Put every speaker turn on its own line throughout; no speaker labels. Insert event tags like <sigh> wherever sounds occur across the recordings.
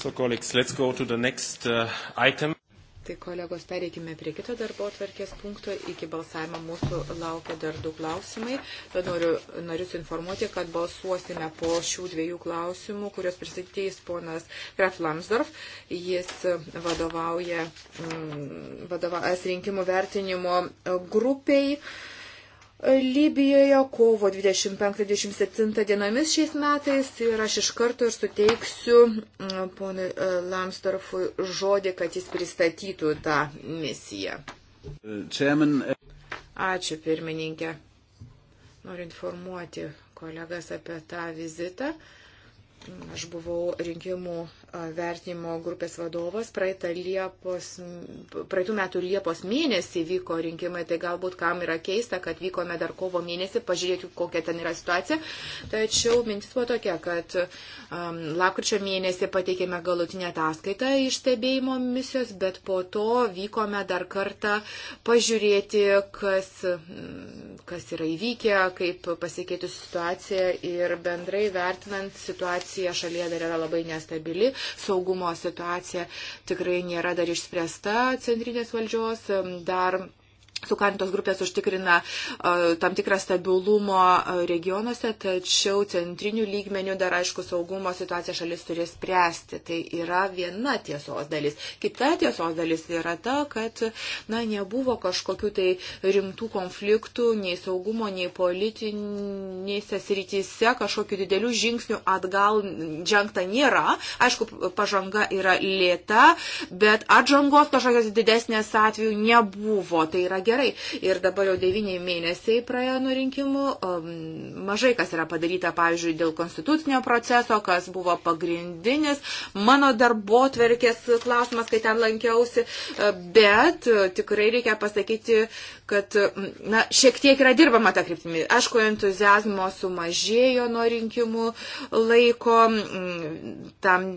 So, colleagues, let's go to the next
uh, item.
Tai kolegos, pereikime prie kito darbo atvarkės punkto. Iki balsavimo mūsų laukia dar du klausimai. Bet noriu, noriu informuoti, kad balsuosime po šių dviejų klausimų, kurios pristatys ponas Graf Lamsdorf. Jis vadovauja mm, vadova, rinkimų vertinimo grupiai. Uh, Libijoje kovo 25-27 dienomis šiais metais ir aš iš karto ir suteiksiu mm, ponui e, Lamstorfui žodį, kad jis pristatytų tą misiją. Chairman. E- Ačiū pirmininkė. Noriu informuoti kolegas apie tą vizitą. Aš buvau rinkimų vertinimo grupės vadovas. Praeitą Liepos, praeitų metų Liepos mėnesį vyko rinkimai, tai galbūt kam yra keista, kad vykome dar kovo mėnesį, pažiūrėkite, kokia ten yra situacija. Tačiau mintis buvo tokia, kad um, lapkričio mėnesį pateikėme galutinę ataskaitą iš stebėjimo misijos, bet po to vykome dar kartą pažiūrėti, kas, kas yra įvykę, kaip pasikeitė situacija ir bendrai vertinant situaciją situacija šalyje dar yra labai nestabili, saugumo situacija tikrai nėra dar išspręsta centrinės valdžios, dar Sukarintos grupės užtikrina tam tikrą stabilumo regionuose, tačiau centrinių lygmenių dar aišku saugumo situaciją šalis turi spręsti. Tai yra viena tiesos dalis. Kita tiesos dalis yra ta, kad na, nebuvo kažkokių tai rimtų konfliktų nei saugumo, nei politinėse srityse, kažkokių didelių žingsnių atgal žengta nėra. Aišku, pažanga yra lėta, bet atžangos kažkokios didesnės atveju nebuvo. Tai yra gerai. Ir dabar jau devyniai mėnesiai praėjo nuo rinkimų. Mažai kas yra padaryta, pavyzdžiui, dėl konstitucinio proceso, kas buvo pagrindinis mano darbo tverkės klausimas, kai ten lankiausi. Bet e, tikrai reikia pasakyti, kad na, šiek tiek yra dirbama tą kryptimį. Aišku, entuzijazmo sumažėjo nuo rinkimų laiko. Tam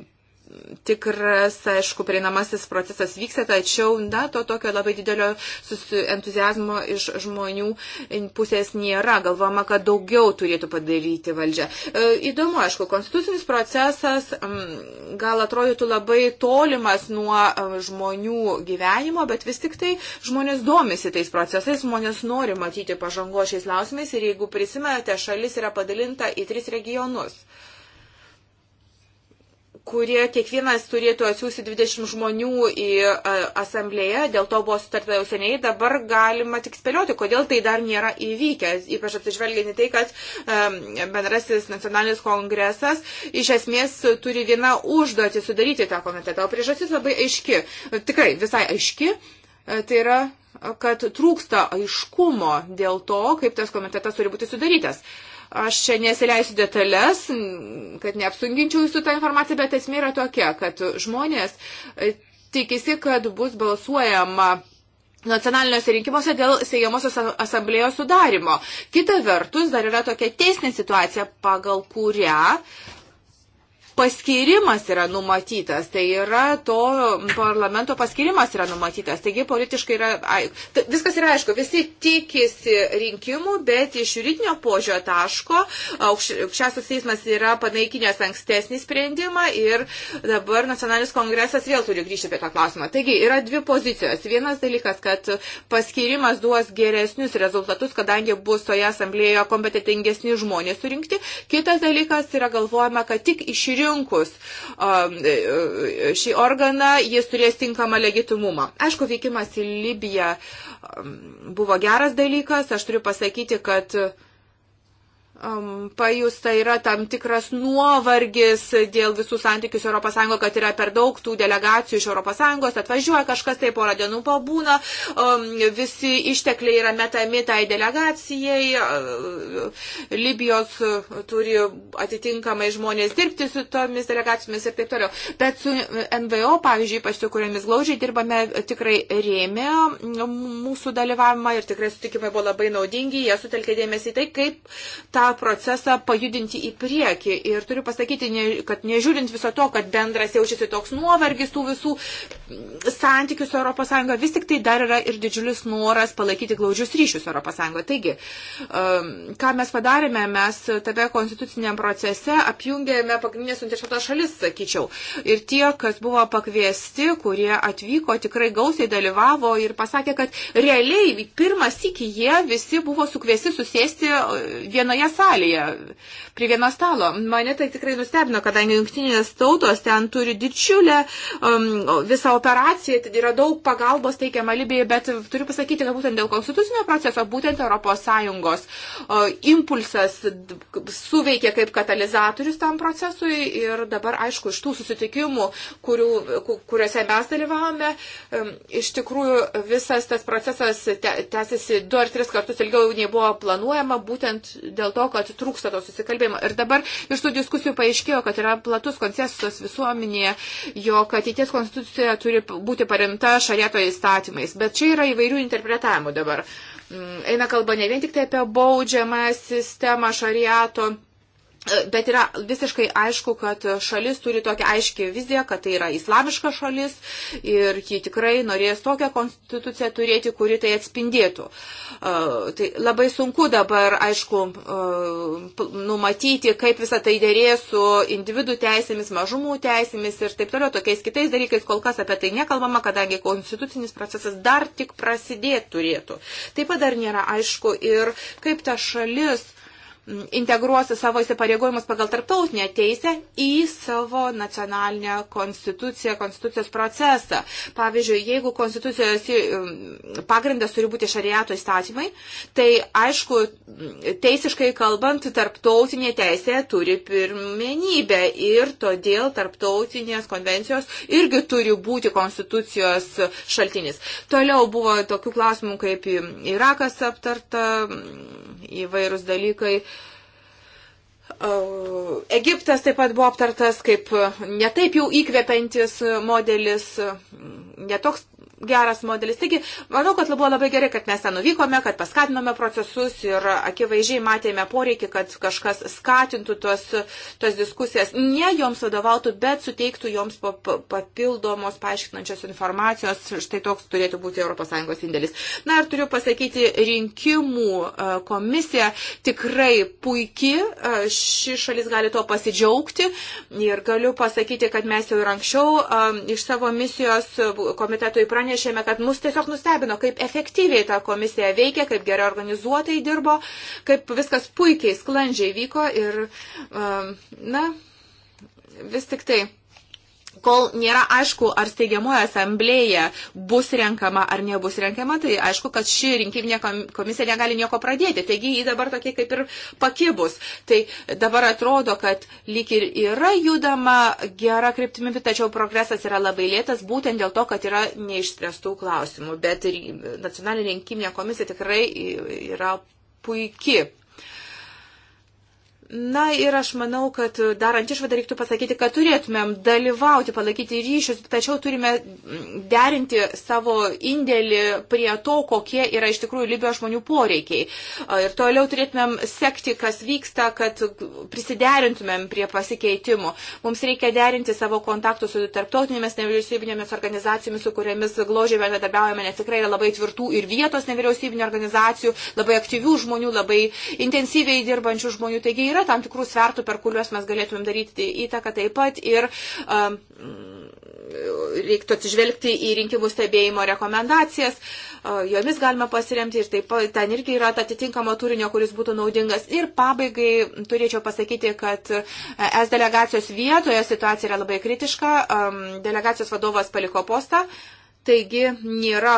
tikras, aišku, prieinamasis procesas vyksta, tačiau, na, to tokio labai didelio entuzijazmo iš žmonių pusės nėra. Galvoma, kad daugiau turėtų padaryti valdžia. E, įdomu, aišku, konstitucinis procesas gal atrodytų labai tolimas nuo e, žmonių gyvenimo, bet vis tik tai žmonės domisi tais procesais, žmonės nori matyti pažango šiais klausimais ir jeigu prisimenate, šalis yra padalinta į tris regionus kurie kiekvienas turėtų atsiųsti 20 žmonių į e, asamblėją, dėl to buvo sutarta jau seniai, dabar galima tik spėlioti, kodėl tai dar nėra įvykę, ypač atsižvelgiant į tai, kad bendrasis nacionalinis kongresas iš esmės turi vieną užduotį sudaryti tą komitetą, o priežastis labai aiški, tikrai visai aiški, e, tai yra kad trūksta aiškumo dėl to, kaip tas komitetas turi būti sudarytas. Uh, Aš čia nesileisiu detalės, kad neapsunginčiau jūsų tą informaciją, bet esmė yra tokia, kad žmonės e, tikisi, kad bus balsuojama nacionaliniuose rinkimuose dėl Sėjamosios asamblėjos sudarimo. Kita vertus, dar yra tokia teisinė situacija, pagal kurią paskirimas yra numatytas, tai yra to parlamento paskirimas yra numatytas. Taigi politiškai yra, viskas yra aišku, visi tikisi rinkimų, bet iš juridinio požio taško aukščiausias teismas yra panaikinęs ankstesnį sprendimą ir dabar nacionalinis kongresas vėl turi grįžti apie tą klausimą. Taigi yra dvi pozicijos. Vienas dalykas, kad paskirimas duos geresnius rezultatus, kadangi bus toje asamblėjoje kompetitingesni žmonės surinkti. Kitas dalykas yra galvojama, kad tik išrinkti pasirinkus e, e, šį organą, jis turės tinkamą legitimumą. Aišku, vykimas į Libiją buvo geras dalykas, aš turiu pasakyti, kad um, pajusta yra tam tikras nuovargis dėl visų santykių su ES, kad yra per daug tų delegacijų iš ES, atvažiuoja kažkas tai porą dienų pabūna, um, visi ištekliai yra metami tai delegacijai, uh, Libijos turi atitinkamai žmonės dirbti su tomis delegacijomis ir taip toliau. Bet su NVO, pavyzdžiui, ypač su kuriamis glaužiai dirbame, tikrai rėmė mūsų dalyvavimą ir tikrai sutikimai buvo labai naudingi, jie sutelkė dėmesį į tai, kaip tą procesą pajudinti į priekį. Ir turiu pasakyti, ne, kad nežiūrint viso to, kad bendras jaučiasi toks nuovargis tų visų santykių su ES, vis tik tai dar yra ir didžiulis noras palaikyti glaudžius ryšius su ES. Taigi, um, ką mes padarėme, mes tame konstituciniam procese apjungėme pagrindinės suinteresuotas šalis, sakyčiau. Ir tie, kas buvo pakviesti, kurie atvyko, tikrai gausiai dalyvavo ir pasakė, kad realiai pirmas iki jie visi buvo sukviesti susėsti vienoje salėje, prie vieno stalo. Mane tai tikrai nustebino, kadangi jungtinės tautos ten turi didžiulę um, visą operaciją, tai yra daug pagalbos teikiama Libijai, bet turiu pasakyti, kad būtent dėl konstitucinio proceso, būtent ES uh, impulsas suveikė kaip katalizatorius tam procesui ir dabar, aišku, iš tų susitikimų, kurių, kuriuose mes dalyvavome, um, iš tikrųjų visas tas procesas te, tęsiasi du ar tris kartus ilgiau nei buvo planuojama, būtent dėl to, to, kad trūksta to susikalbėjimo. Ir dabar iš tų diskusijų paaiškėjo, kad yra platus konsensusas visuomenėje, jog ateities konstitucija turi būti paremta šarieto įstatymais. Bet čia yra įvairių interpretavimų dabar. Mm, eina kalba ne vien tik tai apie baudžiamą sistemą šariato E, bet yra visiškai aišku, kad šalis turi tokią aiškį viziją, kad tai yra islamiška šalis ir ji tikrai norės tokią konstituciją turėti, kuri tai atspindėtų. E, tai labai sunku dabar, aišku, e, numatyti, kaip visą tai dėrės su individų teisėmis, mažumų teisėmis ir taip toliau, tokiais kitais dalykais kol kas apie tai nekalbama, kadangi konstitucinis procesas dar tik prasidėti turėtų. Taip pat dar nėra aišku ir kaip ta šalis integruos savo įsipareigojimus pagal tarptautinę teisę į savo nacionalinę konstituciją, konstitucijos procesą. Pavyzdžiui, jeigu konstitucijos um, pagrindas turi būti šariato įstatymai, tai aišku, teisiškai kalbant, tarptautinė teisė turi pirmenybę ir todėl tarptautinės konvencijos irgi turi būti konstitucijos šaltinis. Toliau buvo tokių klausimų kaip Irakas aptarta, mm, įvairūs dalykai Egiptas taip pat buvo aptartas kaip netaip jau įkvepiantis modelis, netoks geras modelis. Taigi, manau, kad buvo labai gerai, kad mes ten nuvykome, kad paskatinome procesus ir akivaizdžiai matėme poreikį, kad kažkas skatintų tos, tos diskusijas, ne joms vadovautų, bet suteiktų joms papildomos paaiškinančios informacijos. Štai toks turėtų būti ES indėlis. Na ir turiu pasakyti, rinkimų komisija tikrai puikiai ši šalis gali to pasidžiaugti. Ir galiu pasakyti, kad mes jau ir anksčiau um, iš savo misijos uh, komitetui pranešėme, kad mus tiesiog nustebino, kaip efektyviai ta komisija veikia, kaip gerai organizuotai dirbo, kaip viskas puikiai, sklandžiai vyko. Ir, um, na, vis tik tai kol nėra aišku, ar steigiamoje asamblėje bus renkama ar nebus renkama, tai aišku, kad ši rinkiminė komisija negali nieko pradėti. Taigi jį dabar tokie kaip ir pakibus. Tai dabar atrodo, kad lyg ir yra judama gera kryptimi, tačiau progresas yra labai lėtas būtent dėl to, kad yra neišspręstų klausimų. Bet nacionalinė rinkiminė komisija tikrai yra puikiai Na ir aš manau, kad darant išvadą reiktų pasakyti, kad turėtumėm dalyvauti, palaikyti ryšius, tačiau turime derinti savo indėlį prie to, kokie yra iš tikrųjų Libijos žmonių poreikiai. Ir toliau turėtumėm sekti, kas vyksta, kad prisiderintumėm prie pasikeitimų. Mums reikia derinti savo kontaktus su tarptautinėmis nevyriausybinėmis organizacijomis, su kuriamis gložiai bendradarbiaujame, nes tikrai yra labai tvirtų ir vietos nevyriausybinio organizacijų, labai aktyvių žmonių, labai intensyviai dirbančių žmonių. Taigi yra yra tam tikrų svertų, per kuriuos mes galėtumėm daryti tai įtaką taip pat ir um, reiktų atsižvelgti į rinkimų stebėjimo rekomendacijas, uh, jomis galima pasiremti ir taip pat ten irgi yra atitinkamo turinio, kuris būtų naudingas. Ir pabaigai turėčiau pasakyti, kad uh, es delegacijos vietoje situacija yra labai kritiška, um, delegacijos vadovas paliko postą. Taigi nėra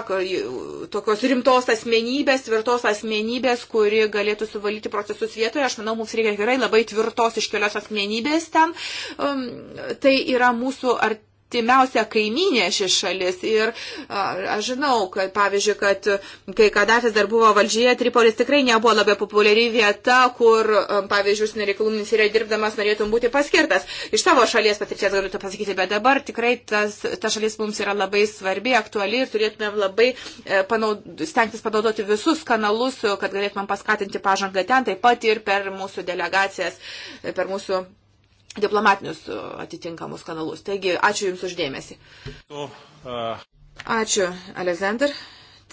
tokios rimtos asmenybės, tvirtos asmenybės, kuri galėtų suvaldyti procesus vietoje. Aš manau, mums reikia tikrai labai tvirtos iškelios asmenybės tam. Um, tai yra mūsų ar artimiausia kaiminė šis šalis. Ir a, aš žinau, kad pavyzdžiui, kad kai Kadafis dar buvo valdžyje, Tripolis tikrai nebuvo labai populiari vieta, kur, a, pavyzdžiui, užsienio reikalų ministerija dirbdamas norėtum būti paskirtas. Iš savo šalies patirties galiu tą pasakyti, bet dabar tikrai tas, ta šalis mums yra labai svarbi, aktuali ir turėtumėm labai e, panaud, stengtis panaudoti visus kanalus, kad galėtumėm paskatinti pažangą ten, taip pat ir per mūsų delegacijas, e, per mūsų diplomatinius e, atitinkamus kanalus. Taigi, ačiū Jums uždėmesi. E, ačiū, Aleksandr.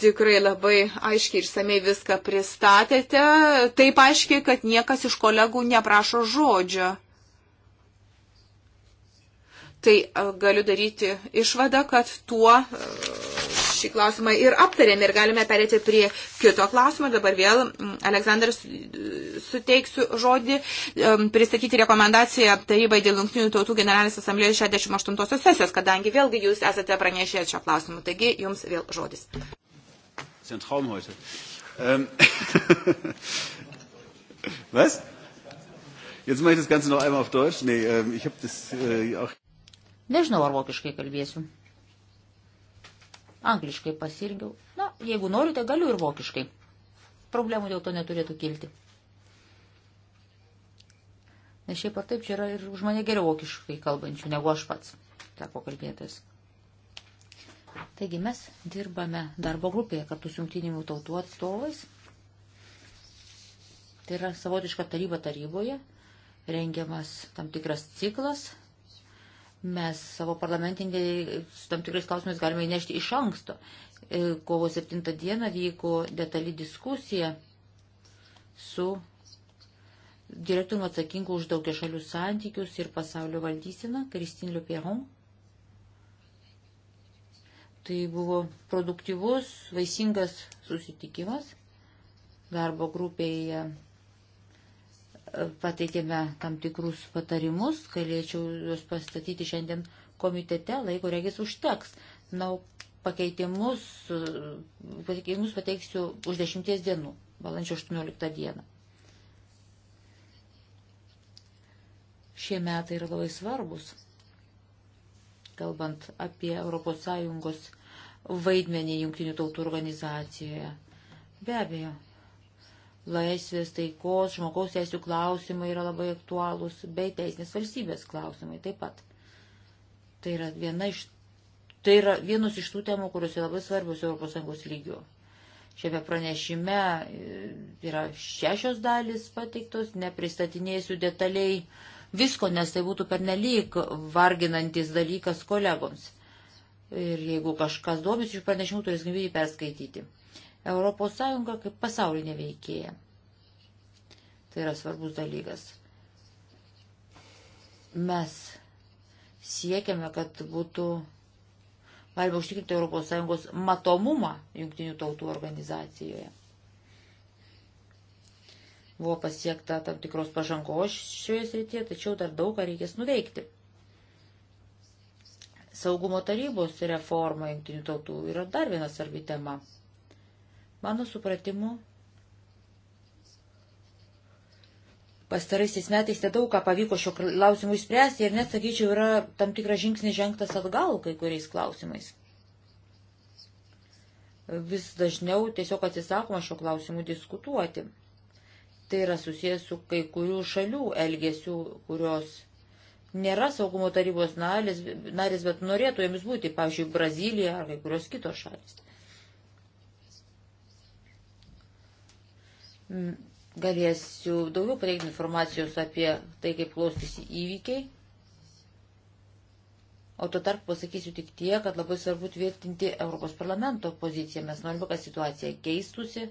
Tikrai labai aiškiai ir samei viską pristatėte. Taip aiškiai, kad niekas iš kolegų neprašo žodžio. Tai e, galiu daryti išvadą, kad tuo šį klausimą ir aptarėme ir galime perėti prie kito klausimo. Dabar vėl mm, Aleksandras suteiksiu žodį mm, pristatyti rekomendaciją tarybai dėl Junktinių tautų generalinės asamblėjos 68 sesijos, kadangi vėlgi jūs esate pranešę šio klausimu. Taigi jums vėl žodis.
Ähm, <laughs> was? Jetzt mache ich das Ganze noch einmal auf Deutsch. Nee, ähm, ich habe das äh, auch. Nežinau, ar vokiškai kalbėsiu. Angliškai pasirgiau. Na, jeigu norite, galiu ir vokiškai. Problemų dėl to neturėtų kilti. Nes šiaip ar taip čia yra ir už mane geriau vokiškai kalbančių negu aš pats, sako kalbėtas. Taigi mes dirbame darbo grupėje kartu su jungtinimų tautų atstovais. Tai yra savotiška taryba taryboje, rengiamas tam tikras ciklas Mes savo parlamentiniai su tam tikrais klausimais galime įnešti iš anksto. E, kovo 7 dieną vyko detali diskusija su direktoriumi atsakingu už daugia šalių santykius ir pasaulio valdysiną, Kristin Liupieron. Tai buvo produktyvus, vaisingas susitikimas. Darbo grupėje pateikėme tam tikrus patarimus, galėčiau juos pastatyti šiandien komitete, laiko regis užteks. Na, pakeitimus, pakeitimus pateiksiu už dešimties dienų, balandžio 18 dieną. Šie metai yra labai svarbus, kalbant apie ES vaidmenį Junktinių tautų organizacijoje. Be abejo, laisvės, taikos, žmogaus teisų klausimai yra labai aktualūs, bei teisinės valstybės klausimai taip pat. Tai yra, viena iš, tai yra vienus iš tų temų, kurios yra labai svarbios ES lygių. Šiame pranešime e, yra šešios dalis pateiktos, nepristatinėsiu detaliai visko, nes tai būtų pernelyg varginantis dalykas kolegoms. Ir jeigu kažkas domis iš pranešimų, turės galimybę perskaityti. Europos Sąjunga kaip pasaulinė veikėja. Tai yra svarbus dalykas. Mes siekiame, kad būtų galima užtikrinti ES matomumą jungtinių tautų organizacijoje. Buvo pasiekta tam tikros pažangos šioje srityje, tačiau dar daug ką reikės nuveikti. Saugumo tarybos reforma jungtinių tautų yra dar viena svarbi tema. Mano supratimu, pastaraisiais metais nedaug ką pavyko šio klausimų išspręsti ir net, sakyčiau, yra tam tikras žingsnis žengtas atgal kai kuriais klausimais. Vis dažniau tiesiog atsisakoma šio klausimų diskutuoti. Tai yra susijęs su kai kurių šalių elgesių, kurios nėra saugumo tarybos narės, narės bet norėtų jomis būti, pavyzdžiui, Brazilija ar kai kurios kitos šalis. galėsiu daugiau prieigti informacijos apie tai, kaip klostysi įvykiai. O tuo tarp pasakysiu tik tie, kad labai svarbu tvirtinti Europos parlamento poziciją. Mes norime, kad situacija keistusi.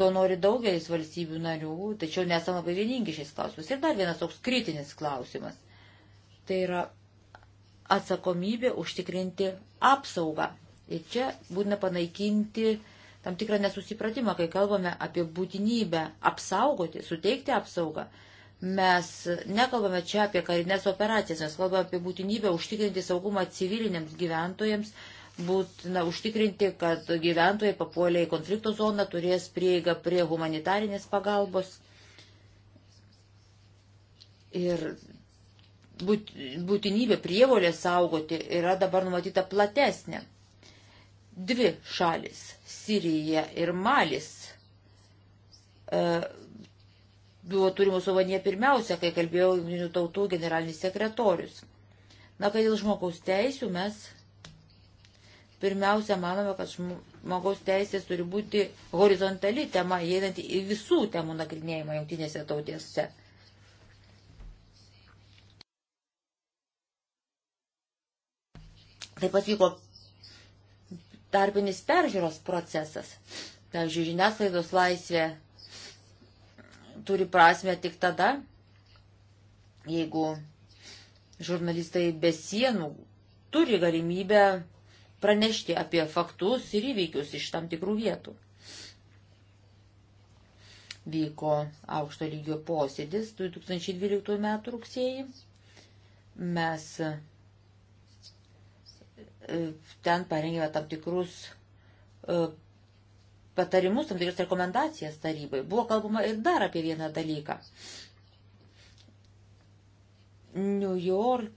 To nori daugelis valstybių narių, tačiau nesame labai vieningi šiais klausimais. Ir dar vienas toks kritinis klausimas. Tai yra atsakomybė užtikrinti apsaugą. Ir čia būtina panaikinti tam tikrą nesusipratimą, kai kalbame apie būtinybę apsaugoti, suteikti apsaugą. Mes nekalbame čia apie karinės operacijas, mes kalbame apie būtinybę užtikrinti saugumą civiliniams gyventojams, būtina užtikrinti, kad gyventojai papuolę į konflikto zoną turės prieigą prie humanitarinės pagalbos. Ir būtinybė prievolė saugoti yra dabar numatyta platesnė. Dvi šalis Sirija ir Malis e, buvo turimus omenyje pirmiausia, kai kalbėjau jungtinių tautų generalinis sekretorius. Na, kad dėl žmogaus teisų mes pirmiausia manome, kad žmogaus teisės turi būti horizontali tema, įeinanti į visų temų nagrinėjimą jungtinėse tautėse. Taip pat vyko tarpinis peržiūros procesas. Pavyzdžiui, žiniasklaidos laisvė turi prasme tik tada, jeigu žurnalistai be sienų turi galimybę pranešti apie faktus ir įvykius iš tam tikrų vietų. Vyko aukšto lygio posėdis 2012 m. rugsėjį. Mes E, ten parengėme tam tikrus e, patarimus, tam tikras rekomendacijas tarybai. Buvo kalbama ir dar apie vieną dalyką. New York.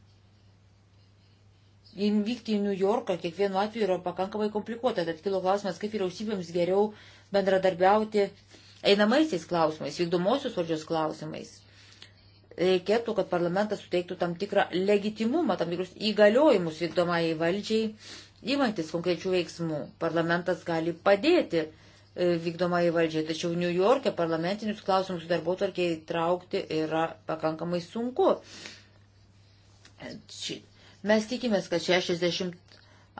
Vykti į New Yorką kiekvienu atveju yra pakankamai komplikuota, tad kilo klausimas, kaip vyriausybėms geriau bendradarbiauti einamaisiais klausimais, vykdomosios valdžios klausimais reikėtų, kad parlamentas suteiktų tam tikrą legitimumą, tam tikrus įgaliojimus vykdomai valdžiai, įmantis konkrečių veiksmų. Parlamentas gali padėti e, vykdomai valdžiai, tačiau New York'e parlamentinius klausimus darbo tvarkiai traukti yra pakankamai sunku. Mes tikimės, kad 60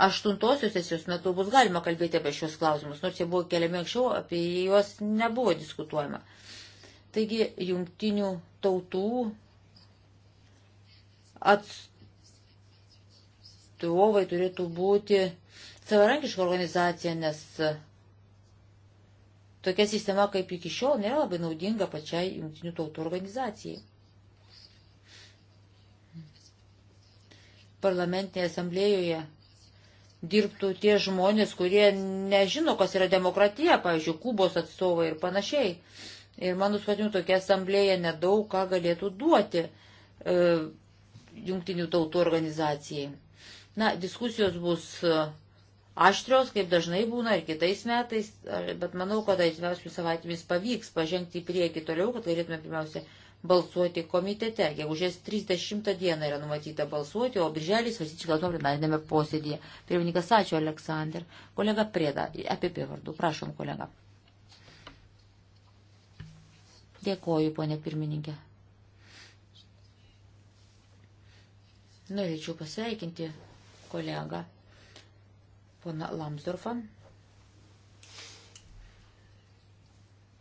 aštuntosios sesijos metu bus galima kalbėti apie šios klausimus, nors jie buvo keliami anksčiau, apie juos nebuvo diskutuojama. Taigi jungtinių tautų atstovai turėtų būti savarankiška organizacija, nes tokia sistema kaip iki šiol nėra labai naudinga pačiai jungtinių tautų organizacijai. Parlamentinėje asamblėjoje dirbtų tie žmonės, kurie nežino, kas yra demokratija, pavyzdžiui, Kubos atstovai ir panašiai. Ir mano supratimu, tokia asamblėja nedaug ką galėtų duoti e, jungtinių tautų organizacijai. Na, diskusijos bus e, aštrios, kaip dažnai būna ir kitais metais, bet manau, kad atsimiausių savaitėmis pavyks pažengti į priekį toliau, kad galėtume pirmiausia balsuoti komitete. Gegužės 30 dieną yra numatyta balsuoti, o birželį svarstyti klausimą plenarinėme posėdėje. Pirmininkas, ačiū Aleksandr. Kolega Prėda, apie pivardų. Prašom, kolega. Dėkoju, ponė pirmininkė. Norėčiau pasveikinti kolegą poną Lamsdorfą,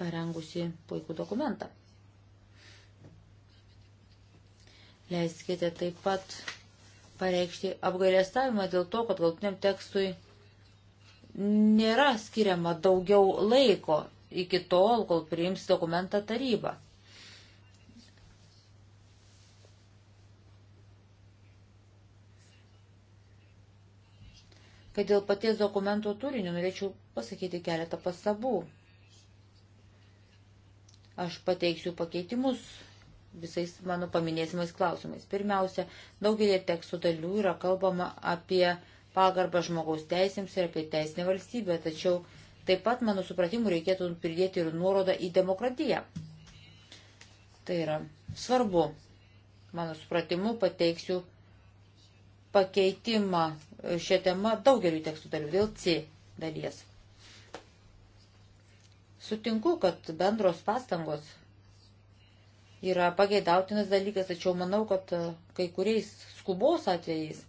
parengusi puikų dokumentą. Leiskite taip pat pareikšti apgailestavimą dėl to, kad galtiniam tekstui nėra skiriama daugiau laiko iki tol, kol priims dokumentą taryba. Kad dėl paties dokumento turinio norėčiau pasakyti keletą pastabų. Aš pateiksiu pakeitimus visais mano paminėsimais klausimais. Pirmiausia, daugelį tekstų dalių yra kalbama apie pagarbą žmogaus teisėms ir apie teisinę valstybę, tačiau Taip pat, mano supratimu, reikėtų pridėti ir nuorodą į demokratiją. Tai yra svarbu. Mano supratimu, pateiksiu pakeitimą šią temą daugeliu tekstų dalių, dėl C dalies. Sutinku, kad bendros pastangos yra pageidautinas dalykas, tačiau manau, kad kai kuriais skubos atvejais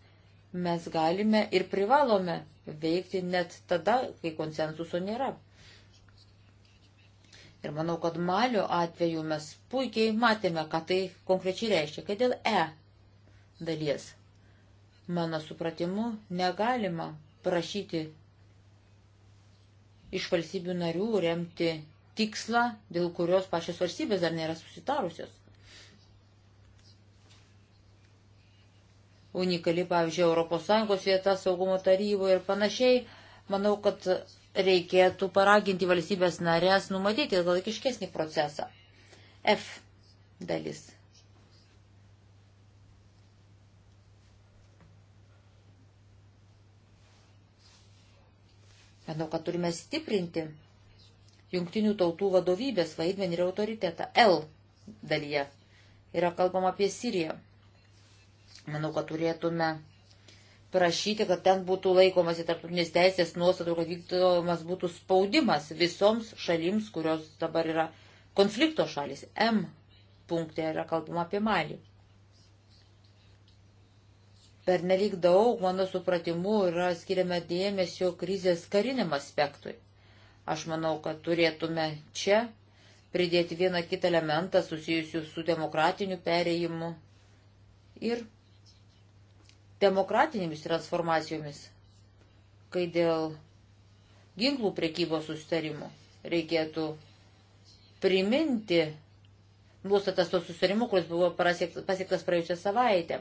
mes galime ir privalome veikti net tada, kai konsensuso nėra. Ir manau, kad Malio atveju mes puikiai matėme, ką tai konkrečiai reiškia, kad dėl E dalies. Mano supratimu, negalima prašyti iš valstybių narių remti tikslą, dėl kurios pačios valstybės dar nėra susitarusios. unikali, pavyzdžiui, ES vieta saugumo taryboje ir panašiai, manau, kad reikėtų paraginti valstybės narės numatyti ilgalaikiškesnį procesą. F dalis. Manau, kad turime stiprinti jungtinių tautų vadovybės vaidmenį ir autoritetą. L dalyje yra kalbama apie Siriją. Manau, kad turėtume prašyti, kad ten būtų laikomasi tarptautinės teisės nuostatų, kad vykdomas būtų spaudimas visoms šalims, kurios dabar yra konflikto šalis. M punkte yra kalbama apie Malį. Per nelik daug, mano supratimu, yra skiriama dėmesio krizės kariniam aspektui. Aš manau, kad turėtume čia pridėti vieną kitą elementą susijusių su demokratiniu perėjimu ir demokratinėmis transformacijomis, kai dėl ginklų priekybos sustarimų reikėtų priminti nuostatas to sustarimo, kuris buvo pasiektas praėjusią savaitę.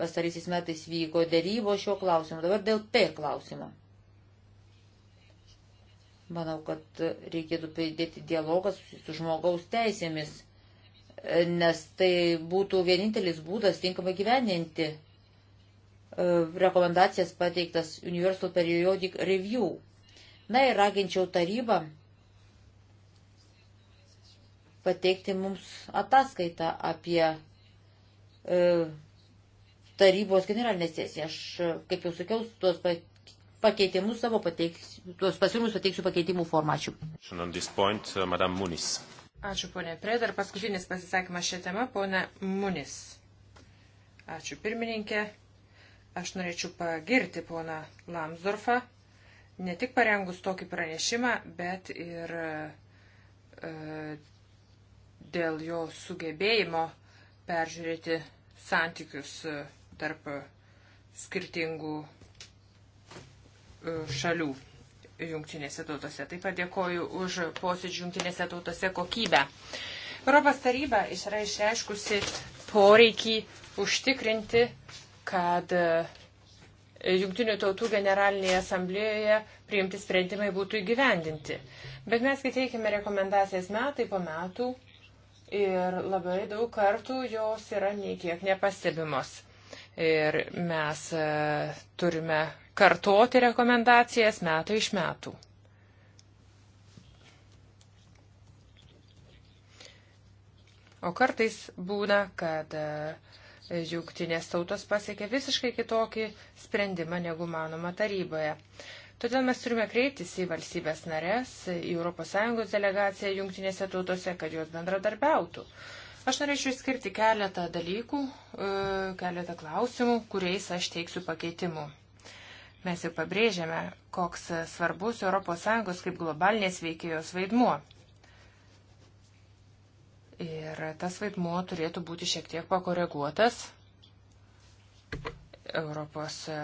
Pastarysis metais vyko dėrybo šio klausimo, dabar dėl P klausimo. Manau, kad reikėtų pridėti dialogą su žmogaus teisėmis, nes tai būtų vienintelis būdas tinkamai gyveninti E, rekomendacijas pateiktas Universal Periodic Review. Na ir raginčiau tarybą pateikti mums ataskaitą apie e, tarybos generalinę sesiją. Aš, e, kaip jau sakiau, tuos pakeitimus savo pateiksiu, tuos pasiūlymus pateiksiu pakeitimų formačių.
Point, uh,
Ačiū, ponė Preda.
Ir paskutinis pasisakymas šią temą, ponė Munis. Ačiū, pirmininkė. Aš norėčiau pagirti poną Lamsdorfą, ne tik parengus tokį pranešimą, bet ir e, dėl jo sugebėjimo peržiūrėti santykius e, tarp skirtingų e, šalių jungtinėse tautose. Taip pat dėkoju už posėdžių jungtinėse tautose kokybę. Europos taryba yra išreiškusi poreikį užtikrinti kad e, Junktinių tautų generalinėje asamblėjoje priimti sprendimai būtų įgyvendinti. Bet mes kai teikime rekomendacijas metai po metų ir labai daug kartų jos yra nei kiek nepastebimos. Ir mes e, turime kartoti rekomendacijas metai iš metų. O kartais būna, kad uh, Jungtinės tautos pasiekė visiškai kitokį sprendimą negu manoma taryboje. Todėl mes turime kreiptis į valstybės narės, į ES delegaciją Jungtinėse tautose, kad jos bendradarbiautų. Aš norėčiau išskirti keletą dalykų, e, keletą klausimų, kuriais aš teiksiu pakeitimų. Mes jau pabrėžėme, koks svarbus ES kaip globalinės veikėjos vaidmuo. Ir tas vaidmuo turėtų būti šiek tiek pakoreguotas. Europos e,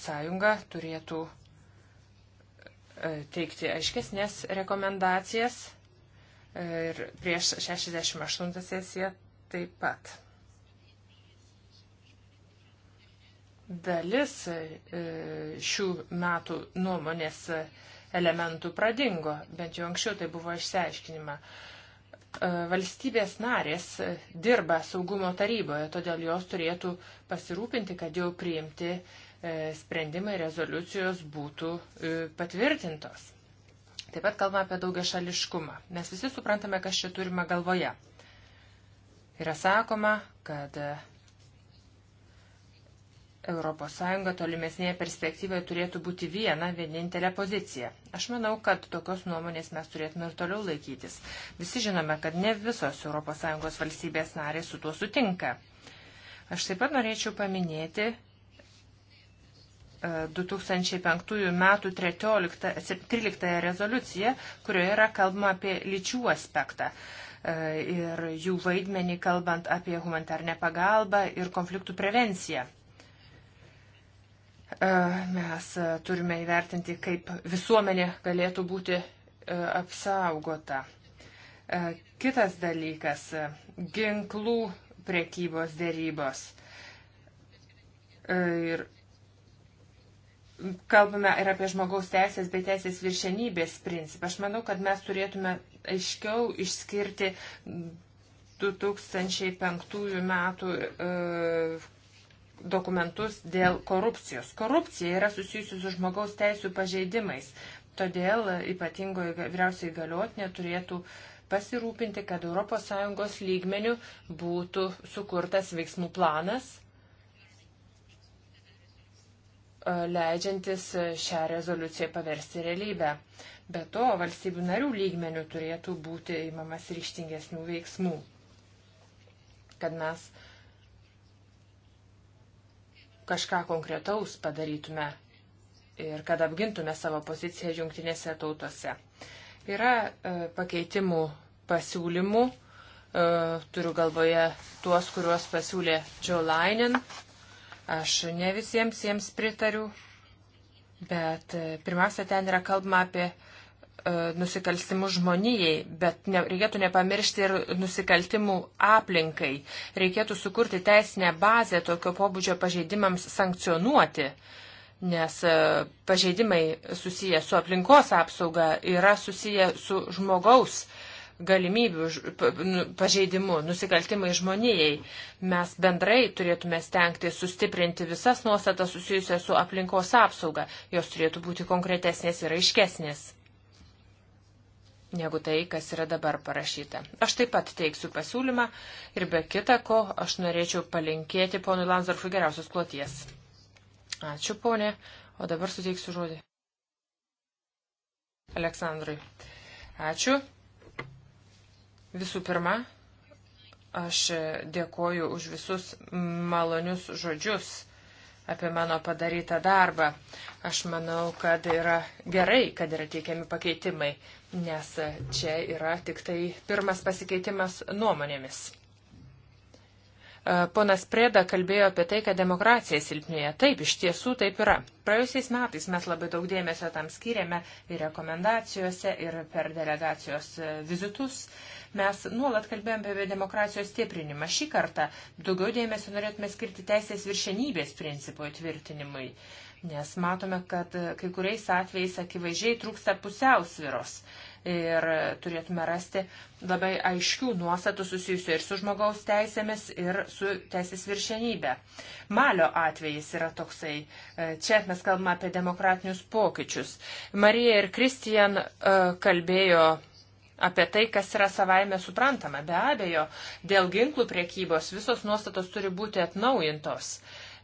Sąjunga turėtų e, teikti aiškesnės rekomendacijas e, ir prieš 68 sesiją taip pat. Dalis šių metų nuomonės elementų pradingo, bent jau anksčiau tai buvo išsiaiškinima. E, valstybės narės dirba saugumo taryboje, todėl jos turėtų pasirūpinti, kad jau priimti e, sprendimai rezoliucijos būtų e, patvirtintos. Taip pat kalbame apie daugia šališkumą. Mes visi suprantame, kas čia turime galvoje. Yra sakoma, kad ES tolimesnėje perspektyvoje turėtų būti viena, vienintelė pozicija. Aš manau, kad tokios nuomonės mes turėtume ir toliau laikytis. Visi žinome, kad ne visos ES valstybės nariai su tuo sutinka. Aš taip pat norėčiau paminėti 2005 m. 13, 13 rezoliuciją, kurioje yra kalbama apie lyčių aspektą e, ir jų vaidmenį kalbant apie humanitarnę pagalbą ir konfliktų prevenciją. E, mes e, turime įvertinti, kaip visuomenė galėtų būti e, apsaugota. Kitas dalykas - ginklų priekybos dėrybos. Ir kalbame ir apie žmogaus teisės bei teisės viršenybės principą. Aš manau, kad mes turėtume aiškiau išskirti 2005 metų dokumentus dėl korupcijos. Korupcija yra susijusi su žmogaus teisų pažeidimais, todėl ypatingoji vyriausiai galiotinė turėtų pasirūpinti, kad ES lygmenių būtų sukurtas veiksmų planas, e, leidžiantis šią rezoliuciją paversti realybę. Be to, valstybių narių lygmenių turėtų būti įmamas ryštingesnių veiksmų, kad mes uh, kažką konkretaus padarytume ir kad apgintume savo poziciją jungtinėse tautose. Yra e, pakeitimų pasiūlymų, e, turiu galvoje tuos, kuriuos pasiūlė Joe Lainin. Aš ne visiems jiems pritariu, bet e, pirmiausia, ten yra kalbama apie e, E, nusikaltimus žmonijai, bet ne, reikėtų nepamiršti ir nusikaltimų aplinkai. Reikėtų sukurti teisinę bazę tokio pobūdžio pažeidimams sankcionuoti, nes e, pažeidimai susiję su aplinkos apsauga yra susiję su žmogaus galimybių nu, pažeidimu, nusikaltimai žmonijai. Mes bendrai turėtume stengti sustiprinti visas nuostatas susijusias su aplinkos apsauga. Jos turėtų būti konkretesnės ir aiškesnės negu tai, kas yra dabar parašyta. Aš taip pat teiksiu pasiūlymą ir be kita ko aš norėčiau palinkėti ponui Lanzarfui geriausios kloties. Ačiū, ponė, o dabar suteiksiu žodį. Aleksandrui. Ačiū. Visų pirma, aš dėkoju už visus malonius žodžius apie mano padarytą darbą. Aš manau, kad yra gerai, kad yra teikiami pakeitimai, nes čia yra tik tai pirmas pasikeitimas nuomonėmis. E, ponas Preda kalbėjo apie tai, kad demokracija silpnėja. Taip, iš tiesų taip yra. Praėjusiais metais mes labai daug dėmesio tam skiriame ir rekomendacijose, ir per delegacijos e, vizitus. Mes nuolat kalbėjome apie demokracijos stiprinimą. Šį kartą daugiau dėmesio norėtume skirti teisės viršenybės principo įtvirtinimui, nes matome, kad e, kai kuriais atvejais akivaizdžiai trūksta pusiausviros ir turėtume rasti labai aiškių nuostatų susijusių ir su žmogaus teisėmis, ir su teisės viršenybė. Malio atvejis yra toksai. E, čia mes kalbame apie demokratinius pokyčius. Marija ir Kristijan e, kalbėjo apie tai, kas yra savaime suprantama. Be abejo, dėl ginklų priekybos visos nuostatos turi būti atnaujintos.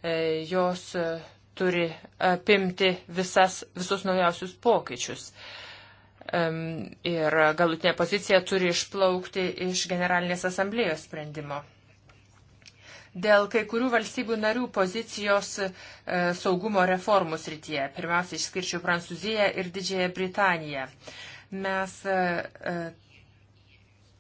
E, jos turi apimti visas, visus naujausius pokyčius. Uh, ir galutinė pozicija turi išplaukti iš Generalinės asamblėjos sprendimo. Dėl kai kurių valstybių narių pozicijos e, saugumo reformų srityje, pirmiausia, išskirčiau Prancūziją ir Didžiąją Britaniją. Mes e, e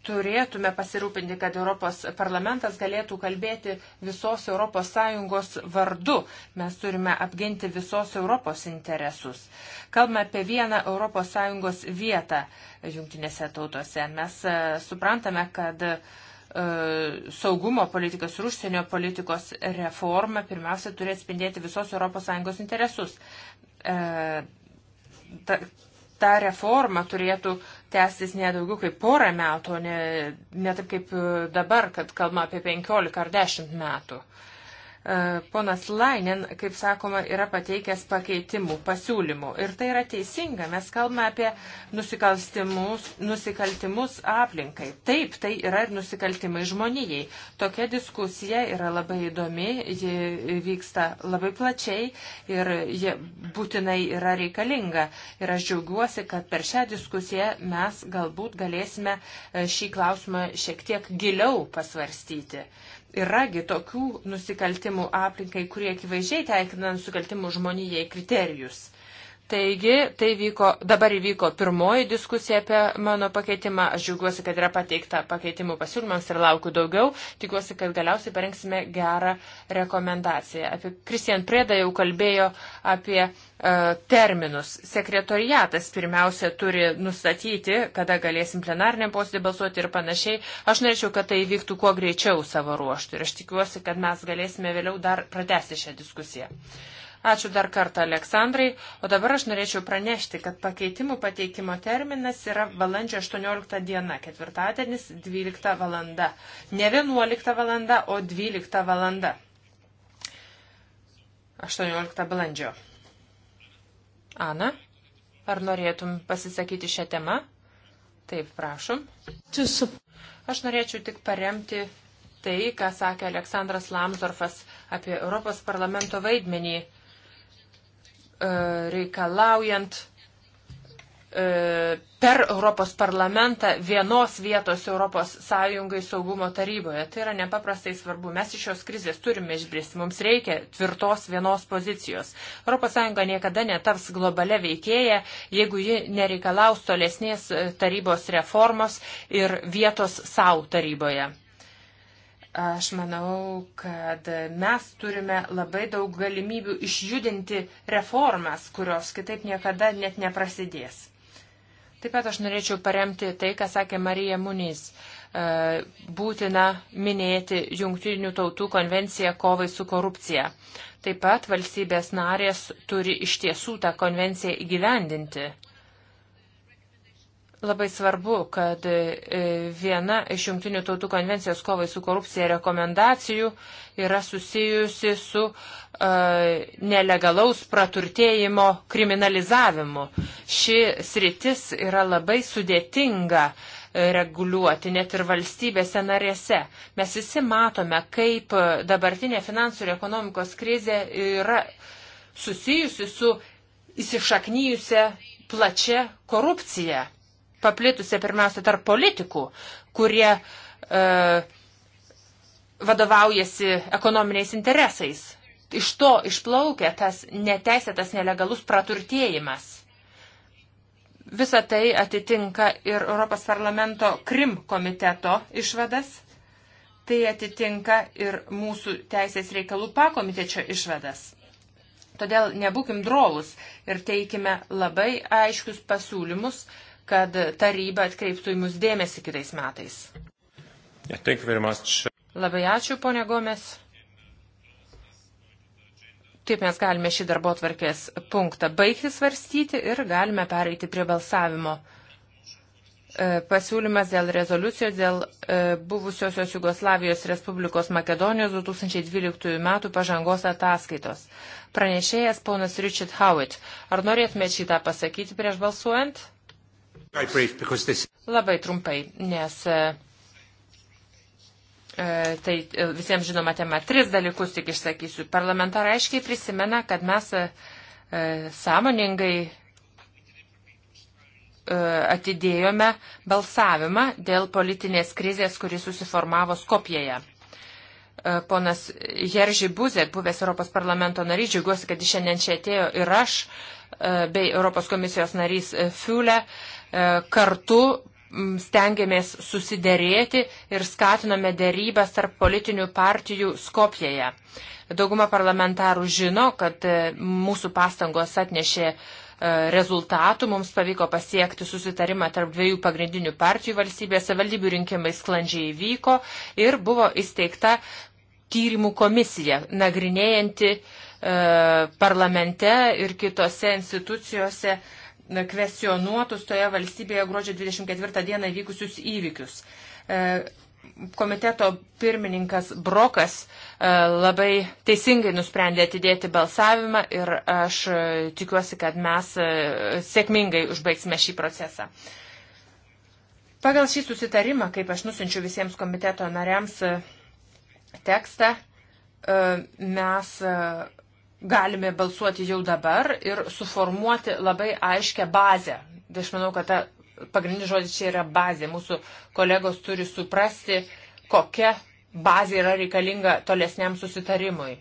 turėtume pasirūpinti, kad Europos parlamentas galėtų kalbėti visos ES vardu. Mes turime apginti visos Europos interesus. Kalbame apie vieną ES vietą jungtinėse tautose. Mes e, suprantame, kad e, saugumo politikos ir užsienio politikos reforma pirmiausia turi atspindėti visos ES interesus. E, ta, ta reforma turėtų uh, tęstis ne daugiau kaip porą metų, ne, ne taip kaip e, dabar, kad kalbama apie 15 ar 10 metų. Uh, E, ponas Lainin, kaip sakoma, yra pateikęs pakeitimų, pasiūlymų. Ir tai yra teisinga. Mes kalbame apie nusikaltimus aplinkai. Taip, tai yra ir nusikaltimai žmonijai. Tokia diskusija yra labai įdomi, ji vyksta labai plačiai ir ji būtinai yra reikalinga. Ir aš džiaugiuosi, kad per šią diskusiją mes galbūt galėsime e, šį klausimą šiek tiek giliau pasvarstyti. Yragi tokių nusikaltimų aplinkai, kurie akivaizdžiai teikina nusikaltimų žmonijai kriterijus. Taigi, tai vyko, dabar įvyko pirmoji diskusija apie mano pakeitimą. Aš džiaugiuosi, kad yra pateikta pakeitimų pasiūlymams ir laukiu daugiau. Tikiuosi, kad galiausiai parengsime gerą rekomendaciją. Apie Kristian Prėdą jau kalbėjo apie e, terminus. Sekretoriatas pirmiausia turi nustatyti, kada galėsim plenarnėm posėdį balsuoti ir panašiai. Aš norėčiau, kad tai vyktų kuo greičiau savo ruoštų ir aš tikiuosi, kad mes galėsime vėliau dar pratesti šią diskusiją. Ačiū dar kartą, Aleksandrai. O dabar aš norėčiau pranešti, kad pakeitimų pateikimo terminas yra balandžio 18 diena, ketvirtadienis 12 valanda. Ne 11 valanda, o 12 valanda. 18 balandžio. Ana, ar norėtum pasisakyti šią temą? Taip, prašom. Aš norėčiau tik paremti tai, ką sakė Aleksandras Lamsdorfas apie Europos parlamento vaidmenį E, reikalaujant e, per Europos parlamentą vienos vietos Europos Sąjungai saugumo taryboje. Tai yra nepaprastai svarbu. Mes iš šios krizės turime išbristi. Mums reikia tvirtos vienos pozicijos. Europos Sąjunga niekada netaps globale veikėja, jeigu ji nereikalaus tolesnės e, tarybos reformos ir vietos savo taryboje. Aš manau, kad mes turime labai daug galimybių išjudinti reformas, kurios kitaip niekada net neprasidės. Taip pat aš norėčiau paremti tai, ką sakė Marija Munys. E, būtina minėti Junktinių tautų konvenciją kovai su korupcija. Taip pat valstybės narės turi iš tiesų tą konvenciją įgyvendinti Labai svarbu, kad e, viena iš Junktinių tautų konvencijos kovai su korupcija rekomendacijų yra susijusi su uh, nelegalaus praturtėjimo kriminalizavimu. Ši sritis yra labai sudėtinga e, reguliuoti net ir valstybėse narėse. Mes visi matome, kaip dabartinė finansų ir ekonomikos krizė yra susijusi su įsišaknyjusią plačią korupciją paplitusią pirmiausia tarp politikų, kurie e, vadovaujasi ekonominiais interesais. Iš to išplaukia tas neteisėtas nelegalus praturtėjimas. Visa tai atitinka ir Europos parlamento Krim komiteto išvadas, tai atitinka ir mūsų teisės reikalų pakomitečio išvadas. Todėl nebūkim drovus ir teikime labai aiškius pasiūlymus, kad taryba atkreiptų į mus dėmesį kitais metais. Yeah, Labai ačiū, ponė Gomes. Taip mes galime šį darbo tvarkės punktą baigti svarstyti ir galime pereiti prie balsavimo. E, pasiūlymas dėl rezoliucijos dėl e, buvusiosios Jugoslavijos Respublikos Makedonijos 2012 metų pažangos ataskaitos. Pranešėjas ponas Richard Howitt. Ar norėtumėte šitą pasakyti prieš balsuojant? Labai trumpai, nes e, e, tai e, visiems žinoma tema. Tris dalykus tik išsakysiu. Parlamentarai aiškiai prisimena, kad mes sąmoningai atidėjome balsavimą dėl politinės krizės, kuri susiformavo Skopijoje. Ponas Jerži Buzek, buvęs Europos parlamento narys, džiugiuosi, kad šiandien čia atėjo ir aš, bei Europos komisijos narys Fiulė, E, kartu stengiamės susiderėti ir skatiname dėrybęs tarp politinių partijų Skopjeje. Dauguma parlamentarų žino, kad e, mūsų pastangos atnešė e, rezultatų. Mums pavyko pasiekti susitarimą tarp dviejų pagrindinių partijų valstybėse. Valdybių rinkimai sklandžiai vyko ir buvo įsteigta tyrimų komisija, nagrinėjanti parlamente ir kitose institucijose uh, kvesionuotus toje valstybėje gruodžio 24 dieną vykusius įvykius. E, komiteto pirmininkas Brokas e, labai teisingai nusprendė atidėti balsavimą ir aš e, tikiuosi, kad mes sėkmingai užbaigsime šį procesą. Pagal šį susitarimą, kaip aš nusinčiu visiems komiteto nariams tekstą, mes galime balsuoti jau dabar ir suformuoti labai aiškę bazę. Tai aš manau, kad ta pagrindinis žodis čia yra bazė. Mūsų kolegos turi suprasti, kokia bazė yra reikalinga tolesniam susitarimui.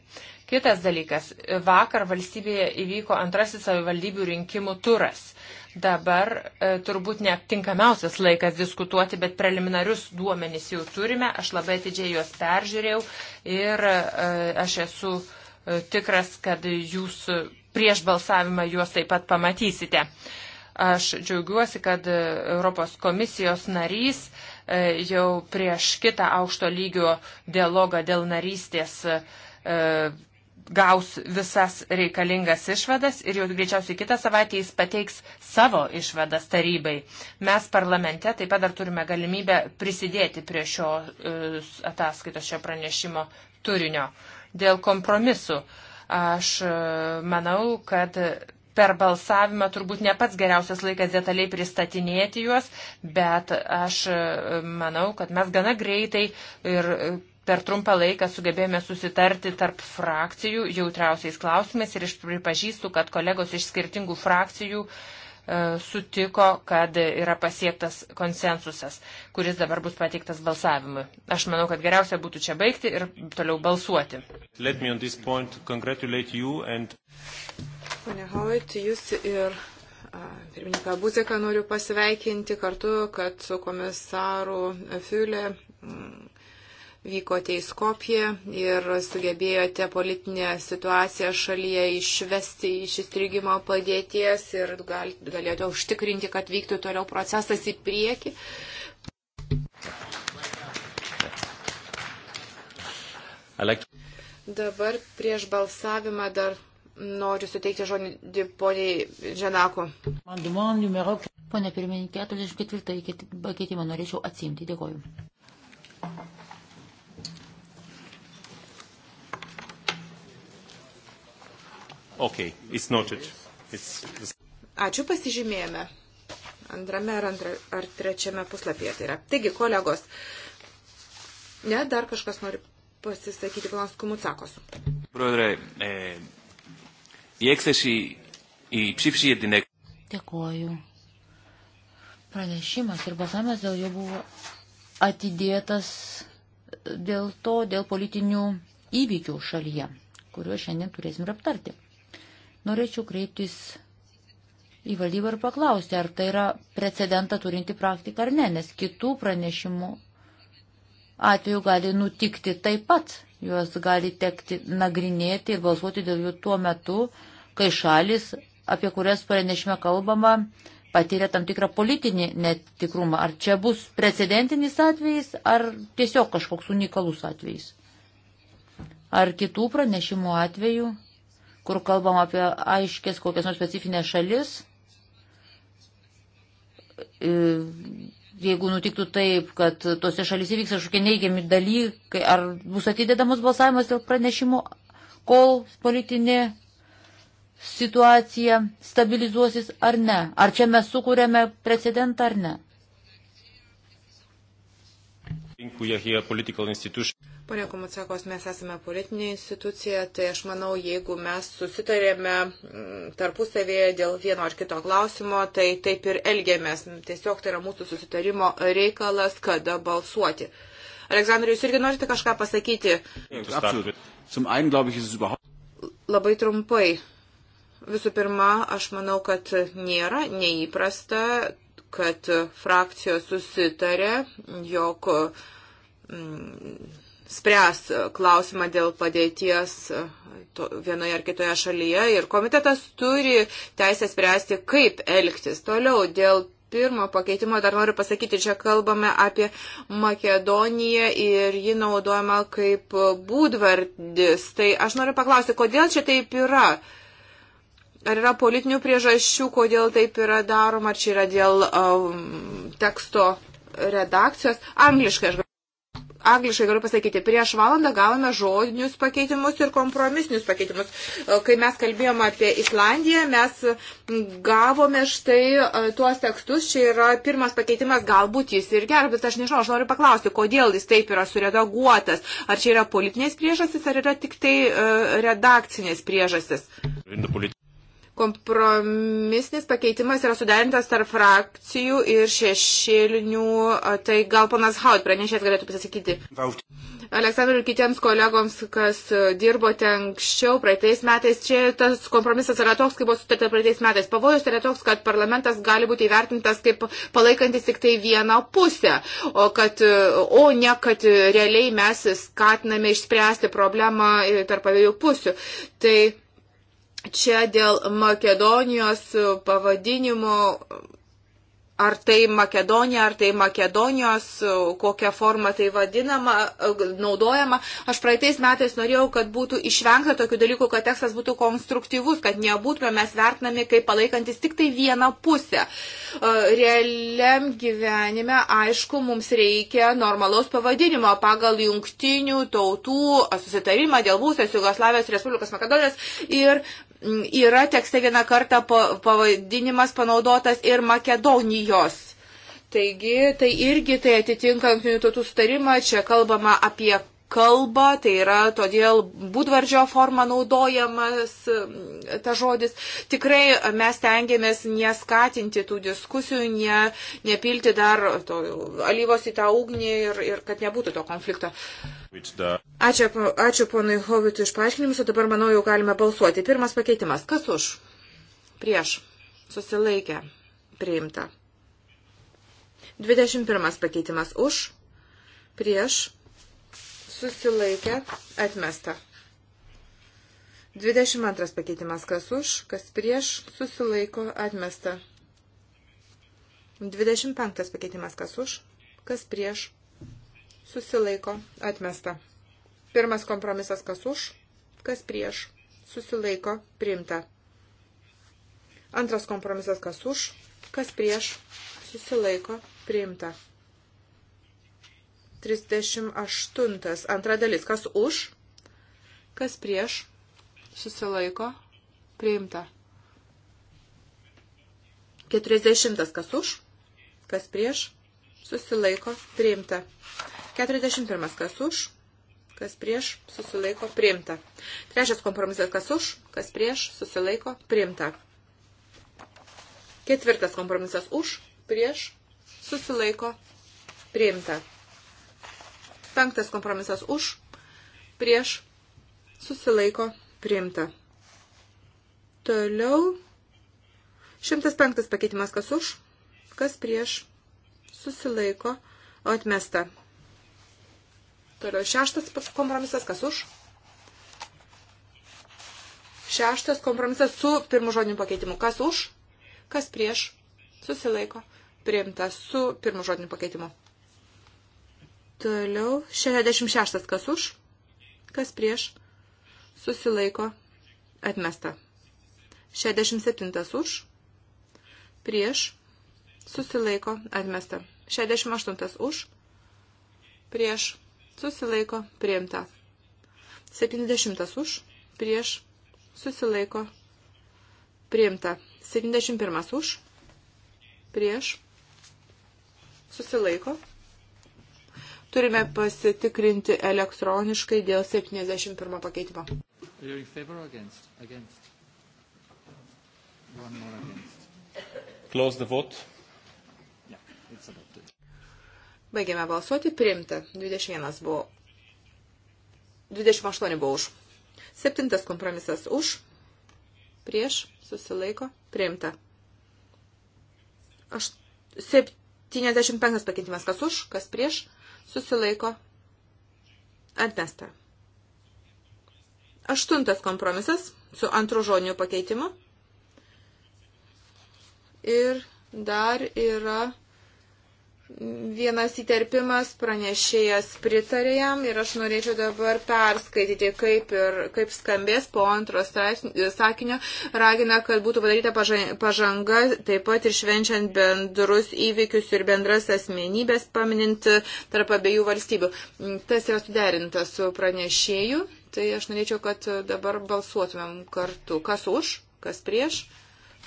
Kitas dalykas. Vakar valstybėje įvyko antrasis savivaldybių rinkimų turas. Dabar e, turbūt neaptinkamiausias laikas diskutuoti, bet preliminarius duomenys jau turime. Aš labai atidžiai juos peržiūrėjau ir e, aš esu e, tikras, kad jūs prieš balsavimą juos taip pat pamatysite. Aš džiaugiuosi, kad Europos komisijos narys e, jau prieš kitą aukšto lygio dialogą dėl narystės e, gaus visas reikalingas išvadas ir jau greičiausiai kitą savaitę jis pateiks savo išvadas tarybai. Mes parlamente taip pat dar turime galimybę prisidėti prie šio e, ataskaitos, šio pranešimo turinio. Dėl kompromisų aš e, manau, kad per balsavimą turbūt ne pats geriausias laikas detaliai pristatinėti juos, bet aš e, manau, kad mes gana greitai ir e, per trumpą laiką sugebėjome susitarti tarp frakcijų jautriausiais klausimais ir aš pripažįstu, kad kolegos iš skirtingų frakcijų uh, E, sutiko, kad yra pasiektas konsensusas, kuris dabar bus pateiktas balsavimui. Aš manau, kad geriausia būtų čia baigti ir toliau balsuoti. And...
Pane Howitt, jūs ir pirmininką Buziką noriu pasveikinti kartu, kad su komisaru Fiulė vykote į Skopiją ir sugebėjote politinę situaciją šalyje išvesti iš įstrigimo padėties ir gal, galėjote užtikrinti, kad vyktų toliau procesas į priekį. Dabar prieš balsavimą dar noriu suteikti žodį poniai
Žanako. Pone pirmininkė, 44 pakeitimą norėčiau atsimti. Dėkoju.
Okay, it's noted. It's...
Ačiū, pasižymėjome. Antrame ar, antra, ar trečiame puslapyje tai yra. Taigi, kolegos, ne, dar kažkas nori pasisakyti, ponas Kumutsakos. Prodre, e, į eksesį, į psipsį ir
dinek. Dėkuoju. Pranešimas ir balsavimas dėl jo buvo atidėtas dėl to, dėl politinių įvykių šalyje, kuriuos šiandien turėsim ir aptarti. Norėčiau kreiptis į valdybą ir paklausti, ar tai yra precedentą turinti praktika ar ne, nes kitų pranešimų atveju gali nutikti taip pat, juos gali tekti nagrinėti ir balsuoti dėl jų tuo metu, kai šalis, apie kurias pranešime kalbama, patiria tam tikrą politinį netikrumą. Ar čia bus precedentinis atvejis, ar tiesiog kažkoks unikalus atvejis? Ar kitų pranešimų atveju kur kalbam apie aiškės kokias nors specifinės šalis. E, jeigu nutiktų taip, kad tose šalyse vyks kažkokie neigiami dalykai, ar bus atidedamas balsavimas dėl pranešimo, kol politinė situacija stabilizuosis ar ne? Ar čia mes sukūrėme precedentą ar ne?
Pone Komucakos, mes esame politinė institucija, tai aš manau, jeigu mes susitarėme mm, tarpusavėje dėl vieno ar kito klausimo, tai taip ir elgėmės. Tiesiog tai yra mūsų susitarimo reikalas, kada balsuoti. Aleksandrai, jūs irgi norite kažką pasakyti? Labai trumpai. Visų pirma, aš manau, kad nėra neįprasta, kad frakcijos susitarė, jog. Mm, spręs e, klausimą dėl padėties e, to, vienoje ar kitoje šalyje ir komitetas turi teisę spręsti, kaip elgtis toliau dėl pirmo pakeitimo dar noriu pasakyti, čia kalbame apie Makedoniją ir ji naudojama kaip būdvardis. Tai aš noriu paklausti, kodėl čia taip yra? Ar yra politinių priežasčių, kodėl taip yra daroma, ar čia yra dėl um, teksto redakcijos? Angliškai aš angliškai galiu pasakyti, prieš valandą gavome žodinius pakeitimus ir kompromisinius pakeitimus. E, kai mes kalbėjome apie Islandiją, mes gavome štai e, tuos tekstus, čia yra pirmas pakeitimas, galbūt jis ir geras, bet aš nežinau, aš noriu paklausti, kodėl jis taip yra suredaguotas. Ar čia yra politinės priežastys, ar yra tik tai e, redakcinės priežastys? Kompromisnis pakeitimas yra suderintas tarp frakcijų ir šešėlinių, tai gal panas Haut pranešės galėtų pasisakyti. Aleksandrui ir kitiems kolegoms, kas dirbote anksčiau, praeitais metais, čia tas kompromisas yra toks, kaip buvo sutarta praeitais metais. Pavojus tai yra toks, kad parlamentas gali būti įvertintas kaip palaikantis tik tai vieną pusę, o, kad, o ne, kad realiai mes skatiname išspręsti problemą tarp abiejų pusių. Tai čia dėl Makedonijos pavadinimo, ar tai Makedonija, ar tai Makedonijos, kokią formą tai vadinama, naudojama. Aš praeitais metais norėjau, kad būtų išvengta tokių dalykų, kad tekstas būtų konstruktyvus, kad nebūtume mes vertinami kaip palaikantis tik tai vieną pusę. E, realiam gyvenime, aišku, mums reikia normalaus pavadinimo pagal jungtinių tautų susitarimą dėl būsės Jugoslavijos Respublikos Makedonijos ir yra tekste vieną kartą pavadinimas panaudotas ir Makedonijos. Taigi, tai irgi tai atitinka jungtinių tautų sutarimą, čia kalbama apie kalbą, tai yra todėl būdvardžio forma naudojamas mm, ta žodis. Tikrai mes tengiamės neskatinti tų diskusijų, ne, nepilti dar to, alyvos į tą ugnį ir, ir kad nebūtų to konflikto. Uh,
Ačiū,
ačiū ponui Hovitui iš paaiškinimus, o dabar manau jau galime balsuoti. Pirmas pakeitimas. Kas už? Prieš. Susilaikę. Priimta. 21 pakeitimas. Už. Prieš. Susilaikę. Atmesta. 22 pakeitimas. Kas už? Kas prieš? Susilaiko. Atmesta. 25 pakeitimas. Kas už? Kas prieš? susilaiko, atmesta. Pirmas kompromisas kas už, kas prieš, susilaiko, priimta. Antras kompromisas kas už, kas prieš, susilaiko, priimta. 38. Antra dalis. Kas už, kas prieš, susilaiko, priimta. 40. Kas už, kas prieš, susilaiko, priimta. 41. Kas už, kas prieš, susilaiko, priimta. Trečias kompromisas. Kas už, kas prieš, susilaiko, priimta. Ketvirtas kompromisas. Už, prieš, susilaiko, priimta. Penktas kompromisas. Už, prieš, susilaiko, priimta. Toliau. 105 pakeitimas. Kas už, kas prieš, susilaiko, atmesta. Toliau šeštas kompromisas, kas už? Šeštas kompromisas su pirmu žodiniu pakeitimu. Kas už? Kas prieš? Susilaiko. Priimta su pirmu žodiniu pakeitimu. Toliau 66. Kas už? Kas prieš? Susilaiko. Atmesta. 67. Už? Prieš? Susilaiko. Atmesta. 68. Už? Prieš? susilaiko priimta. 70 už, prieš, susilaiko priimta. 71 už, prieš, susilaiko. Turime pasitikrinti elektroniškai dėl 71 pakeitimo.
Against? Against. Against.
Close the vote. Baigėme balsuoti, priimta. 21 buvo. 28 buvo už. Septintas kompromisas už. Prieš susilaiko priimta. Aš, 75 pakeitimas kas už, kas prieš susilaiko atmesta. Aštuntas kompromisas su antru žodiniu pakeitimu. Ir dar yra Vienas įterpimas pranešėjas pritarė jam ir aš norėčiau dabar perskaityti, kaip, ir, kaip skambės po antro e, sakinio. Ragina, kad būtų padaryta pažanga, taip pat ir švenčiant bendrus įvykius ir bendras asmenybės, paminint tarp abiejų valstybių. Tas yra suderinta su pranešėju, tai aš norėčiau, kad dabar balsuotumėm kartu. Kas už, kas prieš,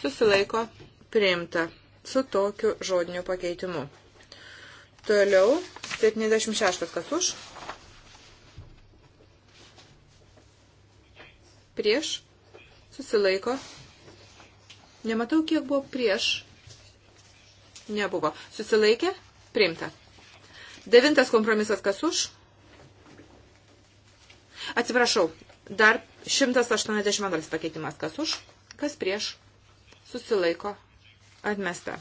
susilaiko, priimta su tokiu žodiniu pakeitimu. Toliau 76 kas už. Prieš. Susilaiko. Nematau, kiek buvo prieš. Nebuvo. Susilaikė. Priimta. Devintas kompromisas kas už. Atsiprašau. Dar 182 pakeitimas kas už. Kas prieš. Susilaiko. Atmesta.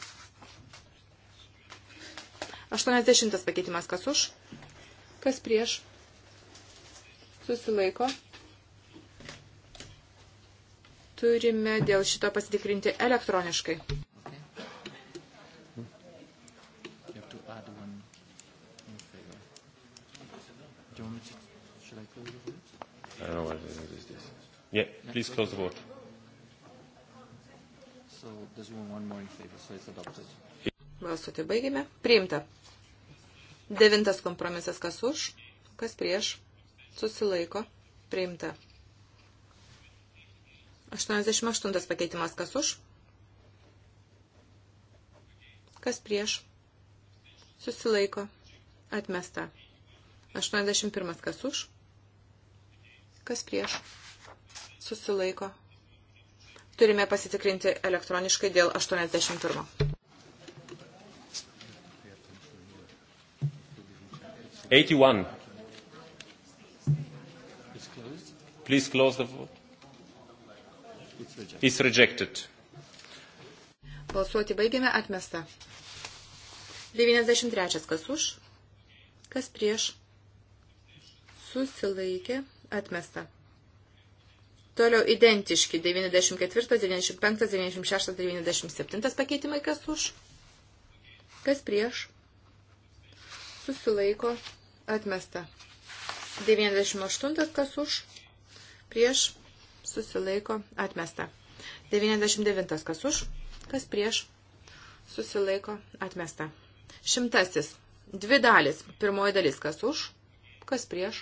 80 pakeitimas kas už, kas prieš, susilaiko. Turime dėl šito pasitikrinti elektroniškai.
I don't know what it is. This. Yeah, please close the vote. So there's
one, one more in favor, so it's adopted.
Balsuoti baigėme. Priimta. Devintas kompromisas, kas už, kas prieš, susilaiko, priimta. 88 pakeitimas, kas už, kas prieš, susilaiko, atmesta. 81 kas už, kas prieš, susilaiko. Turime pasitikrinti elektroniškai dėl 81.
81. It's closed.
Please close the vote. It's rejected. It's rejected. Balsuoti baigėme atmestą. 93. Kas už? Kas prieš? Susilaikė atmesta. Toliau identiški 94, 95, 96, 97 pakeitimai kas už, kas prieš, susilaiko Atmesta. 98 kas už, prieš, susilaiko, atmesta. 99 kas už, kas prieš, susilaiko, atmesta. Šimtasis. Dvi dalis. Pirmoji dalis kas už, kas prieš,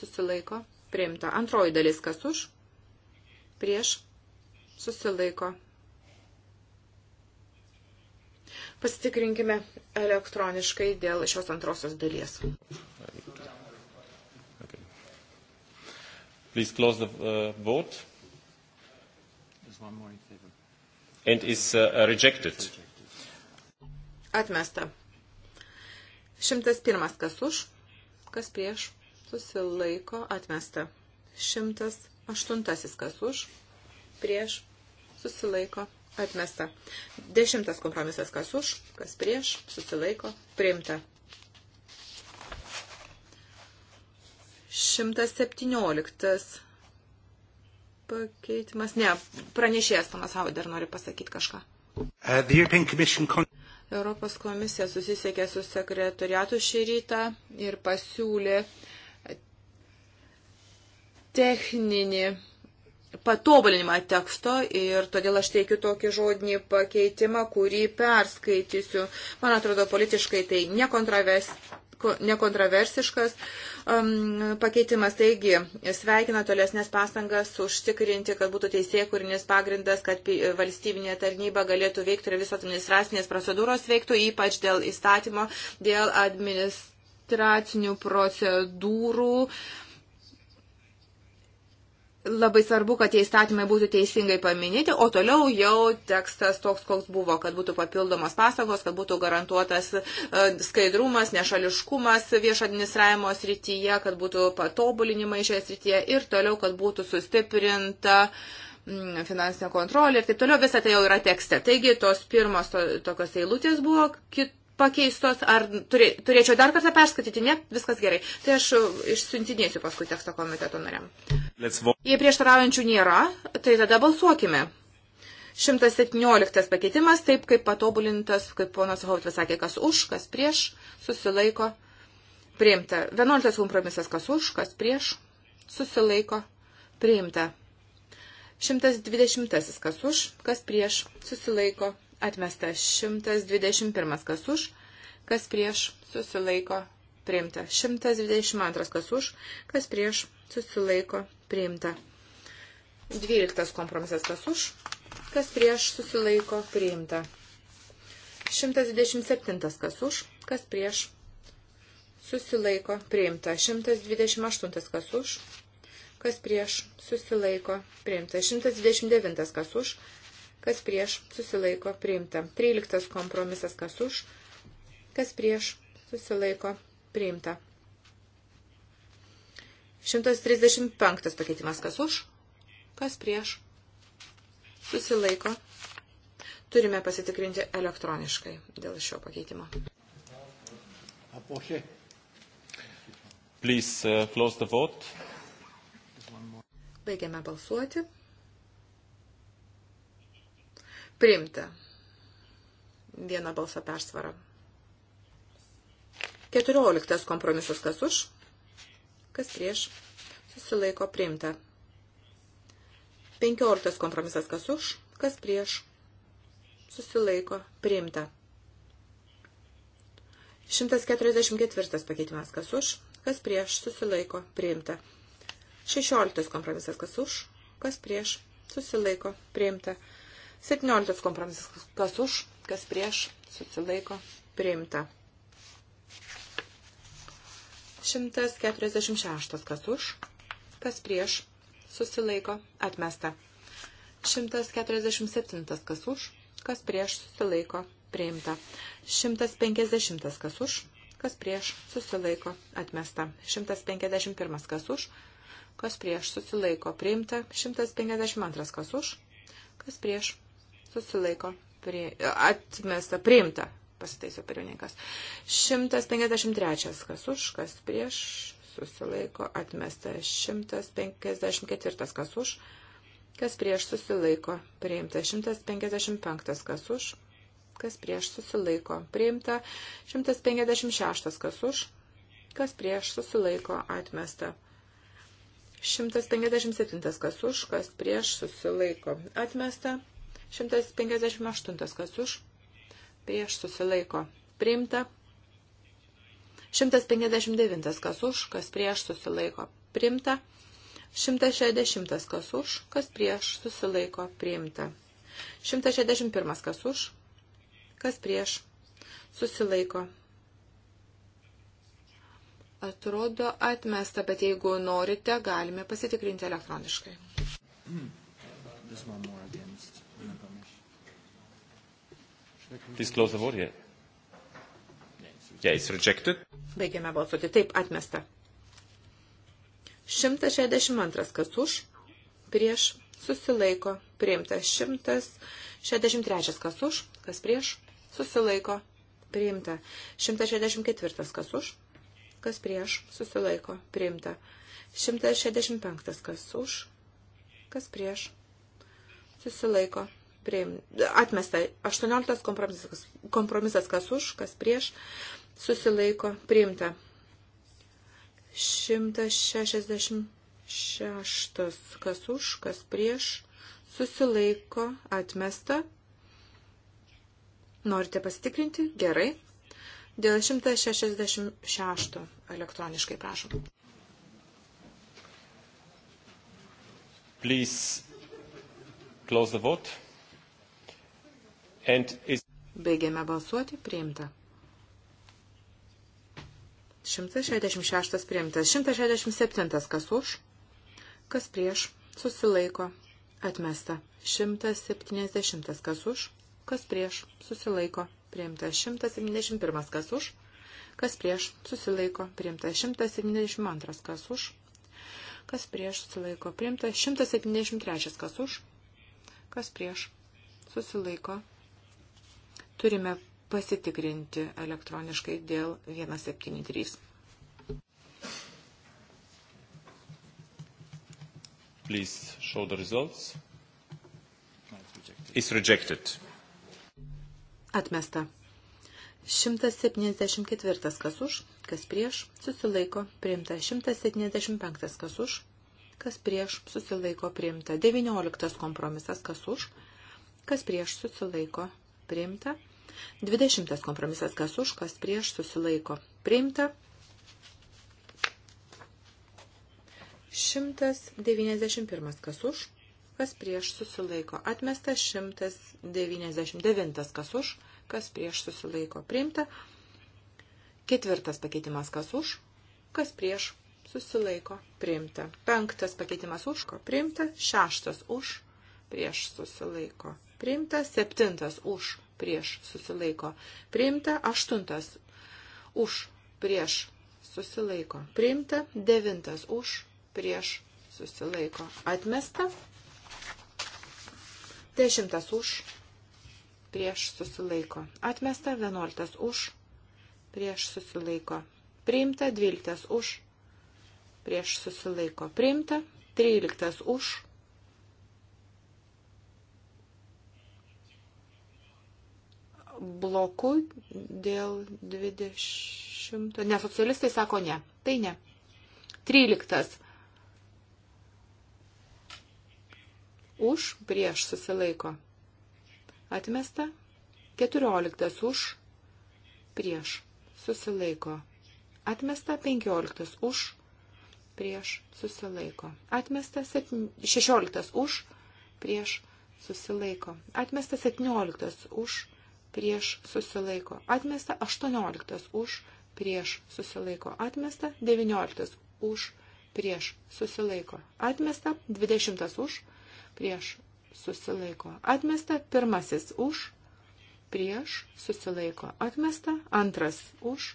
susilaiko, priimta. Antroji dalis kas už, prieš, susilaiko. Pasitikrinkime elektroniškai dėl šios antrosios dalies.
Please close
the uh, vote.
There's one more in favor.
And is uh, uh
rejected. Atmesta. 101. Kas už, kas prieš, susilaiko, atmesta. 108. Kas už, prieš, susilaiko, atmesta. 10. Kompromisas. Kas už, kas prieš, susilaiko, priimta. 117 pakeitimas. Ne, pranešėjas Tomas Hauder nori pasakyti kažką.
Uh,
Europos komisija susisiekė su sekretoriatu šį rytą ir pasiūlė techninį patobulinimą teksto ir todėl aš teikiu tokį žodinį pakeitimą, kurį perskaitysiu. Man atrodo, politiškai tai nekontraversinė nekontroversiškas um, pakeitimas. Taigi, sveikina tolesnės pastangas užtikrinti, kad būtų teisėkūrinis pagrindas, kad valstybinė tarnyba galėtų veikti ir visos administracinės procedūros veiktų, ypač dėl įstatymo, dėl administracijos administracinių procedūrų Labai svarbu, kad tie įstatymai būtų teisingai paminėti, o toliau jau tekstas toks, koks buvo, kad būtų papildomos pasagos, kad būtų garantuotas e, skaidrumas, nešališkumas viešo administravimo srityje, kad būtų patobulinimai šioje srityje ir toliau, kad būtų sustiprinta mm, finansinė kontrolė ir taip toliau, visą tai jau yra tekste. Taigi tos pirmos to, tokios eilutės buvo, kit, pakeistos, ar turė, turėčiau dar kartą perskaityti, ne, viskas gerai. Tai aš išsiuntinėsiu paskui teksto komiteto nariam. Jei prieštaraujančių nėra, tai tada balsuokime. 117 pakeitimas, taip kaip patobulintas, kaip ponas Hautas sakė, kas už, kas prieš, susilaiko, priimta. 11 kompromisas, kas už, kas prieš, susilaiko, priimta. 120 kas už, kas prieš, susilaiko, Atmesta 121. Kas už, kas prieš, susilaiko, priimta. 122. Kas už, kas prieš, susilaiko, priimta. 12. Kompromisas. Kas už, kas prieš, susilaiko, priimta. 127. Kas už, kas prieš, susilaiko, priimta. 128. Kas už, kas prieš, susilaiko, priimta. 129 kas už, kas prieš, susilaiko priimta. 13 kompromisas, kas už, kas prieš, susilaiko priimta. 135 pakeitimas, kas už, kas prieš, susilaiko. Turime pasitikrinti elektroniškai dėl šio pakeitimo. Apoche. Please uh, close the vote. Baigiame balsuoti. Priimta. Vieną balsą persvarą. Keturioliktas kompromisas kas už, kas prieš, susilaiko priimta. Penkioliktas kompromisas kas už, kas prieš, susilaiko priimta. 144 pakeitimas kas už, kas prieš, susilaiko, priimta. 16 kompromisas kas už, kas prieš, susilaiko, priimta. 17 kompromisas. Kas už, kas prieš, susilaiko, priimta. 146. Kas už, kas prieš, susilaiko, atmesta. 147. Kas už, kas prieš, susilaiko, priimta. 150. Kas už, kas prieš, susilaiko, atmesta. 151. Kas už, kas prieš, susilaiko, priimta. 152. Kas už, kas prieš, susilaiko, prie, atmesta, priimta, pasitaiso pirmininkas. 153, kas už, kas prieš, susilaiko, atmesta, 154, kas už, kas prieš, susilaiko, priimta, 155, kas už, kas prieš, susilaiko, priimta, 156, kas už, kas prieš, susilaiko, atmesta. 157 kas už, kas prieš susilaiko. Atmesta. 158 kas už, prieš susilaiko priimta. 159 kas už, kas prieš susilaiko priimta. 160 kas už, kas prieš susilaiko priimta. 161 kas už, kas prieš susilaiko. Atrodo atmesta, bet jeigu norite, galime pasitikrinti elektroniškai.
Mm. This one more against.
Please close the vote here. Yeah, it's rejected.
Baigiame balsuoti. Taip, atmesta. 162. Kas už? Prieš. Susilaiko. Priimta. 163. Kas už? Kas prieš? Susilaiko. Priimta. 164. Kas už? Kas prieš? Susilaiko. Priimta. 165. Kas už? Kas prieš? Susilaiko priim, atmesta 18 kompromisas, kompromisas kas už, kas prieš, susilaiko priimta 166 kas už, kas prieš, susilaiko atmesta. Norite pasitikrinti? Gerai. Dėl 166 elektroniškai prašom.
Please close the vote.
Baigėme balsuoti, priimta. 166 priimtas, 167 kas už, kas prieš, susilaiko, atmesta, 170 kas už, kas prieš, susilaiko, priimta, 171 kas už, kas prieš, susilaiko, priimta, 172 kas už, kas prieš, susilaiko, priimta, 173 kas už, kas prieš, susilaiko, Turime pasitikrinti elektroniškai dėl 173.
Please show the results. Is rejected.
Atmesta. 174 kas už, kas prieš, susilaiko, priimta 175 kas už, kas prieš, susilaiko, priimta 19 kompromisas kas už, kas prieš, susilaiko, priimta. 20 kompromisas, kas už, kas prieš, susilaiko, priimta. 191 kas už, kas prieš susilaiko. Atmesta 199 kas už, kas prieš susilaiko. Priimta. Ketvirtas pakeitimas kas už, kas prieš susilaiko. Priimta. Penktas pakeitimas už, ko priimta. Šeštas už, prieš susilaiko. Priimta septintas už prieš susilaiko. Priimta aštuntas už prieš susilaiko. Priimta devintas už prieš susilaiko. Atmesta. Dešimtas už prieš susilaiko. Atmesta vienuoltas už prieš susilaiko. Priimta dvyliktas už prieš susilaiko. Priimta tryliktas už bloku dėl 20. Ne, socialistai sako ne. Tai ne. 13. Už prieš susilaiko. Atmesta. 14. Už prieš susilaiko. Atmesta 15 už, prieš susilaiko. Atmesta 16 už, prieš susilaiko. Atmesta 17 už, prieš susilaiko atmesta, 18 už prieš susilaiko atmesta, 19 už prieš susilaiko atmesta, 20 už prieš susilaiko atmesta, pirmasis už prieš susilaiko atmesta, antras už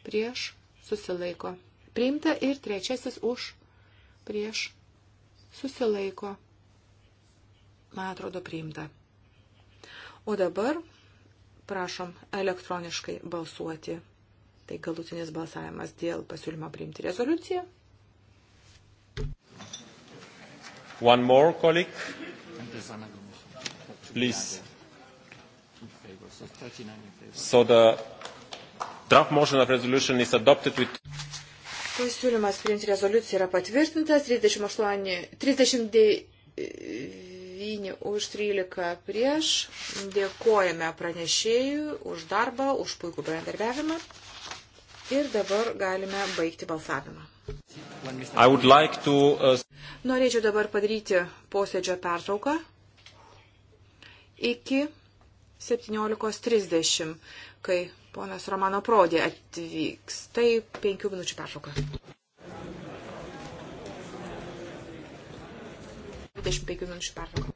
prieš susilaiko priimta ir trečiasis už prieš susilaiko man atrodo priimta. O dabar prašom elektroniškai balsuoti. Tai galutinis balsavimas dėl pasiūlymo priimti rezoliuciją.
One more colleague. Please. So the draft motion of resolution is
adopted with. Pasiūlymas priimti rezoliuciją yra patvirtintas 38, 39 9 už 13 prieš. Dėkojame pranešėjui už darbą, už puikų bendarbiavimą. Ir dabar galime baigti balsavimą.
Like to, uh...
Norėčiau dabar padaryti posėdžio pertrauką iki 17.30, kai ponas Romano Prodė atvyks. Tai penkių minučių pertrauka. 25 minučių pertrauką.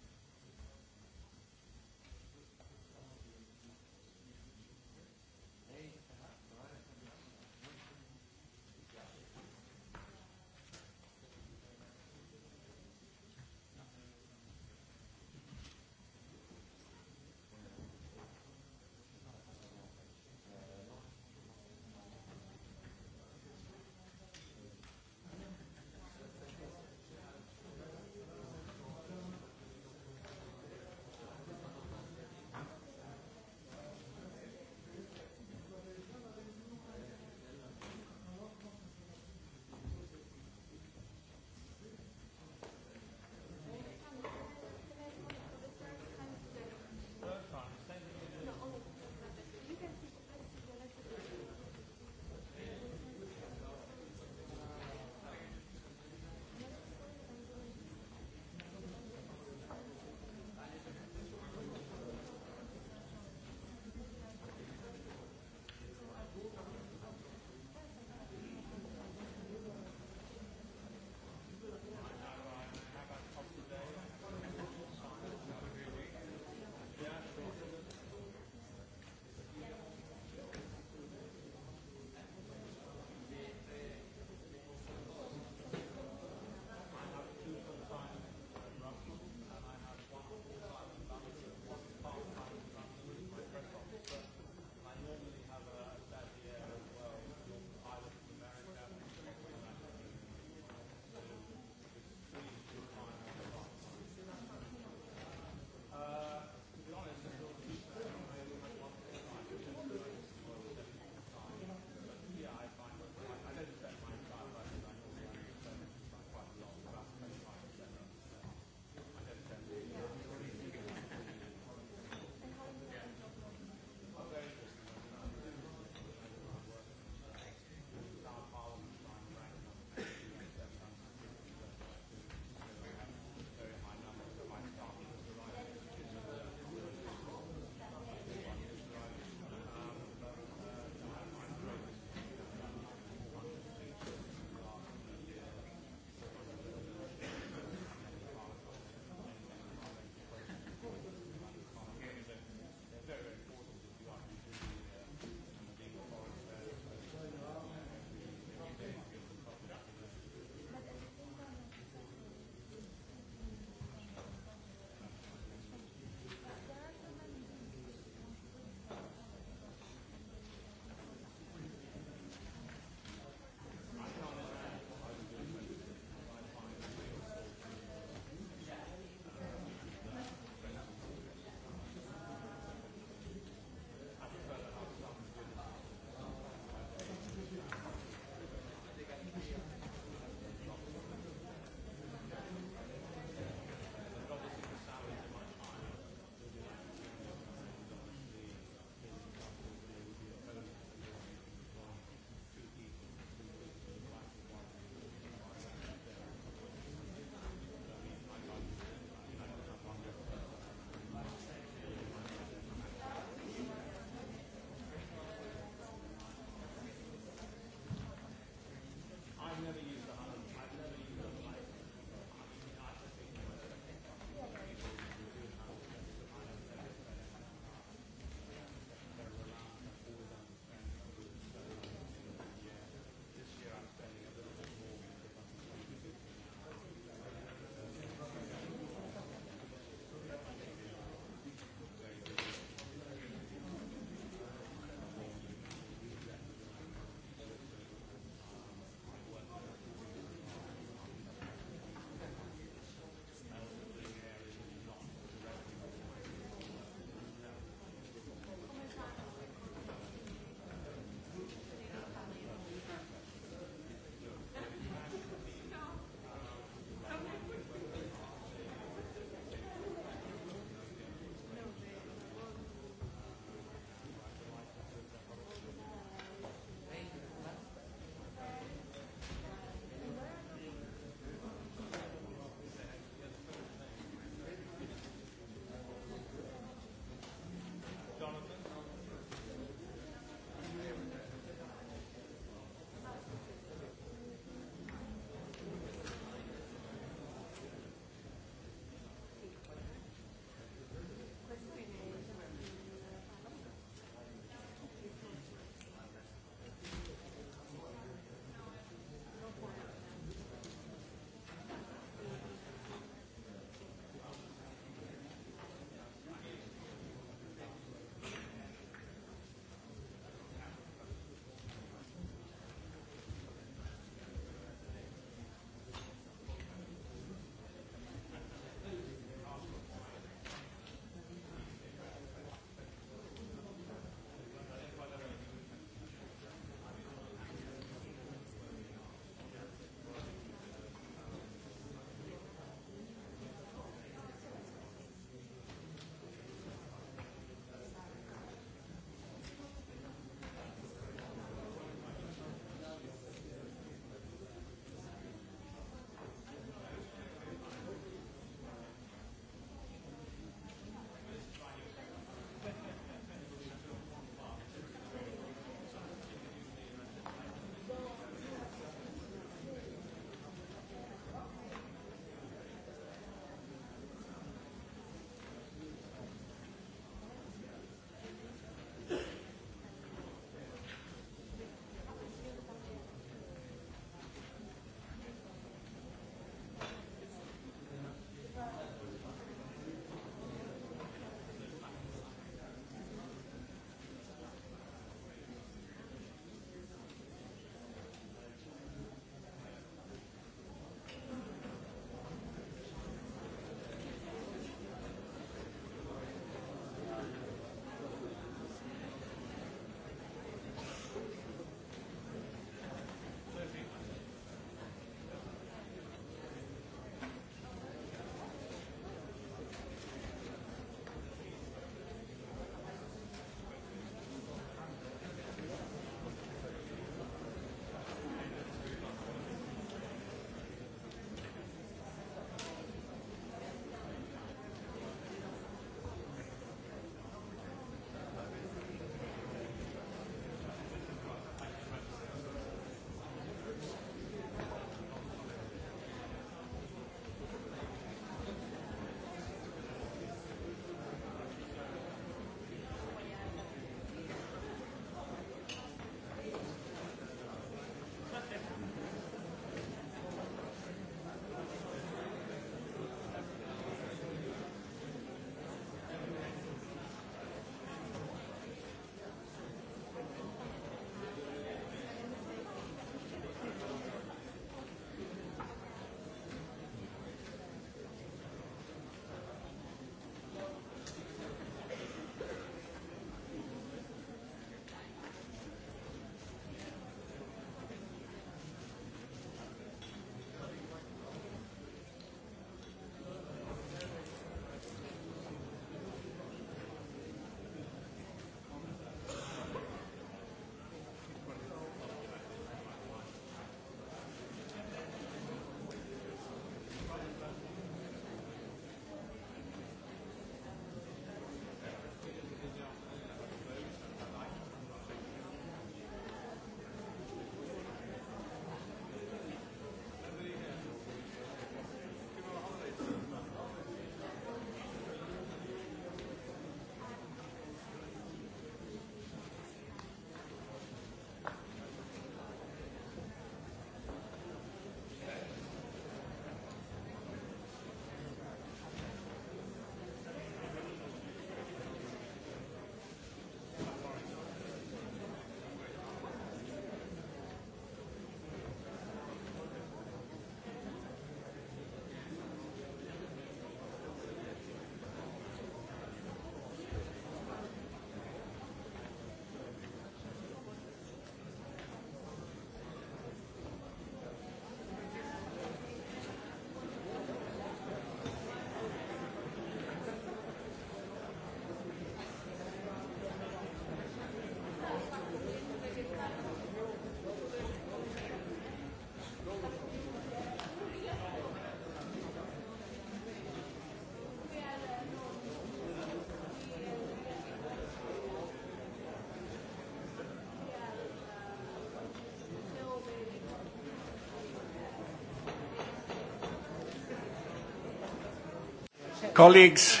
Colleagues,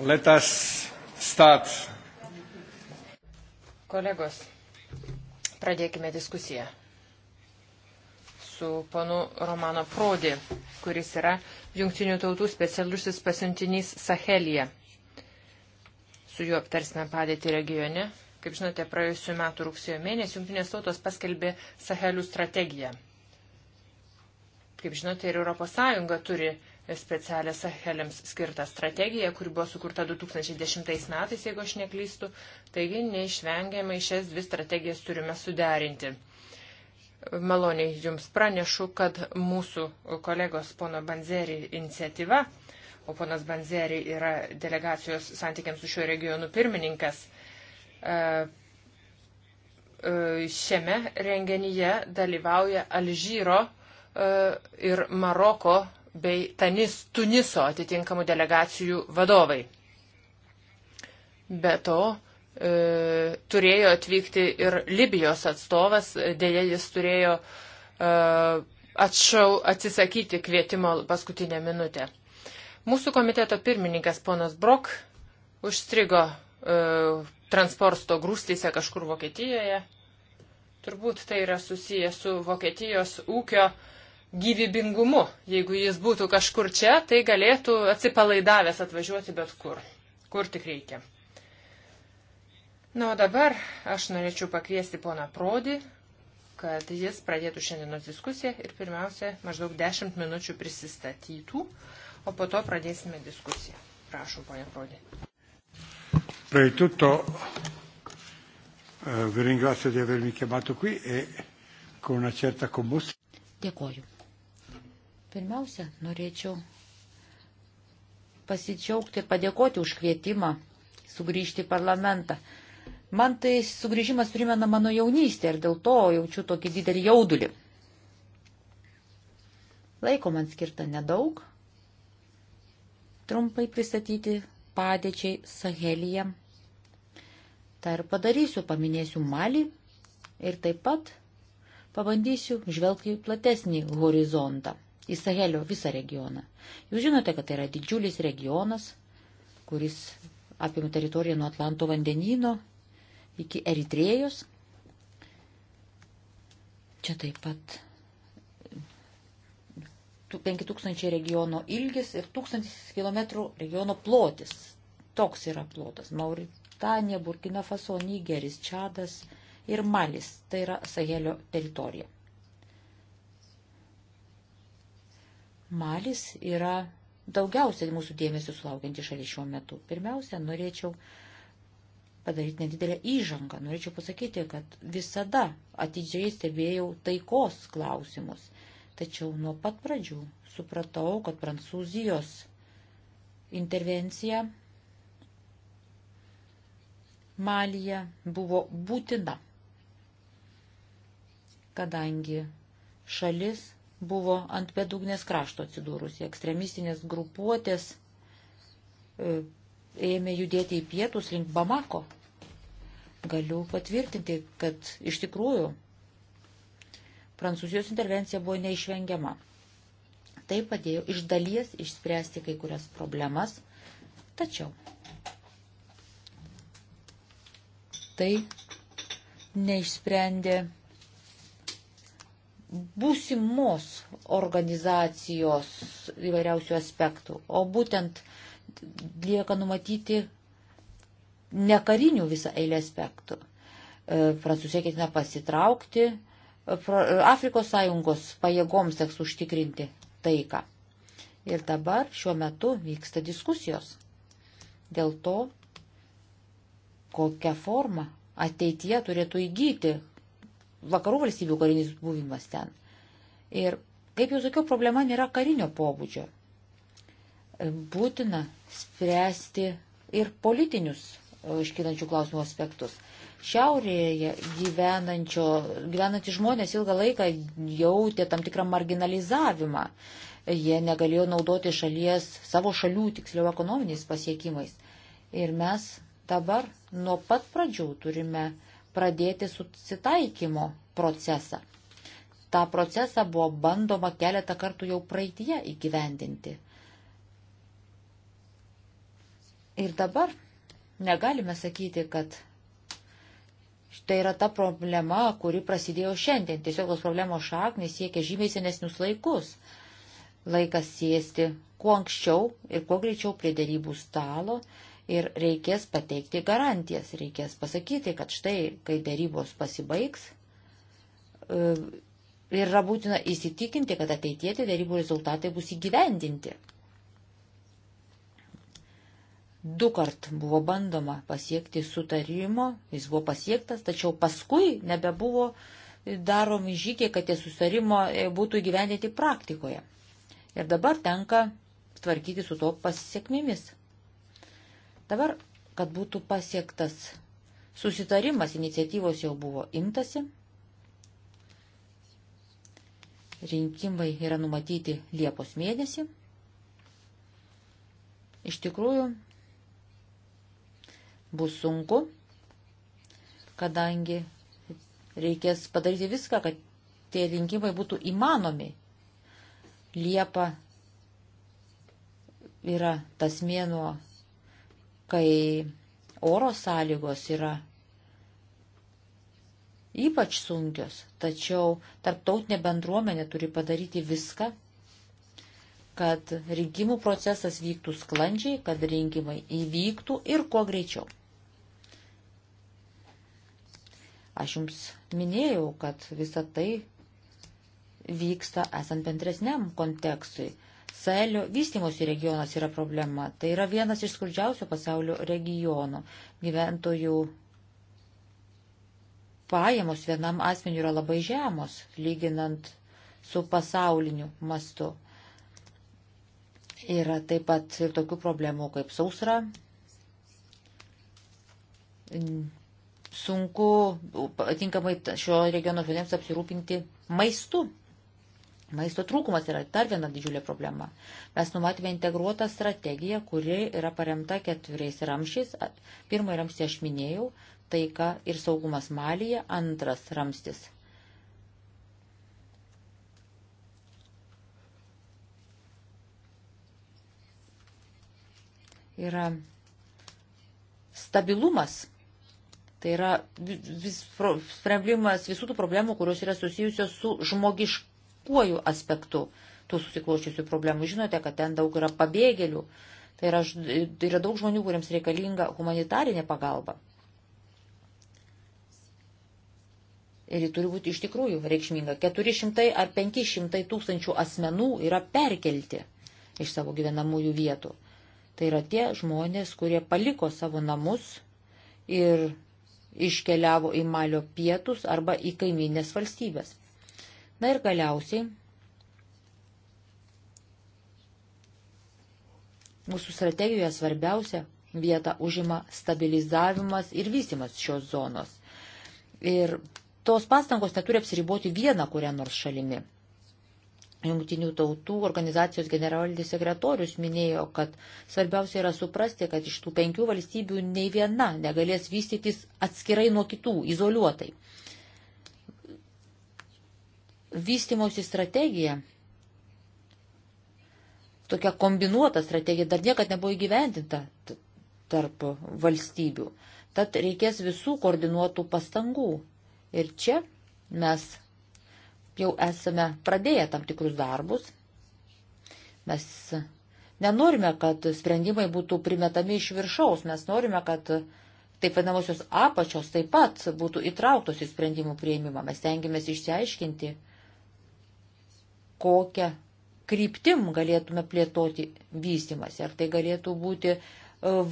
let us start. Kolegos, pradėkime diskusiją su panu Romano Prodi, kuris yra Junktinių tautų specialusis pasiuntinys Sahelija. Su juo aptarsime padėtį regione. Kaip žinote, praėjusiu metu rugsėjo mėnesį Junktinės tautos paskelbė Sahelių strategiją. Kaip žinote, ir ES turi specialią Saheliams skirtą strategiją, kuri buvo sukurta 2010 metais, jeigu aš neklystu. Taigi neišvengiamai šias dvi strategijas turime suderinti. Maloniai Jums pranešu, kad mūsų kolegos pono Banzeri iniciatyva, o ponas Banzeri yra delegacijos santykiams su šiuo regionu pirmininkas, e, e, šiame renginyje dalyvauja Alžyro e, ir Maroko bei Tanis Tuniso atitinkamų delegacijų vadovai. Be to, e, turėjo atvykti ir Libijos atstovas, dėja jis turėjo e, atšau, atsisakyti kvietimo paskutinę minutę. Mūsų komiteto pirmininkas ponas Brok užstrigo e, transporto grūstyse kažkur Vokietijoje. Turbūt tai yra susiję su Vokietijos ūkio e, gyvybingumu. Jeigu jis būtų kažkur čia, tai galėtų atsipalaidavęs atvažiuoti bet kur, kur tik reikia. Na, o dabar aš norėčiau pakviesti poną Prodį, kad jis pradėtų šiandienos diskusiją ir pirmiausia maždaug 10 minučių prisistatytų, o po to pradėsime diskusiją. Prašom, ponia Prodį.
Praeitutto eh, vi ringrazio di avermi chiamato qui e con una certa combustione. Dėkoju. Pirmiausia, norėčiau pasidžiaugti ir padėkoti už kvietimą sugrįžti į parlamentą. Man tai sugrįžimas primena mano jaunystę ir dėl to jaučiu tokį didelį jaudulį. Laiko man skirta nedaug. Trumpai pristatyti padėčiai Sahelyje. Tai ir padarysiu, paminėsiu Malį ir taip pat pabandysiu žvelgti platesnį horizontą į Sahelio visą regioną. Jūs žinote, kad tai yra didžiulis regionas, kuris apima teritoriją nuo Atlanto vandenyno iki Eritrėjos. Čia taip pat 5000 regiono ilgis ir 1000 km regiono plotis. Toks yra plotas. Mauritanija, Burkina Faso, Nigeris, Čadas ir Malis. Tai yra Sahelio teritorija. Malis yra daugiausiai mūsų dėmesio sulaukianti šalis šiuo metu. Pirmiausia, norėčiau padaryti nedidelę įžangą. Norėčiau pasakyti, kad visada atidžiai stebėjau taikos klausimus. Tačiau nuo pat pradžių supratau, kad Prancūzijos intervencija Malija buvo būtina, kadangi šalis buvo ant bedugnės krašto atsidūrusi. Ekstremistinės grupuotės e, ėmė judėti į pietus link Bamako. Galiu patvirtinti, kad iš tikrųjų Prancūzijos intervencija buvo neišvengiama. Tai padėjo iš dalies išspręsti kai kurias problemas, tačiau tai neišsprendė būsimos organizacijos įvairiausių aspektų, o būtent lieka numatyti nekarinių visą eilę aspektų. E, Prancūzija ketina pasitraukti, e, e, Afrikos sąjungos pajėgoms teks užtikrinti taiką. Ir dabar šiuo metu vyksta diskusijos dėl to, kokią formą ateityje turėtų įgyti vakarų valstybių karinis buvimas ten. Ir, kaip jau sakiau, problema nėra karinio pobūdžio. Būtina spręsti ir politinius e, iškylančių klausimų aspektus. Šiaurėje gyvenantys žmonės ilgą laiką jautė tam tikrą marginalizavimą. Jie negalėjo naudoti šalies, savo šalių, tiksliau, ekonominiais pasiekimais. Ir mes dabar nuo pat pradžių turime uh, pradėti susitaikymo procesą. Ta procesą buvo bandoma keletą kartų jau praeitie įgyvendinti. Ir dabar negalime sakyti, kad tai yra ta problema, kuri prasidėjo šiandien. Tiesiog tos problemos šaknis siekia žymiai senesnius laikus. Laikas sėsti kuo anksčiau ir kuo greičiau prie dėrybų stalo ir reikės pateikti garantijas, reikės pasakyti, kad štai, kai darybos pasibaigs, e, yra būtina įsitikinti, kad ateitie tie darybų rezultatai bus įgyvendinti. Du kart buvo bandoma pasiekti sutarimo, jis buvo pasiektas, tačiau paskui nebebuvo daromi žygiai, kad tie sutarimo e, būtų įgyvendinti praktikoje. Ir dabar tenka tvarkyti su to pasiekmėmis. Dabar, kad būtų pasiektas susitarimas, iniciatyvos jau buvo imtasi. Rinkimai yra numatyti Liepos mėnesį. Iš tikrųjų, bus sunku, kadangi reikės padaryti viską, kad tie rinkimai būtų įmanomi. Liepa yra tas mėnuo, kai oro sąlygos yra ypač sunkios, tačiau tarptautinė bendruomenė turi padaryti viską, kad rinkimų procesas vyktų sklandžiai, kad rinkimai įvyktų ir kuo greičiau. Aš jums minėjau, kad visa tai vyksta esant bendresniam kontekstui. Sahelio vystimosi regionas yra problema. Tai yra vienas iš skurdžiausių pasaulio regionų. Gyventojų pajamos vienam asmeniu yra labai žemos, lyginant su pasauliniu mastu. Yra taip pat ir tokių problemų kaip sausra. Sunku tinkamai šio regiono žmonėms apsirūpinti maistu. Maisto trūkumas yra dar viena didžiulė problema. Mes numatėme integruotą strategiją, kuri yra paremta keturiais ramšiais. Pirmąjį ramstį aš minėjau - taika ir saugumas Malyje. Antras ramstis yra stabilumas. Tai yra vis, pro, sprendimas visų tų problemų, kurios yra susijusios su žmogiškumu žmogiškuoju aspektu tų susikloščiusių problemų. Žinote, kad ten daug yra pabėgėlių, tai yra, tai yra daug žmonių, kuriems reikalinga humanitarinė pagalba. Ir ji turi būti iš tikrųjų reikšminga. 400 ar 500 tūkstančių asmenų yra perkelti iš savo gyvenamųjų vietų. Tai yra tie žmonės, kurie paliko savo namus ir iškeliavo į Malio pietus arba į kaiminės valstybės. Na ir galiausiai mūsų strategijoje svarbiausia vieta užima stabilizavimas ir vystimas šios zonos. Ir tos pastangos neturi apsiriboti vieną kurią nors šalimi. Jungtinių tautų organizacijos generalinis sekretorius minėjo, kad svarbiausia yra suprasti, kad iš tų penkių valstybių nei viena negalės vystytis atskirai nuo kitų, izoliuotai vystimosi strategija, tokia kombinuota strategija dar niekad nebuvo įgyvendinta tarp valstybių. Tad reikės visų koordinuotų pastangų. Ir čia mes jau esame pradėję tam tikrus darbus. Mes nenorime, kad sprendimai būtų primetami iš viršaus, mes norime, kad taip vadinamosios apačios taip pat būtų įtrauktos į sprendimų prieimimą. Mes tengiamės išsiaiškinti, kokią kryptim galėtume plėtoti vystimas. Ar tai galėtų būti e,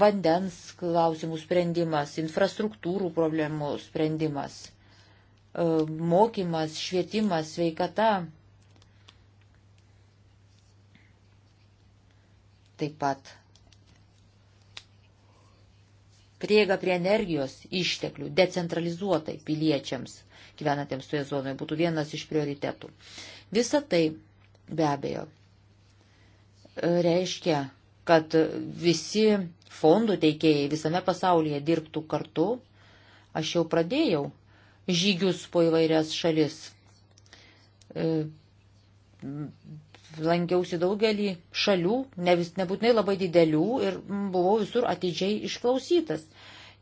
vandens klausimų sprendimas, infrastruktūrų problemų sprendimas, e, mokymas, švietimas, sveikata. Taip pat prieiga prie energijos išteklių decentralizuotai piliečiams gyvenantiems toje zonoje būtų vienas iš prioritetų. Uh, Visa tai be abejo reiškia, kad visi fondų teikėjai visame pasaulyje dirbtų kartu. Aš jau pradėjau žygius po įvairias šalis. E, lankiausi daugelį šalių, ne vis, nebūtinai labai didelių ir buvau visur atidžiai išklausytas.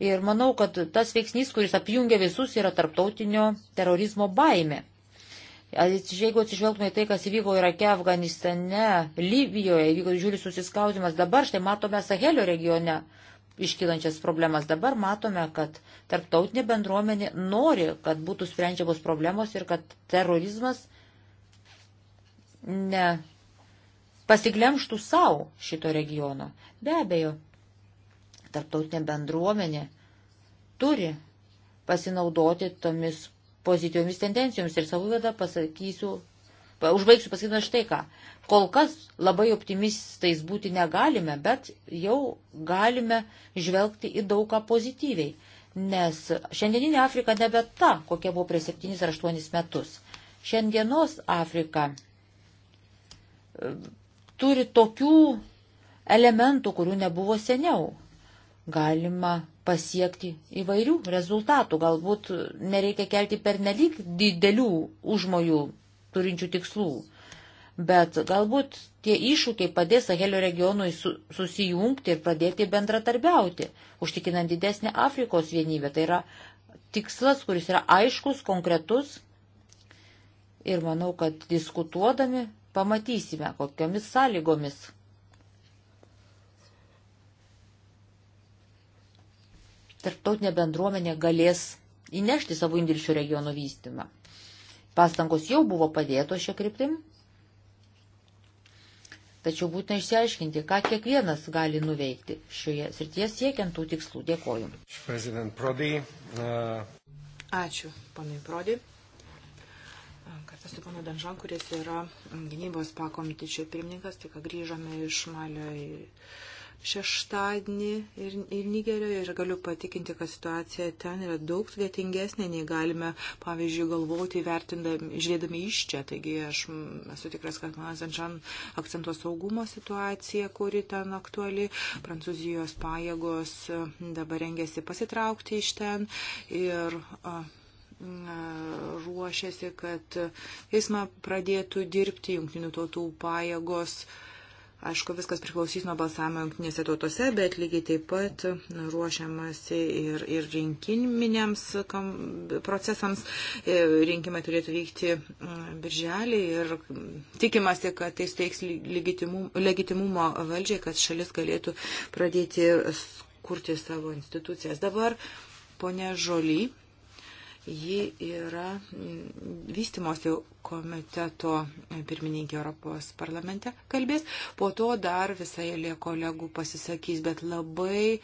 Ir manau, kad tas veiksnys, kuris apjungia visus, yra tarptautinio terorizmo baime. Jeigu atsižvelgtume į tai, kas įvyko Irake, Afganistane, Libijoje, įvyko didžiulis susiskaudimas, dabar štai matome Sahelio regione iškylančias problemas. Dabar matome, kad tarptautinė bendruomenė nori, kad būtų sprendžiamos problemos ir kad terorizmas ne pasiglemštų savo šito regiono. Be abejo, tarptautinė bendruomenė turi pasinaudoti tomis pozityviomis tendencijomis ir savo vėdą pasakysiu, užbaigsiu pasakydama štai ką. Kol kas labai optimistais būti negalime, bet jau galime žvelgti į daugą pozityviai, nes šiandieninė Afrika nebe ta, kokia buvo prie 7 ar 8 metus. Šiandienos Afrika e, turi tokių elementų, kurių nebuvo seniau. Galima pasiekti įvairių rezultatų. Galbūt nereikia kelti pernelyg didelių užmojų turinčių tikslų, bet galbūt tie iššūkiai padės Sahelio regionui su, susijungti ir pradėti bendratarbiauti, užtikinant didesnį Afrikos vienybę. Tai yra tikslas, kuris yra aiškus, konkretus ir manau, kad diskutuodami pamatysime, kokiomis sąlygomis tarptautinė bendruomenė galės įnešti savo indėlį šio regiono vystymą. Pastangos jau buvo padėtos šią kryptim, tačiau būtina išsiaiškinti, ką kiekvienas gali nuveikti šioje srityje siekiant tų tikslų. Dėkoju.
Prodi, uh...
Ačiū,
panai Prodi. Kartu su panu Danžan, kuris yra gynybos pakomitečio pirmininkas, tik grįžome iš Malio į šeštadienį ir, ir Nigerijoje ir galiu patikinti, kad situacija ten yra daug sudėtingesnė, nei galime, pavyzdžiui, galvoti, žiūrėdami iš čia. Taigi aš esu tikras, kad mano Zanžan akcentuo saugumo situacija, kuri ten aktuali. Prancūzijos pajėgos dabar rengiasi pasitraukti iš ten ir a, ruošiasi, kad teismą pradėtų dirbti jungtinių tautų pajėgos. A, Aišku, viskas priklausys nuo balsavimo jungtinėse tautose, bet lygiai taip pat ruošiamasi ir, ir rinkiminiams kam, procesams. E, rinkimai turėtų vykti mm, birželį ir tikimasi, kad tai steiks legitimum, legitimumo valdžiai, kad šalis galėtų pradėti kurti savo institucijas. Dabar ponė Žoly Ji yra mm, vystimosi komiteto pirmininkė Europos parlamente kalbės, po to dar visai lie kolegų pasisakys, bet labai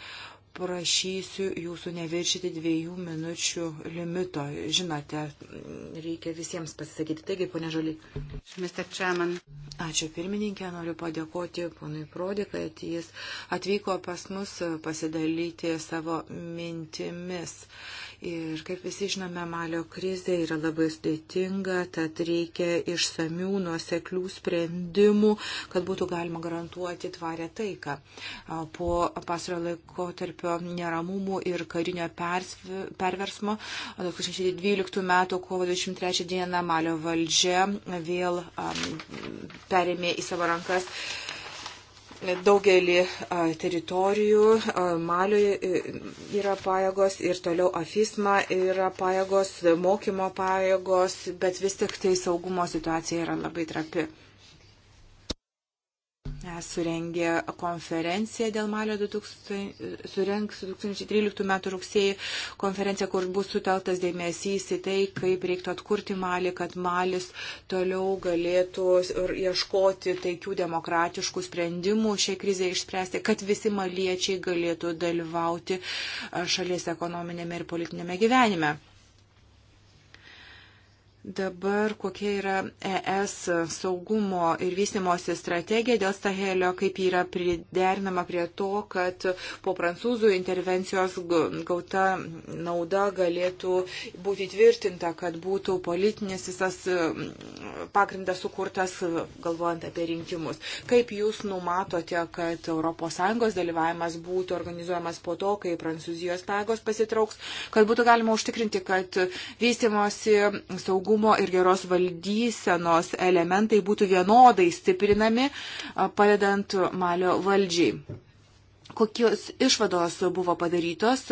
prašysiu jūsų neviršyti dviejų minučių limito. Žinote, mm, reikia visiems pasisakyti. Taigi, ponė Žaly. Ačiū pirmininkė, noriu padėkoti ponui Prodi, kad jis atvyko pas mus pasidalyti savo mintimis. Uh, Ir kaip visi žinome, malio krizė yra labai sudėtinga, tad reikia išsamių, nuoseklių sprendimų, kad būtų galima garantuoti tvarę taiką. Po pasaro laiko tarpio neramumų ir karinio perversmo 2012 m. kovo 23 d. malio valdžia vėl um, perėmė į savo rankas uh, daugelį teritorijų Malio e, yra pajėgos ir toliau Afisma yra pajėgos, mokymo pajėgos, bet vis tik tai saugumo situacija yra labai trapi surengė konferenciją dėl Malio 2000, surengs 2013 m. rugsėjį konferenciją, kur bus suteltas dėmesys į tai, kaip reiktų atkurti Malį, kad Malis toliau galėtų ieškoti taikių demokratiškų sprendimų šiai krizai išspręsti, kad visi maliečiai galėtų dalyvauti šalies ekonominėme ir politinėme gyvenime dabar kokia yra ES saugumo ir vystimosi strategija dėl Sahelio, kaip yra pridernama prie to, kad po prancūzų intervencijos gauta nauda galėtų būti tvirtinta, kad būtų politinis visas mm, pagrindas sukurtas, galvojant apie rinkimus. Kaip jūs numatote, kad ES dalyvavimas būtų organizuojamas po to, kai Prancūzijos pagos pasitrauks, kad būtų galima užtikrinti, kad vystimosi saugumo teisingumo ir geros valdysenos elementai būtų vienodai stiprinami, padedant Malio valdžiai. Kokios išvados buvo padarytos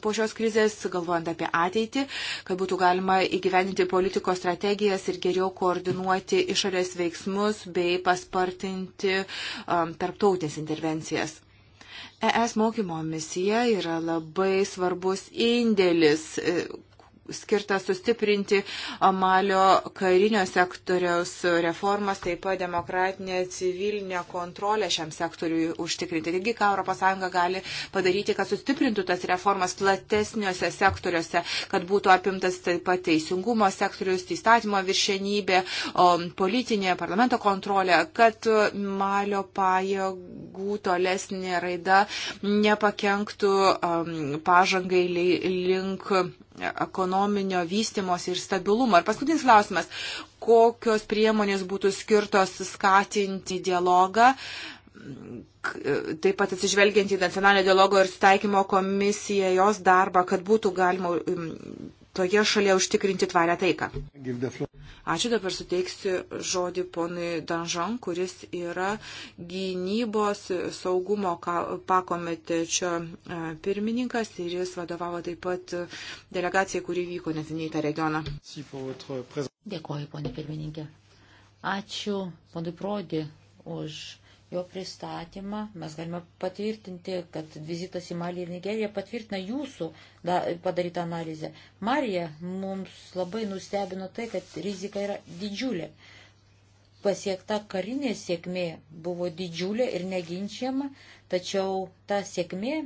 po šios krizės, galvojant apie ateitį, kad būtų galima įgyveninti politikos strategijas ir geriau koordinuoti išorės veiksmus bei paspartinti um, tarptautės intervencijas. ES mokymo misija yra labai svarbus indėlis e, skirtas sustiprinti Malio karinio sektoriaus reformas, taip pat demokratinė civilinė kontrolė šiam sektoriui užtikrinti. Taigi, ką ES gali padaryti, kad sustiprintų tas reformas platesniuose sektoriuose, kad būtų apimtas taip pat teisingumo sektorius, įstatymo viršenybė, politinė parlamento kontrolė, kad Malio pajėgų tolesnė raida nepakenktų pažangai link ekonominio vystimos ir stabilumo. Ir paskutinis klausimas, kokios priemonės būtų skirtos skatinti dialogą, taip pat atsižvelgiant į nacionalinio dialogo ir sutaikymo komisiją, jos darbą, kad būtų galima toje šalyje užtikrinti tvarę taiką. Ačiū dabar suteiksiu žodį ponui Danžan, kuris yra gynybos saugumo pakomitečio e, pirmininkas ir jis vadovavo taip pat delegacijai, kuri vyko neseniai į tą regioną.
Dėkoju, ponė pirmininkė. Ačiū ponui Prodi už jo pristatymą. Mes galime patvirtinti, kad vizitas į Malį ir Nigeriją patvirtina jūsų da, padarytą analizę. Marija mums labai nustebino tai, kad rizika yra didžiulė. Pasiekta karinė sėkmė buvo didžiulė ir neginčiama, tačiau ta sėkmė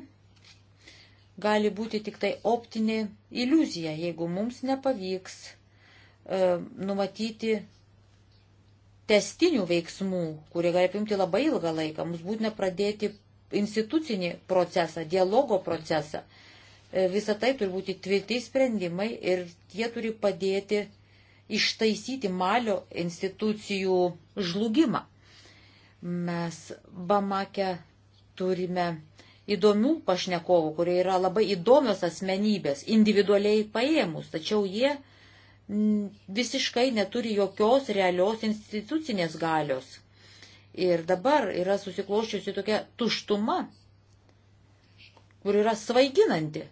gali būti tik tai optinė iliuzija, jeigu mums nepavyks e, numatyti testinių veiksmų, kurie gali apimti labai ilgą laiką. Mums būtina pradėti institucinį procesą, dialogo procesą. E, Visą tai turi būti tvirti sprendimai ir jie turi padėti ištaisyti malio institucijų žlugimą. Mes Bamake turime įdomių pašnekovų, kurie yra labai įdomios asmenybės, individualiai paėmus, tačiau jie visiškai neturi jokios realios institucinės galios. Ir dabar yra susikloščiusi tokia tuštuma, kur yra svaiginanti,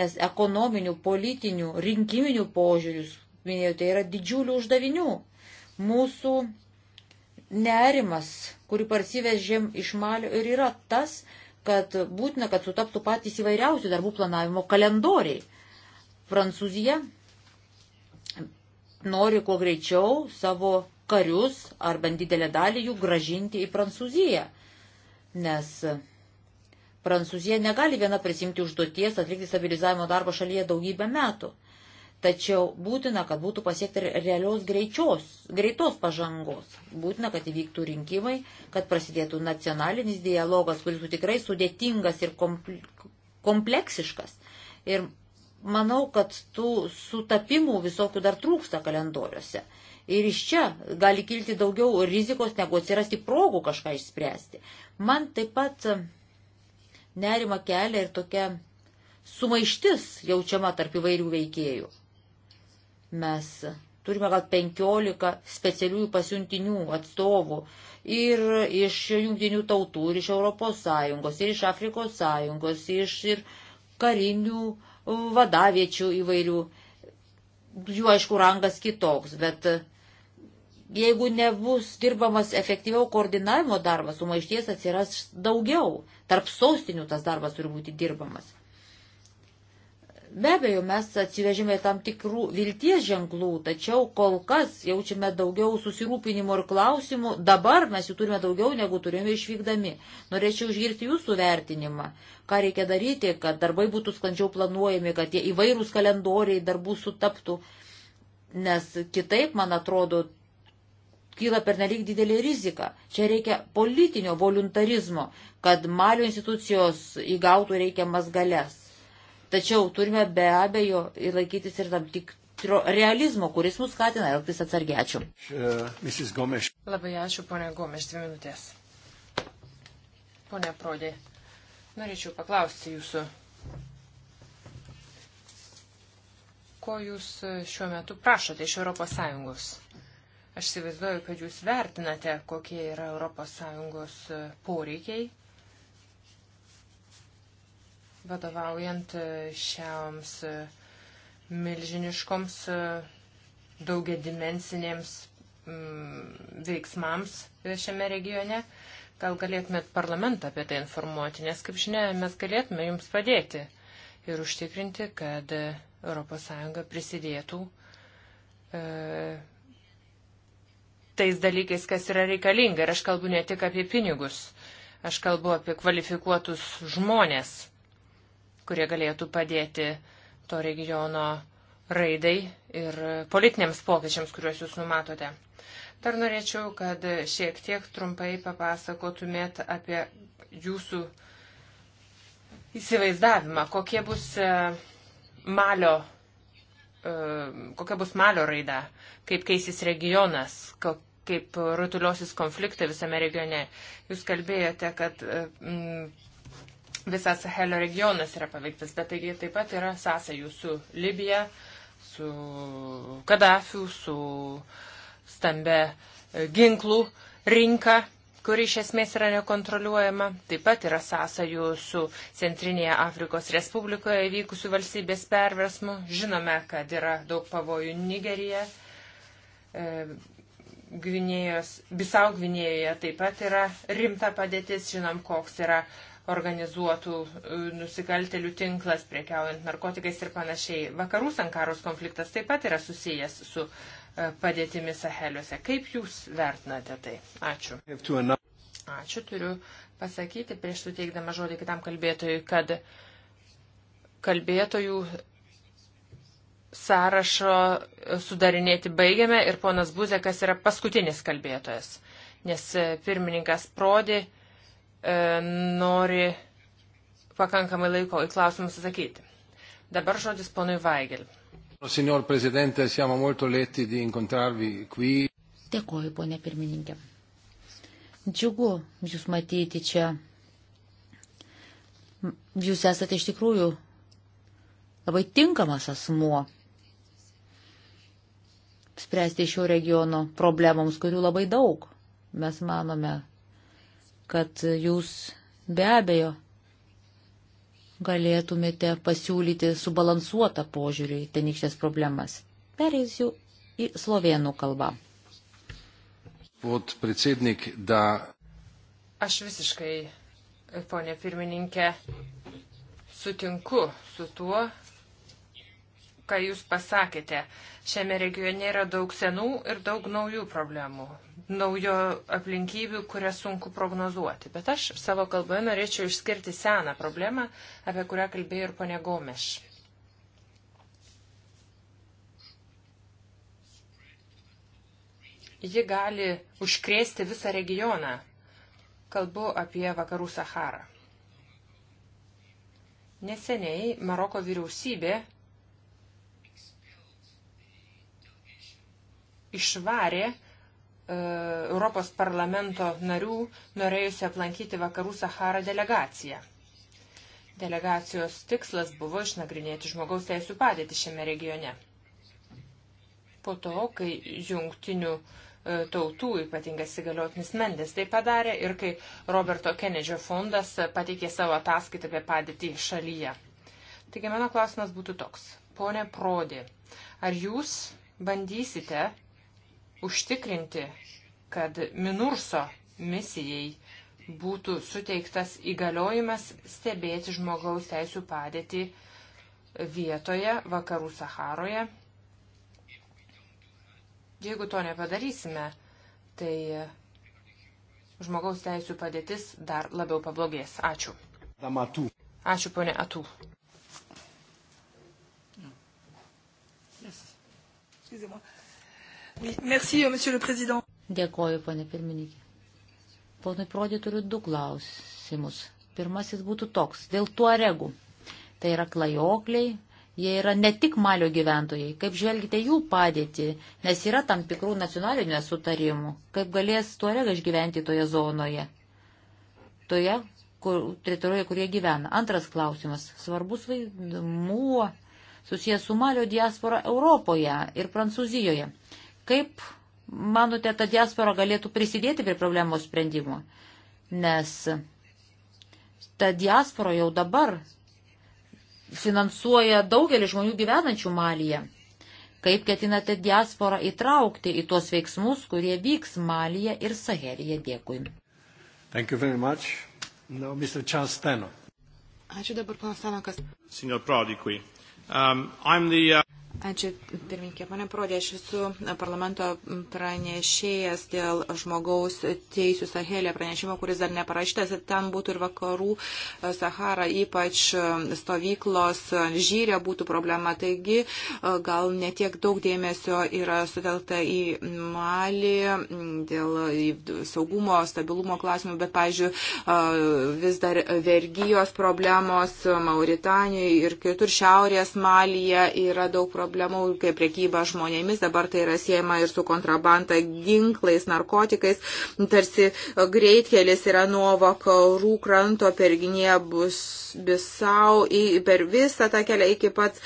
nes ekonominių, politinių, rinkiminių požiūrius, minėjote, yra didžiulių uždavinių. Mūsų nerimas, kurį parsivežėm iš Malio, ir yra tas, kad būtina, kad sutaptų patys įvairiausių darbų planavimo kalendoriai. Prancūzija nori kuo greičiau savo karius ar bent didelę dalį jų gražinti į Prancūziją, nes Prancūzija negali viena prisimti užduoties atlikti stabilizavimo darbą šalyje daugybę metų. Tačiau būtina, kad būtų pasiekta realios greičios, greitos pažangos. Būtina, kad įvyktų rinkimai, kad prasidėtų nacionalinis dialogas, kuris būtų tikrai sudėtingas ir kompleksiškas. Ir Manau, kad tų sutapimų visokių dar trūksta kalendoriuose. Ir iš čia gali kilti daugiau rizikos, negu atsirasti progų kažką išspręsti. Man taip pat e, nerima kelia ir tokia sumaištis jaučiama tarp įvairių veikėjų. Mes turime gal 15 specialiųjų pasiuntinių atstovų ir iš jungtinių tautų, ir iš Europos Sąjungos, ir iš Afrikos Sąjungos, iš ir karinių uh, vadaviečių įvairių. Jų aišku rangas kitoks, bet e, jeigu nebus dirbamas efektyviau koordinavimo darbas, sumaišties atsiras daugiau. Tarp sostinių tas darbas turi būti dirbamas. Be abejo, mes atsivežėme tam tikrų vilties ženklų, tačiau kol kas jaučiame daugiau susirūpinimo ir klausimų. Dabar mes jų turime daugiau, negu turėjome išvykdami. Norėčiau išgirti jūsų vertinimą, ką reikia daryti, kad darbai būtų sklandžiau planuojami, kad tie įvairūs kalendoriai darbų sutaptų. Nes kitaip, man atrodo, kyla pernelyg didelė rizika. Čia reikia politinio voluntarizmo, kad malio institucijos įgautų reikiamas galės Tačiau turime be abejo laikytis ir tam tikro realizmo, kuris mus skatina elgtis atsargiai. Ačiū. Uh,
Labai ačiū, ponė Gomeš, dvi minutės. Pone Prodė, norėčiau paklausti jūsų, ko jūs šiuo metu prašote iš ES? Aš įsivaizduoju, kad jūs vertinate, kokie yra ES poreikiai vadovaujant e, šiams e, milžiniškoms e, daugiadimensinėms mm, veiksmams šiame regione. Gal galėtumėt parlamentą apie tai informuoti, nes, kaip žinia, mes galėtume jums padėti ir užtikrinti, kad ES prisidėtų e, tais dalykais, kas yra reikalinga. Ir aš kalbu ne tik apie pinigus, aš kalbu apie kvalifikuotus žmonės kurie galėtų padėti to regiono raidai ir politiniams pokyčiams, kuriuos jūs numatote. Dar norėčiau, kad šiek tiek trumpai papasakotumėt apie jūsų įsivaizdavimą, kokie bus e, malio, e, kokia bus malio raida, kaip keisis regionas, kaip rutuliosis konfliktai visame regione. Jūs kalbėjote, kad e, visas Sahelio regionas yra paveiktas, bet taigi taip pat yra sąsajų su Libija, su Kadafiu, su stambe ginklų rinka, kuri iš esmės yra nekontroliuojama. Taip pat yra sąsajų su Centrinėje Afrikos Respublikoje įvykusių valstybės perversmu. Žinome, kad yra daug pavojų Nigerija. E, Gvinėjos, Bisau Gvinėjoje taip pat yra rimta padėtis, žinom, koks yra uh, organizuotų e, nusikaltelių tinklas, priekiaujant narkotikais ir panašiai. Vakarų Sankaros konfliktas taip pat yra susijęs su e, padėtimi Saheliuose. Kaip Jūs vertinate tai? Ačiū. Ačiū, turiu pasakyti prieš suteikdama žodį kitam kalbėtojui, kad kalbėtojų sąrašo sudarinėti baigiame ir ponas Buzekas yra paskutinis kalbėtojas, nes e, pirmininkas Prodi E, nori pakankamai laiko į klausimus atsakyti. Dabar
žodis ponui Vaigel. Signor Presidente, siamo molto letti di incontrarvi qui. Dėkoju, ponė pirmininkė. Džiugu jūs matyti čia. Jūs esate iš tikrųjų labai tinkamas asmuo spręsti šio regiono problemams, kurių labai daug. Mes manome, kad jūs be abejo galėtumėte pasiūlyti subalansuotą požiūrį į tenykštės problemas. Pereisiu į slovėnų kalbą. Vod predsednik, da.
Aš visiškai, ponė pirmininkė, sutinku su tuo, ką Jūs pasakėte. Šiame regione yra daug senų ir daug naujų problemų, naujo aplinkybių, kurias sunku prognozuoti. Bet aš savo kalboje norėčiau išskirti seną problemą, apie kurią kalbėjo ir ponė Gomeš. Ji gali užkrėsti visą regioną. Kalbu apie vakarų Saharą. Neseniai Maroko vyriausybė išvarė e, Europos parlamento narių norėjusi aplankyti vakarų Sahara delegaciją. Delegacijos tikslas buvo išnagrinėti žmogaus teisų padėtį šiame regione. Po to, kai jungtinių e, tautų ypatingas įgaliotinis Mendes tai padarė ir kai Roberto Kenedžio fondas pateikė savo ataskaitą apie padėtį šalyje. Taigi mano klausimas būtų toks. Pone Prodi, ar jūs bandysite užtikrinti, kad Minurso misijai būtų suteiktas įgaliojimas stebėti žmogaus teisų padėtį vietoje, vakarų Saharoje. Jeigu to nepadarysime, tai žmogaus teisų padėtis dar labiau pablogės. Ačiū. Ačiū, ponė Atų.
Excusez-moi.
Merci, euh, monsieur le président. Dėkoju, ponė pirmininkė. Ponui Prodė turiu du klausimus. Pirmasis būtų toks, dėl tuo regų. Tai yra klajokliai, jie yra ne tik Malio gyventojai. Kaip žvelgite jų padėtį, nes yra tam tikrų nacionalinių nesutarimų. Kaip galės tuo regą išgyventi toje zonoje, toje kur, teritorijoje, kur jie gyvena. Antras klausimas. Svarbus vaidmuo susijęs su Malio diaspora Europoje ir Prancūzijoje. Kaip manote, ta diaspora galėtų prisidėti prie problemos sprendimo? Nes ta diaspora jau dabar finansuoja daugelį žmonių gyvenančių Malyje. Kaip ketinate diasporą įtraukti į tuos veiksmus, kurie vyks Malyje ir Saherije? Dėkui. No, Ačiū dabar, panas Tanakas.
Signor Prodi, qui. Um, I'm the, uh... Ačiū, pirminkė, mane prodė, aš esu parlamento pranešėjas dėl žmogaus teisų Sahelė pranešimo, kuris dar neparašytas, ten būtų ir vakarų e, Sahara, ypač e, stovyklos žyrė būtų problema, taigi e, gal netiek daug dėmesio yra sutelta į Malį dėl saugumo, stabilumo klausimų, bet, pažiūrėjau, vis dar vergyjos problemos Mauritanijoje ir kitur šiaurės Malyje yra daug problemų problemų, kaip priekyba žmonėmis, dabar tai yra siejama ir su kontrabanda ginklais, narkotikais, tarsi greitkelis yra nuo vakarų kranto per Gynėją bus visau, per visą tą kelią iki pat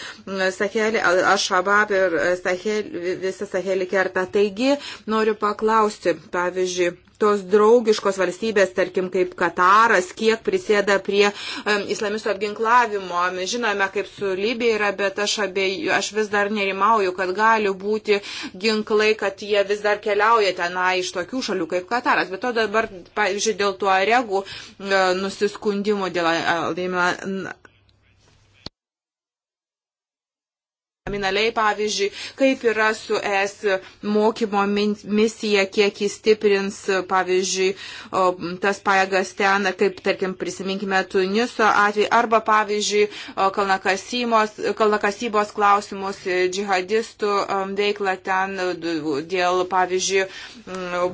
Sahelį, Ašabab ir Sahelį, visą Sahelį kertą. Taigi noriu paklausti, pavyzdžiui, tos draugiškos valstybės, tarkim, kaip Kataras, kiek prisėda prie um, islamistų apginklavimo. Mes žinome, kaip su Libija yra, bet aš, abeju, aš vis dar nerimauju, kad gali būti ginklai, kad jie vis dar keliauja tenai iš tokių šalių kaip Kataras. Bet to dabar, pavyzdžiui, dėl tuo regų uh, e, nusiskundimo, dėl uh, Minaliai, pavyzdžiui, kaip yra su ES mokymo misija, kiek jis stiprins, pavyzdžiui, tas pajėgas ten, kaip, tarkim, prisiminkime Tuniso atveju, arba, pavyzdžiui, kalnakasybos klausimus, e, džihadistų e, veiklą ten e, dėl, pavyzdžiui,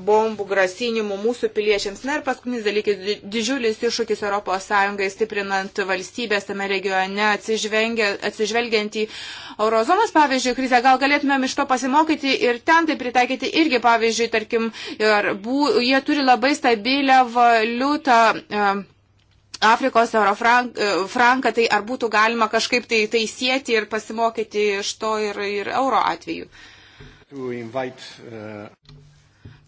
bombų grasinimų mūsų piliečiams. Na ir paskutinis dalykas, didžiulis iššūkis ES stiprinant valstybės tame regione, atsižvelgiant į Euros eurozonos, pavyzdžiui, krizę, gal galėtumėm iš to pasimokyti ir ten tai pritaikyti irgi, pavyzdžiui, tarkim, bū, jie turi labai stabilę valiutą. E, Afrikos eurofranką, e, tai ar būtų galima kažkaip tai, tai sieti ir pasimokyti iš to ir, ir euro atveju?
E,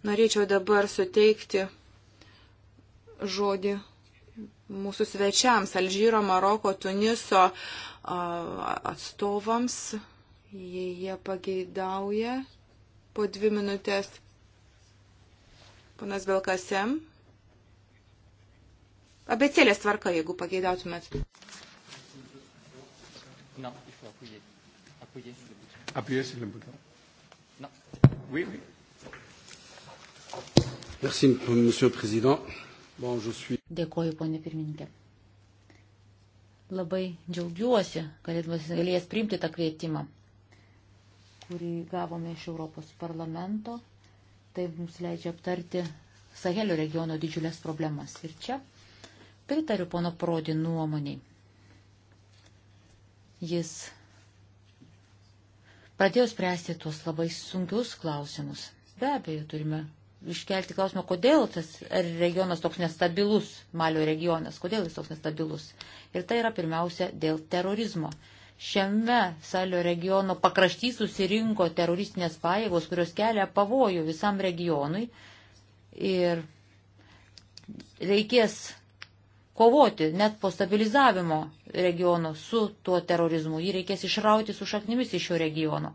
Norėčiau dabar suteikti žodį mūsų svečiams, Alžyro, Maroko, Tuniso atstovams, jei jie pageidauja po dvi minutės. Ponas Belkasem. Abecėlės tvarka, jeigu pageidautumėt.
Non, il faut appuyer. Appuyer sur le bouton. Appuyer sur le bouton. Non. Oui, oui.
Merci, Monsieur le Président. Euh, Bon, suis...
Dėkoju, ponė pirmininkė. Labai džiaugiuosi, kad galėjęs priimti tą kvietimą, kurį gavome iš Europos parlamento. Tai mums leidžia aptarti Sahelio regiono didžiulės problemas. Ir čia pritariu pono Prodi nuomoniai. Jis pradėjo spręsti tuos labai sunkius klausimus. Be abejo, turime iškelti klausimą, kodėl tas regionas toks nestabilus, Malio regionas, kodėl jis toks nestabilus. Ir tai yra pirmiausia dėl terorizmo. Šiame Salio regiono pakrašty susirinko teroristinės pajėgos, kurios kelia pavojų visam regionui ir reikės kovoti net po stabilizavimo regiono su tuo terorizmu. Jį reikės išrauti su šaknimis iš šio regiono.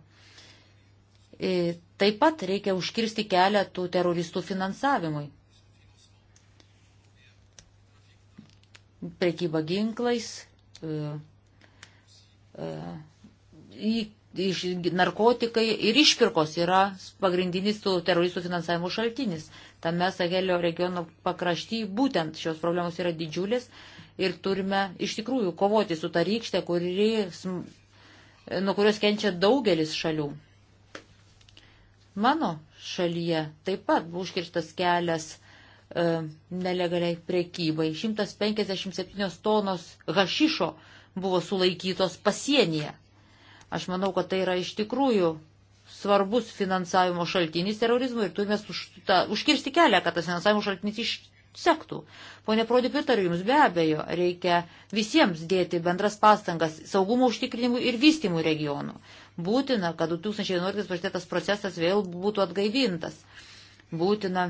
E, taip pat reikia užkirsti kelią tų teroristų finansavimui. Prekyba ginklais, e, e, iš narkotikai ir išpirkos yra pagrindinis tų teroristų finansavimo šaltinis. Tame Sahelio regiono pakrašty būtent šios problemos yra didžiulės ir turime iš tikrųjų kovoti su ta rykšte, kuri, nuo kurios kenčia daugelis šalių. Mano šalyje taip pat buvo užkirstas kelias e, nelegaliai prekybai. 157 tonos hašišo buvo sulaikytos pasienyje. Aš manau, kad tai yra iš tikrųjų svarbus finansavimo šaltinis terorizmui ir turime už, ta, užkirsti kelią, kad tas finansavimo šaltinis išsektų. Pone Prodi, pritariu Jums be abejo, reikia visiems dėti bendras pastangas saugumo užtikrinimui ir vystimui regionų. Būtina, kad 2011 prasidėtas procesas vėl būtų atgaivintas. Būtina,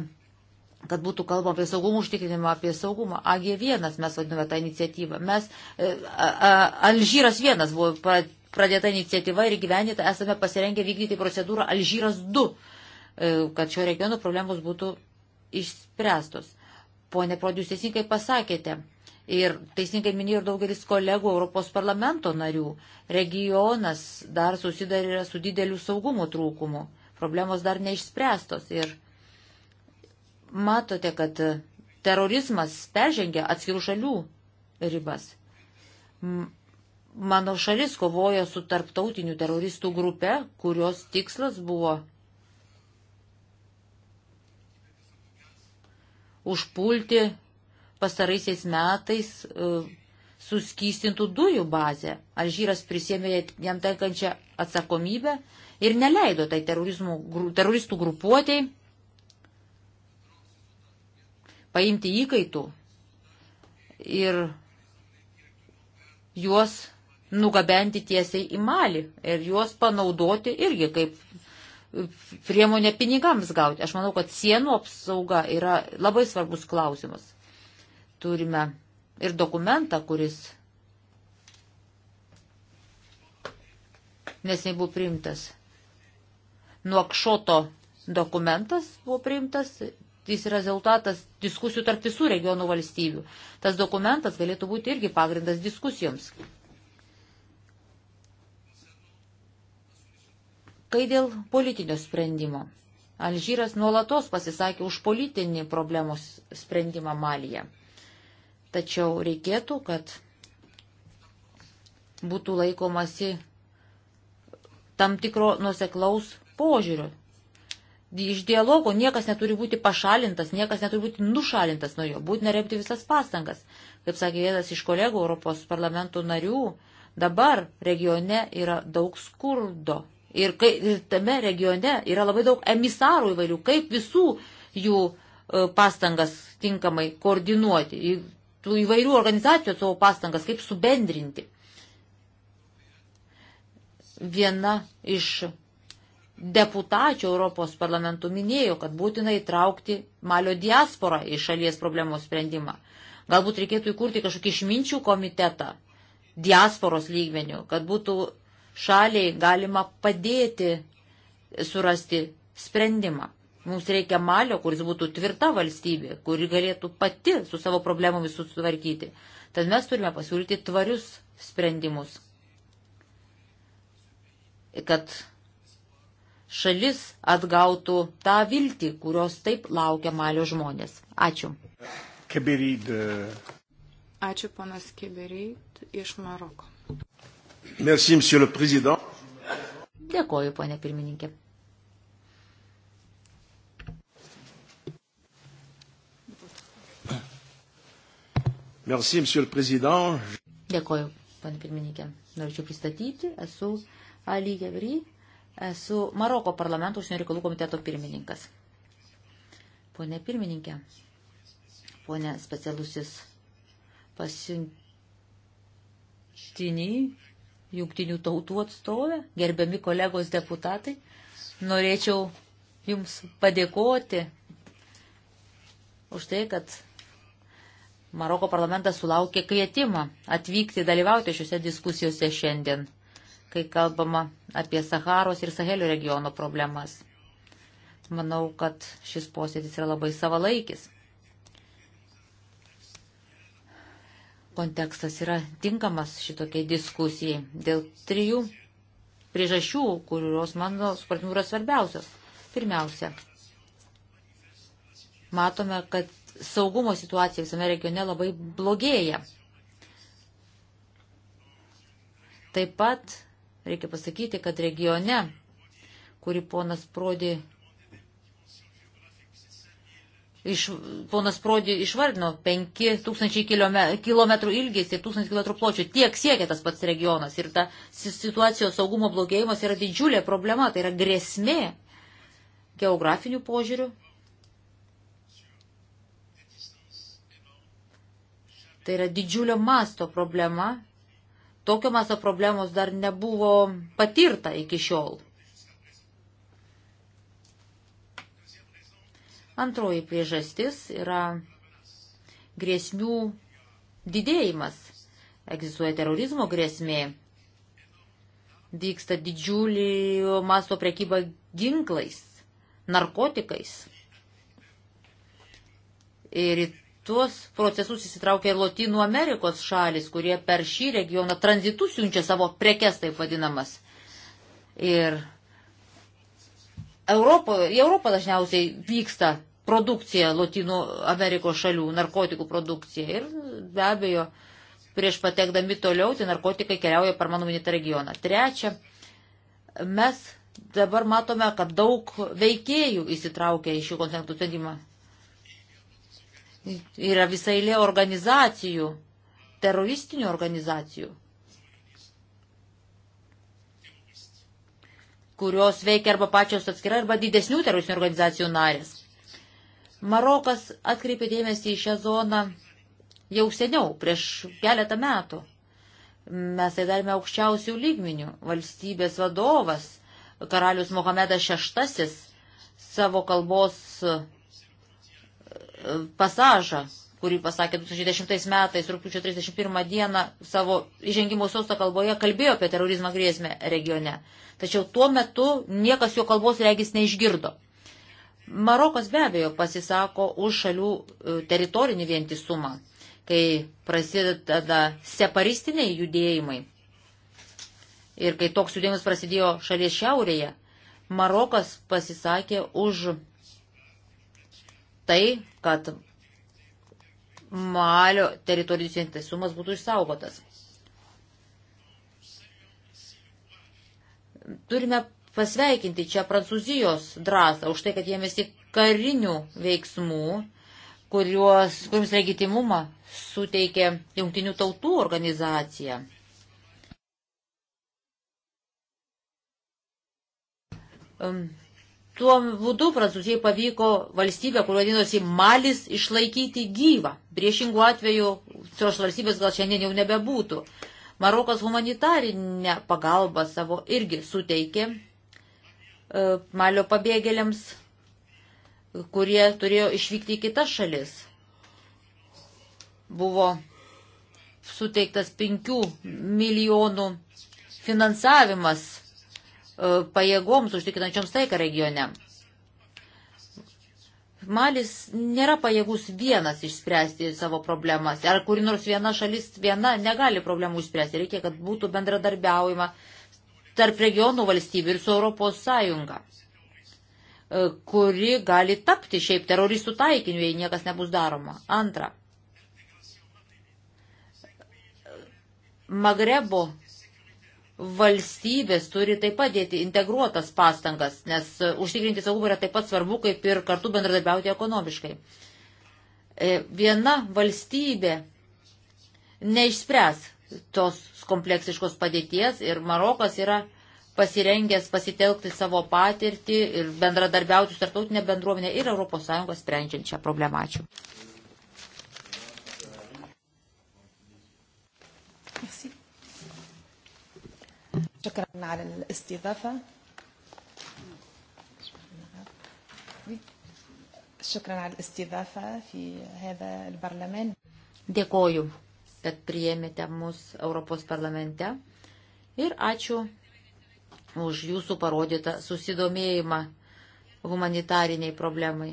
kad būtų kalbama apie saugumą užtikrinimą, apie saugumą. AG1 mes vadiname tą iniciatyvą. Mes, e, a, a, Alžyras 1 buvo pradėta iniciatyva ir gyvenita esame pasirengę vykdyti procedūrą Alžyras 2, e, kad šio regiono problemos būtų išspręstos. Pone Prodius, teisingai pasakėte, Ir teisingai minėjo ir daugelis kolegų Europos parlamento narių. Regionas dar susidarė su dideliu saugumo trūkumu. Problemos dar neišspręstos. Ir matote, kad terorizmas peržengia atskirų šalių ribas. Mano šalis kovojo su tarptautiniu teroristų grupe, kurios tikslas buvo užpulti pastaraisiais metais e, suskystintų dujų bazę. Alžyras prisėmė jam tenkančią atsakomybę ir neleido tai teroristų grupuotėjai paimti įkaitų ir juos nugabenti tiesiai į malį ir juos panaudoti irgi kaip priemonė pinigams gauti. Aš manau, kad sienų apsauga yra labai svarbus klausimas. Turime ir dokumentą, kuris nesiniai buvo priimtas. Nuokšoto dokumentas buvo priimtas, jis rezultatas diskusijų tarp visų regionų valstybių. Tas dokumentas galėtų būti irgi pagrindas diskusijoms. Kai dėl politinio sprendimo. Alžyras nuolatos pasisakė už politinį problemos sprendimą Malyje. Tačiau reikėtų, kad būtų laikomasi tam tikro nuseklaus požiūrio. Iš dialogo niekas neturi būti pašalintas, niekas neturi būti nušalintas nuo jo, būtina remti visas pastangas. Kaip sakė vienas iš kolegų Europos parlamentų narių, dabar regione yra daug skurdo. Ir, kai, ir tame regione yra labai daug emisarų įvairių, kaip visų jų e, pastangas tinkamai koordinuoti tų įvairių organizacijų savo pastangas, kaip subendrinti. Viena iš deputačių Europos parlamentų minėjo, kad būtina įtraukti Malio diasporą į šalies problemų sprendimą. Galbūt reikėtų įkurti kažkokį išminčių komitetą diasporos lygmenių, kad būtų šaliai galima padėti surasti sprendimą. Mums reikia malio, kuris būtų tvirta valstybė, kuri galėtų pati su savo problemomis sutvarkyti. Tad mes turime pasiūlyti tvarius sprendimus, kad šalis atgautų tą viltį, kurios taip laukia malio žmonės. Ačiū. Keberyd. E. Ačiū, panas Keberyd iš Maroko. Merci, monsieur le président. Dėkoju, ponė pirmininkė.
Merci, monsieur le président.
Dėkoju, pan pirmininkė. Norėčiau pristatyti, esu Ali Gevry, esu Maroko parlamento užsienio reikalų komiteto pirmininkas. Pone pirmininkė, pone specialusis pasiuntiniai, jungtinių tautų atstovė, gerbiami kolegos deputatai, norėčiau Jums padėkoti už tai, kad Maroko parlamentas sulaukė kvietimą atvykti dalyvauti šiuose diskusijose šiandien, kai kalbama apie Saharos ir Sahelio regiono problemas. Manau, kad šis posėdis yra labai savalaikis. Kontekstas yra tinkamas šitokiai diskusijai dėl trijų priežasčių, kurios, mano supratimu, yra svarbiausios. Pirmiausia, matome, kad saugumo situacija visame regione labai blogėja. Taip pat reikia pasakyti, kad regione, kuri ponas Prodi, iš, ponas Prodi išvardino 5000 km, km ilgis ir 1000 km pločio, tiek siekia tas pats regionas ir ta situacijos saugumo blogėjimas yra didžiulė problema, tai yra grėsmė geografinių požiūrių Tai yra didžiulio masto problema. Tokio masto problemos dar nebuvo patirta iki šiol. Antroji priežastis yra grėsmių didėjimas. Egzistuoja terorizmo grėsmė. Vyksta didžiulį masto prekyba ginklais, narkotikais. Ir tuos procesus įsitraukia ir Lotynų Amerikos šalis, kurie per šį regioną tranzitų siunčia savo prekes, taip vadinamas. Ir Europo, į Europą dažniausiai vyksta produkcija Lotynų Amerikos šalių, narkotikų produkcija. Ir be abejo, prieš patekdami toliau, tie narkotikai keliauja per mano minėtą regioną. Trečia, mes dabar matome, kad daug veikėjų įsitraukia į šių konfliktų sprendimą. Yra visai lė organizacijų, teroristinių organizacijų, kurios veikia arba pačios atskirai, arba didesnių teroristinių organizacijų narės. Marokas atkreipė dėmesį į šią zoną jau seniau, prieš keletą metų. Mes tai darėme aukščiausių lygminių. Valstybės vadovas, karalius Mohamedas VI, savo kalbos pasažą, kurį pasakė 2010 metais, rūpiučio 31 dieną savo įžengimo sosto kalboje kalbėjo apie terorizmą grėsmę regione. Tačiau tuo metu niekas jo kalbos regis neišgirdo. Marokas be abejo pasisako už šalių e, teritorinį vientisumą, kai prasideda separistiniai judėjimai. Ir kai toks judėjimas prasidėjo šalies šiaurėje, Marokas pasisakė už tai, kad Malio teritorijos vientisumas būtų išsaugotas. Turime pasveikinti čia Prancūzijos drąsą už tai, kad jėmėsi karinių veiksmų, kuriuos, kuriems legitimumą suteikė Junktinių tautų organizacija. Um, Tuo būdu Prancūzijai pavyko valstybę, kur vadinosi Malis, išlaikyti gyvą. Priešingų atveju tos valstybės gal šiandien jau nebebūtų. Marokas humanitarinę pagalbą savo irgi suteikė e, Malio pabėgėliams, kurie turėjo išvykti į kitas šalis. Buvo suteiktas 5 milijonų finansavimas E, pajėgoms užtikrinančioms taiką regione. Malis nėra pajėgus vienas išspręsti savo problemas, ar kuri nors viena šalis viena negali problemų išspręsti, reikia, kad būtų bendradarbiaujama tarp regionų valstybių ir su Europos Sąjunga, e, kuri gali tapti šiaip teroristų taikiniu, jei niekas nebus daroma. Antra. Magrebo valstybės turi taip pat dėti integruotas pastangas, nes e, užtikrinti saugumą yra taip pat svarbu, kaip ir kartu bendradarbiauti ekonomiškai. E, viena valstybė neišspręs tos kompleksiškos padėties ir Marokas yra pasirengęs pasitelkti savo patirtį ir bendradarbiauti su tarptautinė bendruomenė ir ES sprendžiant šią problemą. Ačiū. Merci. شكرا على
الاستضافة
شكرا على الاستضافة في هذا البرلمان Dėkoju, kad priėmėte mus Europos parlamente ir ačiū už jūsų parodytą susidomėjimą humanitariniai problemai.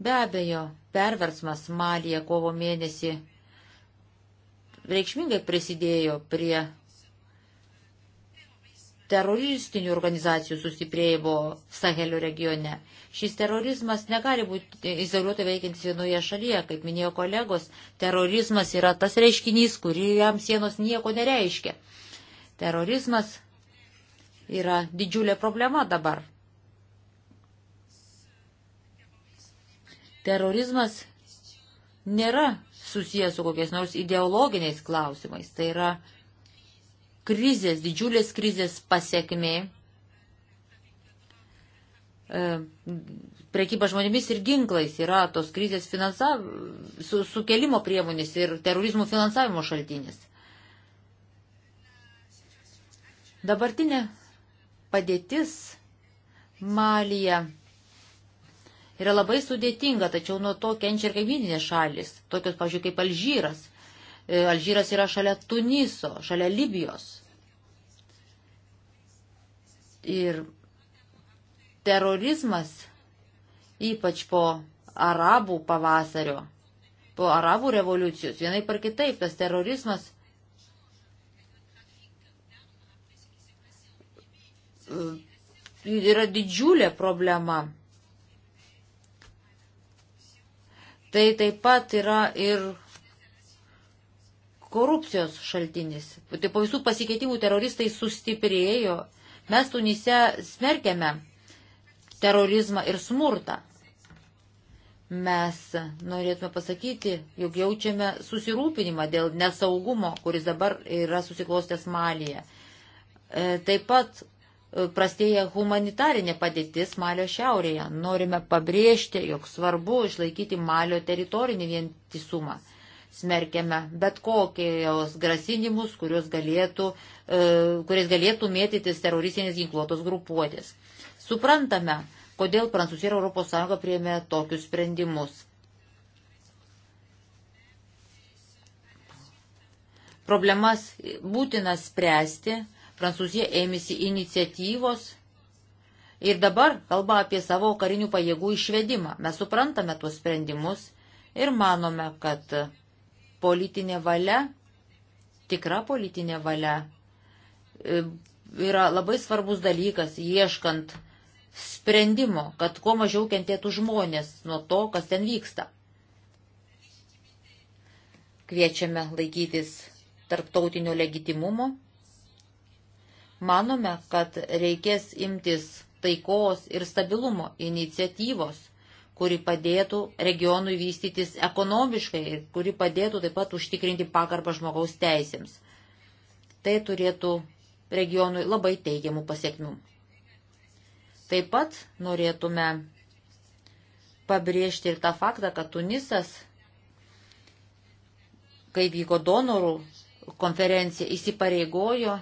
Be abejo, perversmas Malija kovo mėnesį reikšmingai prisidėjo prie teroristinių organizacijų sustiprėjimo Sahelio regione. Šis terorizmas negali būti izoliuotai veikiantis vienoje šalyje. Kaip minėjo kolegos, terorizmas yra tas reiškinys, kurį jam sienos nieko nereiškia. Terorizmas yra didžiulė problema dabar. Terorizmas nėra susijęs su kokiais nors ideologiniais klausimais. Tai yra krizės, didžiulės krizės pasiekmė e, prekyba žmonėmis ir ginklais yra tos krizės finansav... su, sukelimo priemonės ir terorizmų finansavimo šaltinis. Dabartinė padėtis Malija yra labai sudėtinga, tačiau nuo to kenčia ir kaimininės šalis, tokios, pažiūrėjau, kaip Alžyras – E, Alžyras yra šalia Tuniso, šalia Libijos. Ir terorizmas, ypač po arabų pavasario, po arabų revoliucijos, vienai par kitaip, tas terorizmas e, yra didžiulė problema. Tai taip pat yra ir korupcijos šaltinis. Tai po visų pasikeitimų teroristai sustiprėjo. Mes Tunise smerkėme terorizmą ir smurtą. Mes norėtume pasakyti, jog jaučiame susirūpinimą dėl nesaugumo, kuris dabar yra susiklostęs Malyje. E, taip pat e, prastėja humanitarinė padėtis Malio šiaurėje. Norime pabrėžti, jog svarbu išlaikyti Malio teritorinį vientisumą smerkiame bet kokios grasinimus, galėtų, e, kuriais galėtų mėtytis teroristinės ginkluotos grupuotės. Suprantame, kodėl Prancūzija ir ES priėmė tokius sprendimus. Problemas būtina spręsti. Prancūzija ėmėsi iniciatyvos ir dabar kalba apie savo karinių pajėgų išvedimą. Mes suprantame tuos sprendimus ir manome, kad politinė valia, tikra politinė valia e, yra labai svarbus dalykas ieškant sprendimo, kad kuo mažiau kentėtų žmonės nuo to, kas ten vyksta. Kviečiame laikytis tarptautinio legitimumo. Manome, kad reikės imtis taikos ir stabilumo iniciatyvos kuri padėtų regionui vystytis ekonomiškai ir kuri padėtų taip pat užtikrinti pagarbą žmogaus teisėms. Tai turėtų regionui labai teigiamų pasiekmių. Taip pat norėtume pabrėžti ir tą faktą, kad Tunisas, kai vyko donorų konferencija, įsipareigojo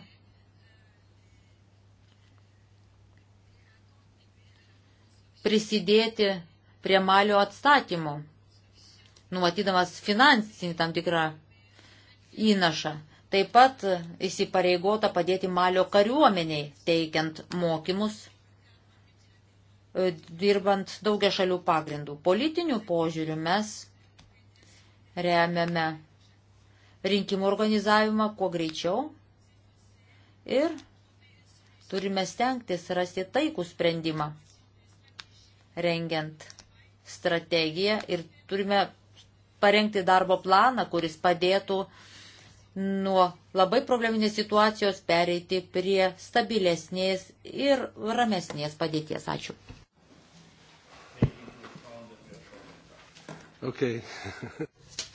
prisidėti prie malio atstatymų, numatydamas finansinį tam tikrą įnašą. Taip pat įsipareigota padėti malio kariuomeniai, teikiant mokymus, e, dirbant daugia šalių pagrindų. Politinių požiūrių mes remiame rinkimų organizavimą kuo greičiau ir turime stengtis rasti taikų sprendimą, rengiant strategiją ir turime parengti darbo planą, kuris padėtų nuo labai probleminės situacijos pereiti prie stabilesnės ir ramesnės padėties. Ačiū.
Okay.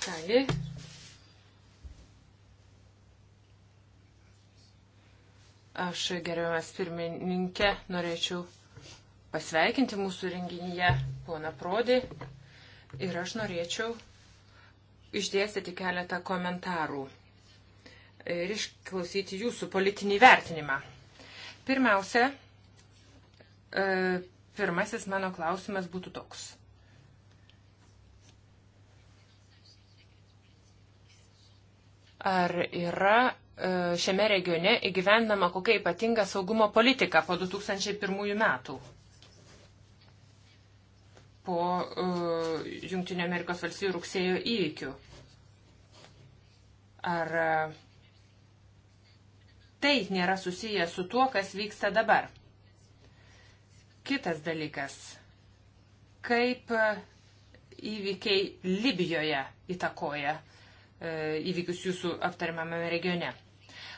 Kągi. Aš gerbiamas pirmininkė norėčiau pasveikinti mūsų renginyje poną Prodį ir aš norėčiau išdėstyti keletą komentarų ir išklausyti jūsų politinį vertinimą. Pirmiausia, e, pirmasis mano klausimas būtų toks. Ar yra e, šiame regione įgyvendama kokia ypatinga saugumo politika po 2001 metų? po uh, e, Junktinio Amerikos valstybių rugsėjo įvykių. Ar uh, tai nėra susiję su tuo, kas vyksta dabar? Kitas dalykas. Kaip e, įvykiai Libijoje įtakoja uh, įvykius jūsų aptariamame regione?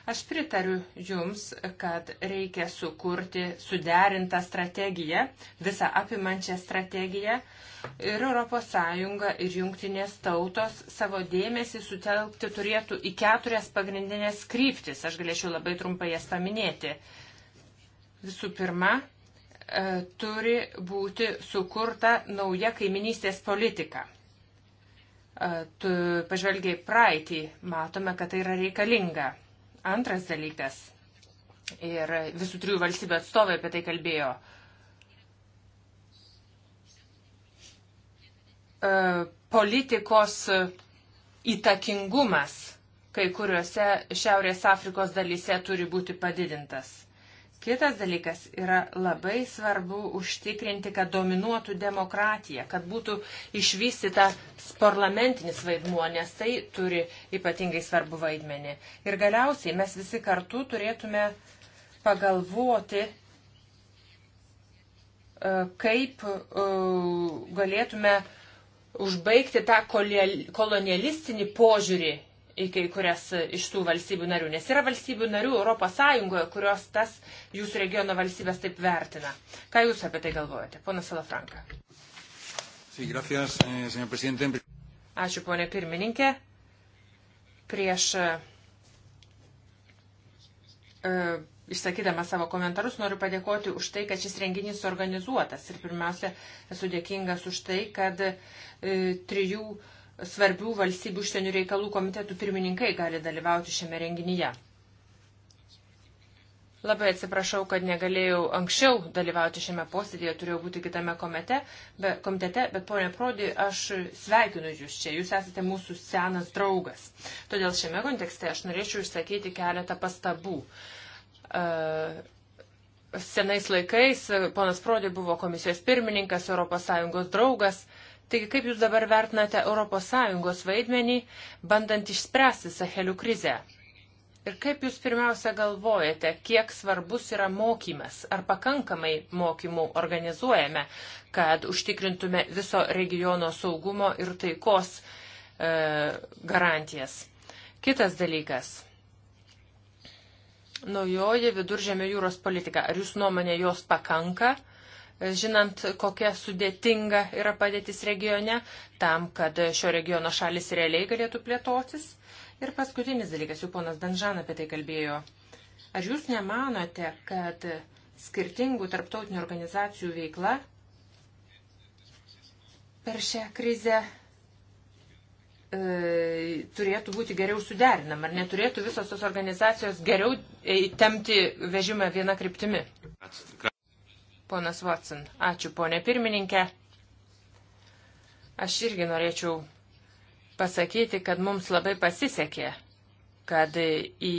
Aš pritariu Jums, kad reikia sukurti suderintą strategiją, visą apimančią strategiją ir ES ir jungtinės tautos savo dėmesį sutelkti turėtų į keturias pagrindinės kryptis. Aš galėčiau labai trumpai jas paminėti. Visų pirma, e, turi būti sukurta nauja kaiminystės politika. E, pažvelgiai praeitį, matome, kad tai yra reikalinga. Antras dalykas, ir visų trijų valstybių atstovai apie tai kalbėjo, e, politikos įtakingumas kai kuriuose Šiaurės Afrikos dalyse turi būti padidintas. Kitas dalykas yra labai svarbu užtikrinti, kad dominuotų demokratija, kad būtų išvystyta parlamentinis vaidmuo, nes tai turi ypatingai svarbu vaidmenį. Ir galiausiai mes visi kartu turėtume pagalvoti, e, kaip e, galėtume užbaigti tą kolonialistinį požiūrį į kai kurias iš tų valstybių narių, nes yra valstybių narių ES, kurios tas jūsų regiono valstybės taip vertina. Ką jūs apie tai galvojate, ponas Salafranka?
Eh,
Ačiū, ponė pirmininkė. Prieš e, e, išsakydama savo komentarus, noriu padėkoti už tai, kad šis renginys organizuotas. Ir pirmiausia, esu dėkingas už tai, kad e, trijų svarbių valstybių užsienio reikalų komitetų pirmininkai gali dalyvauti šiame renginyje. Labai atsiprašau, kad negalėjau anksčiau dalyvauti šiame posėdėje, turėjau būti kitame komite, be, komitete, bet ponė Prodi, aš sveikinu jūs čia, jūs esate mūsų senas draugas. Todėl šiame kontekste aš norėčiau išsakyti keletą pastabų. Uh, senais laikais ponas Prodi buvo komisijos pirmininkas, ES draugas Taigi, kaip Jūs dabar vertinate ES vaidmenį, bandant išspręsti Sahelių krizę? Ir kaip Jūs pirmiausia galvojate, kiek svarbus yra mokymas, ar pakankamai mokymų organizuojame, kad užtikrintume viso regiono saugumo ir taikos e, garantijas? Kitas dalykas. Naujoji viduržėmio jūros politika. Ar Jūs nuomonė jos pakanka? žinant, kokia sudėtinga yra padėtis regione, tam, kad šio regiono šalis realiai galėtų plėtotis. Ir paskutinis dalykas, jau ponas Danžan apie tai kalbėjo. Ar jūs nemanote, kad skirtingų tarptautinių organizacijų veikla per šią krizę e, turėtų būti geriau suderinam, ar neturėtų visos tos organizacijos geriau e, temti vežimą vieną kryptimį. Ponas Watson, ačiū ponė pirmininkė. Aš irgi norėčiau pasakyti, kad mums labai pasisekė, kad į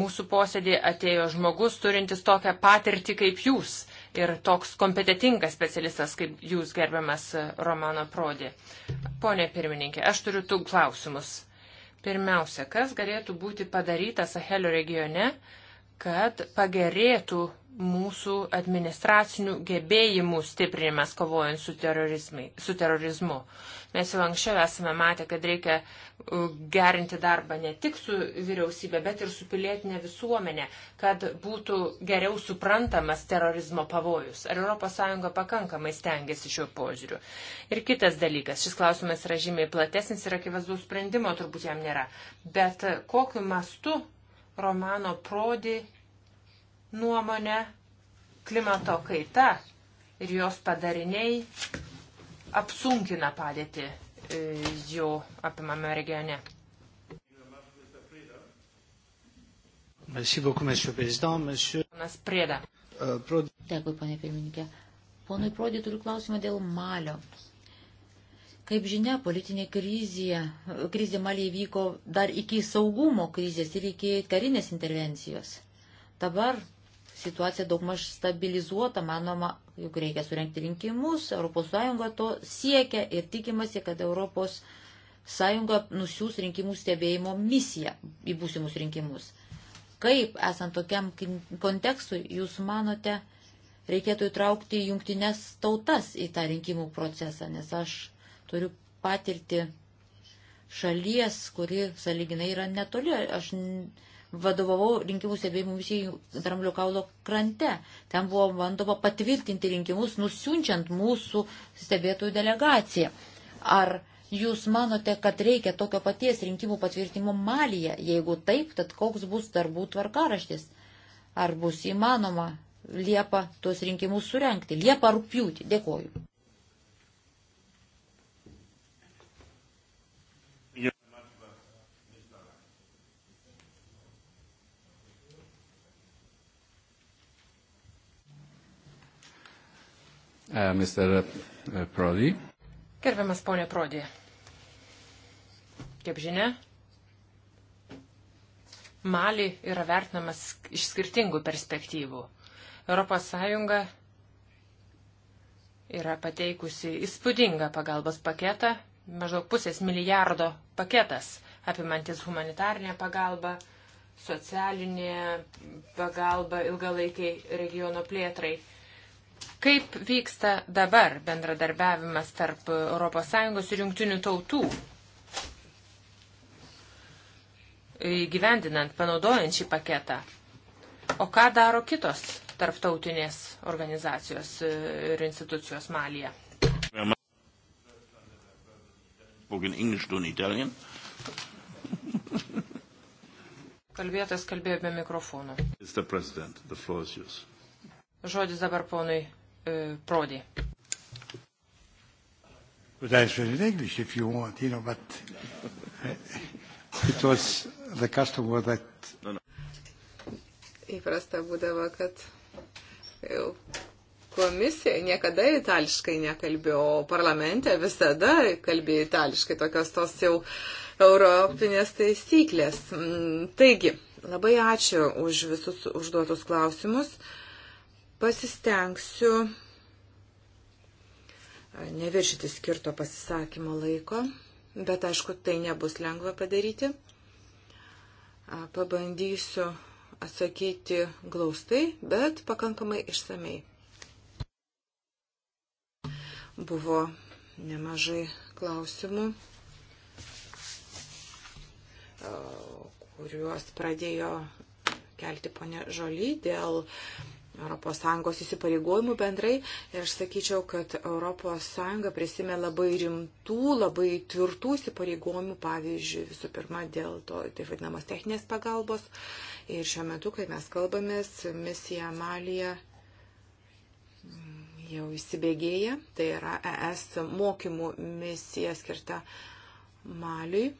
mūsų posėdį atėjo žmogus turintis tokią patirtį kaip jūs ir toks kompetitingas specialistas kaip jūs, gerbiamas Romano Prodi. Pone pirmininkė, aš turiu tų klausimus. Pirmiausia, kas galėtų būti padaryta Sahelio regione, kad pagerėtų mūsų administracinių gebėjimų stiprinimas kovojant su, su terorizmu. Mes jau anksčiau esame matę, kad reikia uh, gerinti darbą ne tik su vyriausybė, bet ir su pilietinė visuomenė, kad būtų geriau suprantamas terorizmo pavojus. Ar ES pakankamai stengiasi šiuo požiūriu? Ir kitas dalykas, šis klausimas yra žymiai platesnis ir akivaizdų sprendimo turbūt jam nėra. Bet uh, kokiu mastu Romano Prodi nuomonę, klimato kaita ir jos padariniai apsunkina padėtį e, jau apimame regione.
Merci beaucoup, monsieur le président. Monsieur... Ponas Prėda. Uh, prod... Dėkui, ponė pirmininkė. Ponui Prodį turiu klausimą dėl Malio. Kaip žinia, politinė krizė, krizė Malį įvyko dar iki saugumo krizės ir iki karinės intervencijos. Dabar situacija daugmaž stabilizuota, manoma, juk reikia surenkti rinkimus, ES to siekia ir tikimasi, kad ES nusiūs rinkimų stebėjimo misiją į būsimus rinkimus. Kaip, esant tokiam kontekstui, jūs manote, reikėtų įtraukti jungtinės tautas į tą rinkimų procesą, nes aš turiu patirti šalies, kuri saliginai yra netoli. Aš vadovavau rinkimų stebėjimų misijų Dramblio kaulo krante. Ten buvo bandoma patvirtinti rinkimus, nusiunčiant mūsų stebėtojų delegaciją. Ar jūs manote, kad reikia tokio paties rinkimų patvirtimo malyje? Jeigu taip, tad koks bus darbų tvarkaraštis? Ar bus įmanoma Liepą tuos rinkimus surenkti? Liepą rūpjūti. Dėkoju.
Uh, Mr. Uh, Prodi.
Gerbiamas ponė Prodi. Kaip žinia, Mali yra vertinamas iš skirtingų perspektyvų. ES yra pateikusi įspūdingą pagalbos paketą, maždaug pusės milijardo paketas, apimantis humanitarinę pagalbą, socialinę pagalbą ilgalaikiai regiono plėtrai Kaip vyksta dabar bendradarbiavimas tarp ES ir jungtinių tautų? Įgyvendinant, panaudojant šį paketą. O ką daro kitos tarptautinės organizacijos ir institucijos Malija? Kalbėtas kalbėjo be mikrofonų. Žodis dabar ponui E, prodi.
Could I answer in English if you want, you know, but it was the custom was that. Įprasta būdavo, kad jau komisija niekada itališkai nekalbėjo, o parlamente visada kalbėjo itališkai, tokios tos jau europinės taisyklės. Mm, taigi, labai ačiū už visus užduotus klausimus. Pasistengsiu neviršyti skirto pasisakymo laiko, bet aišku, tai nebus lengva padaryti. Pabandysiu atsakyti glaustai, bet pakankamai išsamei. Buvo nemažai klausimų, kuriuos pradėjo kelti ponė Žoly dėl uh, ES įsipareigojimų bendrai. Ir aš sakyčiau, kad ES prisime labai rimtų, labai tvirtų įsipareigojimų, pavyzdžiui, visų pirma, dėl to, tai vadinamos techninės pagalbos. Ir šiuo metu, kai mes kalbamės, misija Malija mm, jau įsibėgėja. Tai yra ES mokymų misija skirta Maliui.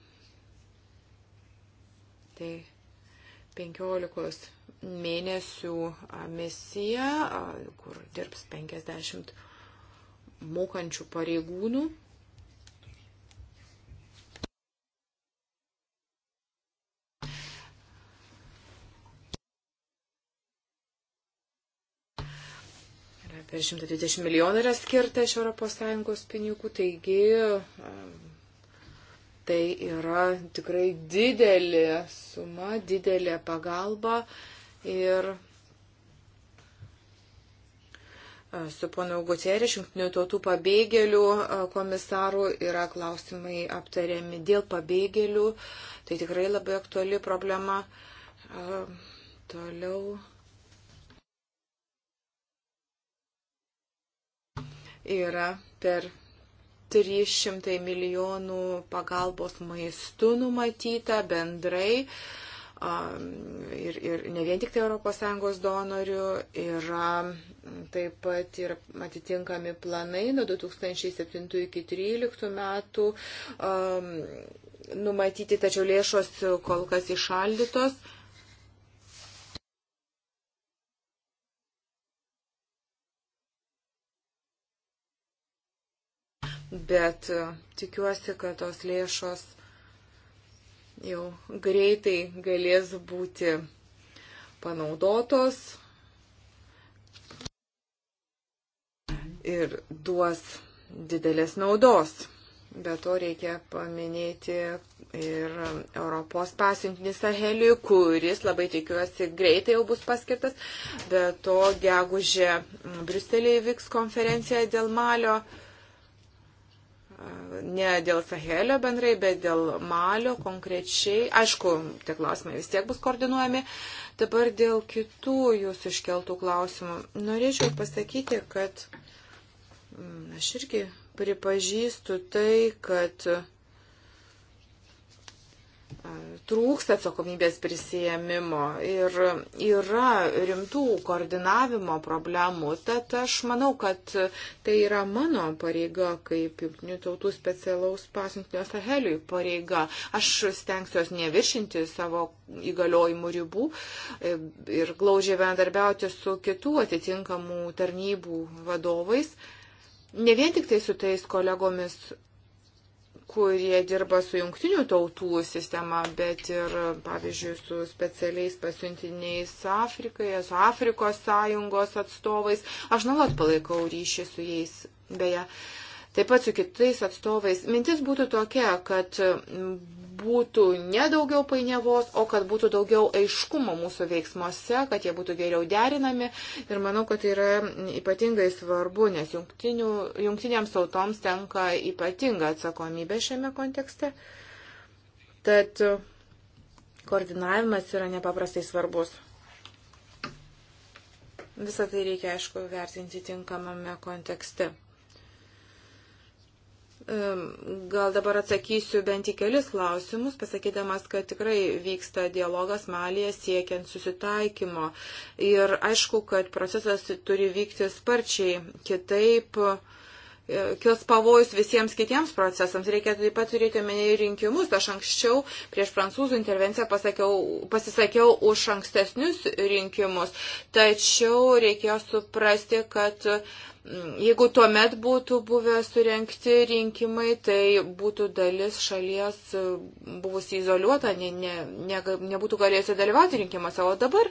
Tai 15 mėnesių misija, kur dirbs 50 mokančių pareigūnų. Apie 120 milijonų yra skirta iš ES pinigų, taigi Tai yra tikrai didelė suma, didelė pagalba ir e, su ponu Gutierrez, jungtinių tautų pabėgėlių e, komisarų yra klausimai aptariami dėl pabėgėlių. Tai tikrai labai aktuali problema. E, toliau. Yra per 300 milijonų pagalbos maistu numatyta bendrai. Ir, ir ne vien tik tai ES donorių, yra taip pat ir atitinkami planai nuo 2007 iki 2013 metų um, numatyti, tačiau lėšos kol kas išaldytos. Uh, bet e, tikiuosi, kad tos lėšos jau greitai galės būti panaudotos ir duos didelės naudos. Be to reikia paminėti ir Europos pasiuntinį Sahelį, kuris, labai tikiuosi, greitai jau bus paskirtas. Be to gegužė Briuselėje vyks konferencija dėl Malio ne dėl Sahelio bendrai, bet dėl Malio konkrečiai. Aišku, tie klausimai vis tiek bus koordinuojami. Dabar dėl kitų jūsų iškeltų klausimų. Norėčiau pasakyti, kad mm, aš irgi pripažįstu tai, kad trūksta atsakomybės prisijėmimo ir yra rimtų koordinavimo problemų. Tad aš manau, kad tai yra mano pareiga kaip jungtinių tautų specialaus pasiuntinio Saheliui pareiga. Aš stengsiuosi neviršinti savo įgaliojimų ribų e, ir glaužiai bendarbiauti su kitų atitinkamų tarnybų vadovais. Ne vien tik tai su tais kolegomis kurie dirba su jungtinių tautų sistema, bet ir, pavyzdžiui, su specialiais pasiuntiniais Afrikoje, su Afrikos sąjungos atstovais. Aš nuolat palaikau ryšį su jais, beje, taip pat su kitais atstovais. Mintis būtų tokia, kad būtų nedaugiau painiavos, o kad būtų daugiau aiškumo mūsų veiksmuose, kad jie būtų geriau derinami. Ir manau, kad tai yra ypatingai svarbu, nes jungtinėms tautoms tenka ypatinga atsakomybė šiame kontekste. Tad koordinavimas yra nepaprastai svarbus. Visą tai reikia, aišku, vertinti tinkamame kontekste. Gal dabar atsakysiu bent į kelis klausimus, pasakydamas, kad tikrai vyksta dialogas Malėje siekiant susitaikymo. Ir aišku, kad procesas turi vykti sparčiai, kitaip e, kils pavojus visiems kitiems procesams. Reikia taip pat turėti omenyje rinkimus. Aš anksčiau prieš prancūzų intervenciją pasakiau, pasisakiau už ankstesnius rinkimus. Tačiau reikėjo suprasti, kad Jeigu tuo met būtų buvę surenkti rinkimai, tai būtų dalis šalies e, buvusi izoliuota, ne, ne, ne, nebūtų galėjusi dalyvauti rinkimuose, o dabar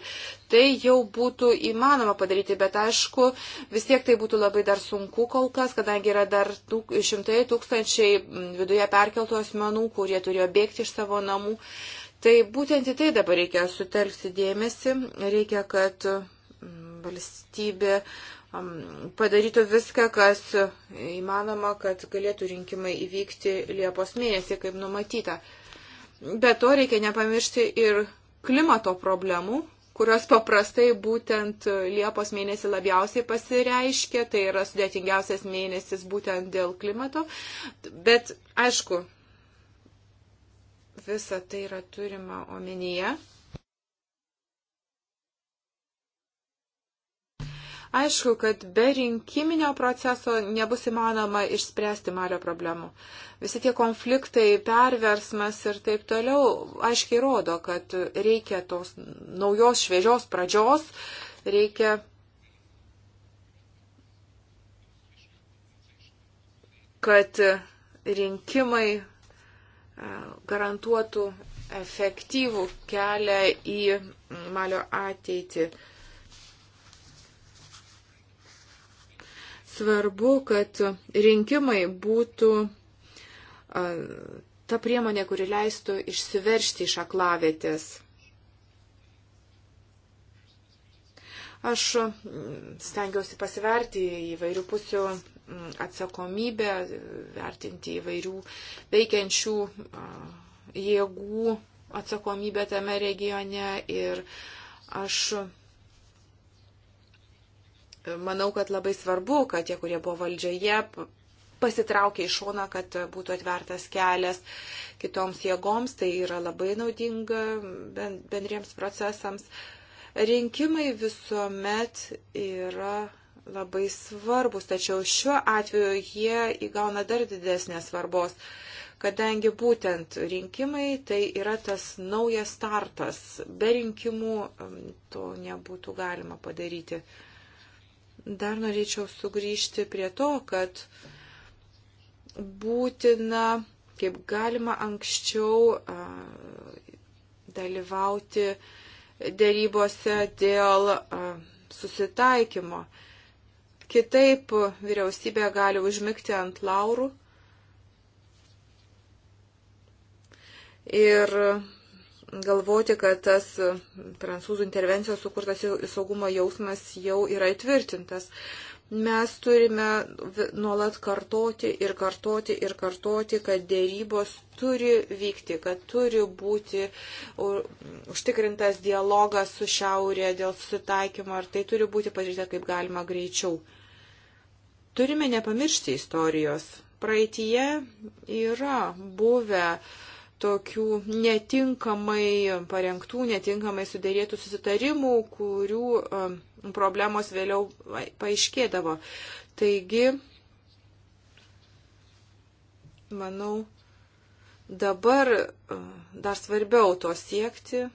tai jau būtų įmanoma padaryti, bet aišku, vis tiek tai būtų labai dar sunku kol kas, kadangi yra dar tūk, šimtai tūkstančiai viduje perkeltų asmenų, kurie turėjo bėgti iš savo namų. Tai būtent į tai dabar reikia sutelkti dėmesį, reikia, kad valstybė padarytų viską, kas įmanoma, kad galėtų rinkimai įvykti Liepos mėnesį, kaip numatyta. Be to reikia nepamiršti ir klimato problemų, kurios paprastai būtent Liepos mėnesį labiausiai pasireiškia, tai yra sudėtingiausias mėnesis būtent dėl klimato. Bet aišku, visa tai yra turima omenyje. Aišku, kad be rinkiminio proceso nebus įmanoma išspręsti Malio problemų. Visi tie konfliktai, perversmas ir taip toliau aiškiai rodo, kad reikia tos naujos šviežios pradžios, reikia kad rinkimai e, garantuotų efektyvų kelią į Malio ateitį. svarbu, kad rinkimai būtų ta priemonė, kuri leistų išsiveršti iš aklavėtės. Aš mm, stengiausi pasiverti įvairių pusių mm, atsakomybę, vertinti įvairių veikiančių jėgų atsakomybę tame regione ir aš manau, kad labai svarbu, kad tie, kurie buvo valdžioje, pasitraukė į šoną, kad būtų atvertas kelias kitoms jėgoms. Tai yra labai naudinga bendriems procesams. Rinkimai visuomet yra labai svarbus, tačiau šiuo atveju jie įgauna dar didesnės svarbos, kadangi būtent rinkimai tai yra tas naujas startas. Be rinkimų mm, to nebūtų galima padaryti. Dar norėčiau sugrįžti prie to, kad būtina, kaip galima anksčiau, dalyvauti dėrybose dėl susitaikymo. Kitaip vyriausybė gali užmigti ant laurų ir galvoti, kad tas e, prancūzų intervencijos sukurtas saugumo jausmas jau yra įtvirtintas. Mes turime nuolat kartoti ir kartoti ir kartoti, kad dėrybos turi vykti, kad turi būti užtikrintas dialogas su šiaurė dėl susitaikymo ir tai turi būti padaryta kaip galima greičiau. Turime nepamiršti istorijos. Praeitie yra buvę uh, tokių netinkamai parengtų, netinkamai sudėrėtų susitarimų, kurių um, problemos vėliau paaiškėdavo. Taigi, manau, dabar um, dar svarbiau to siekti,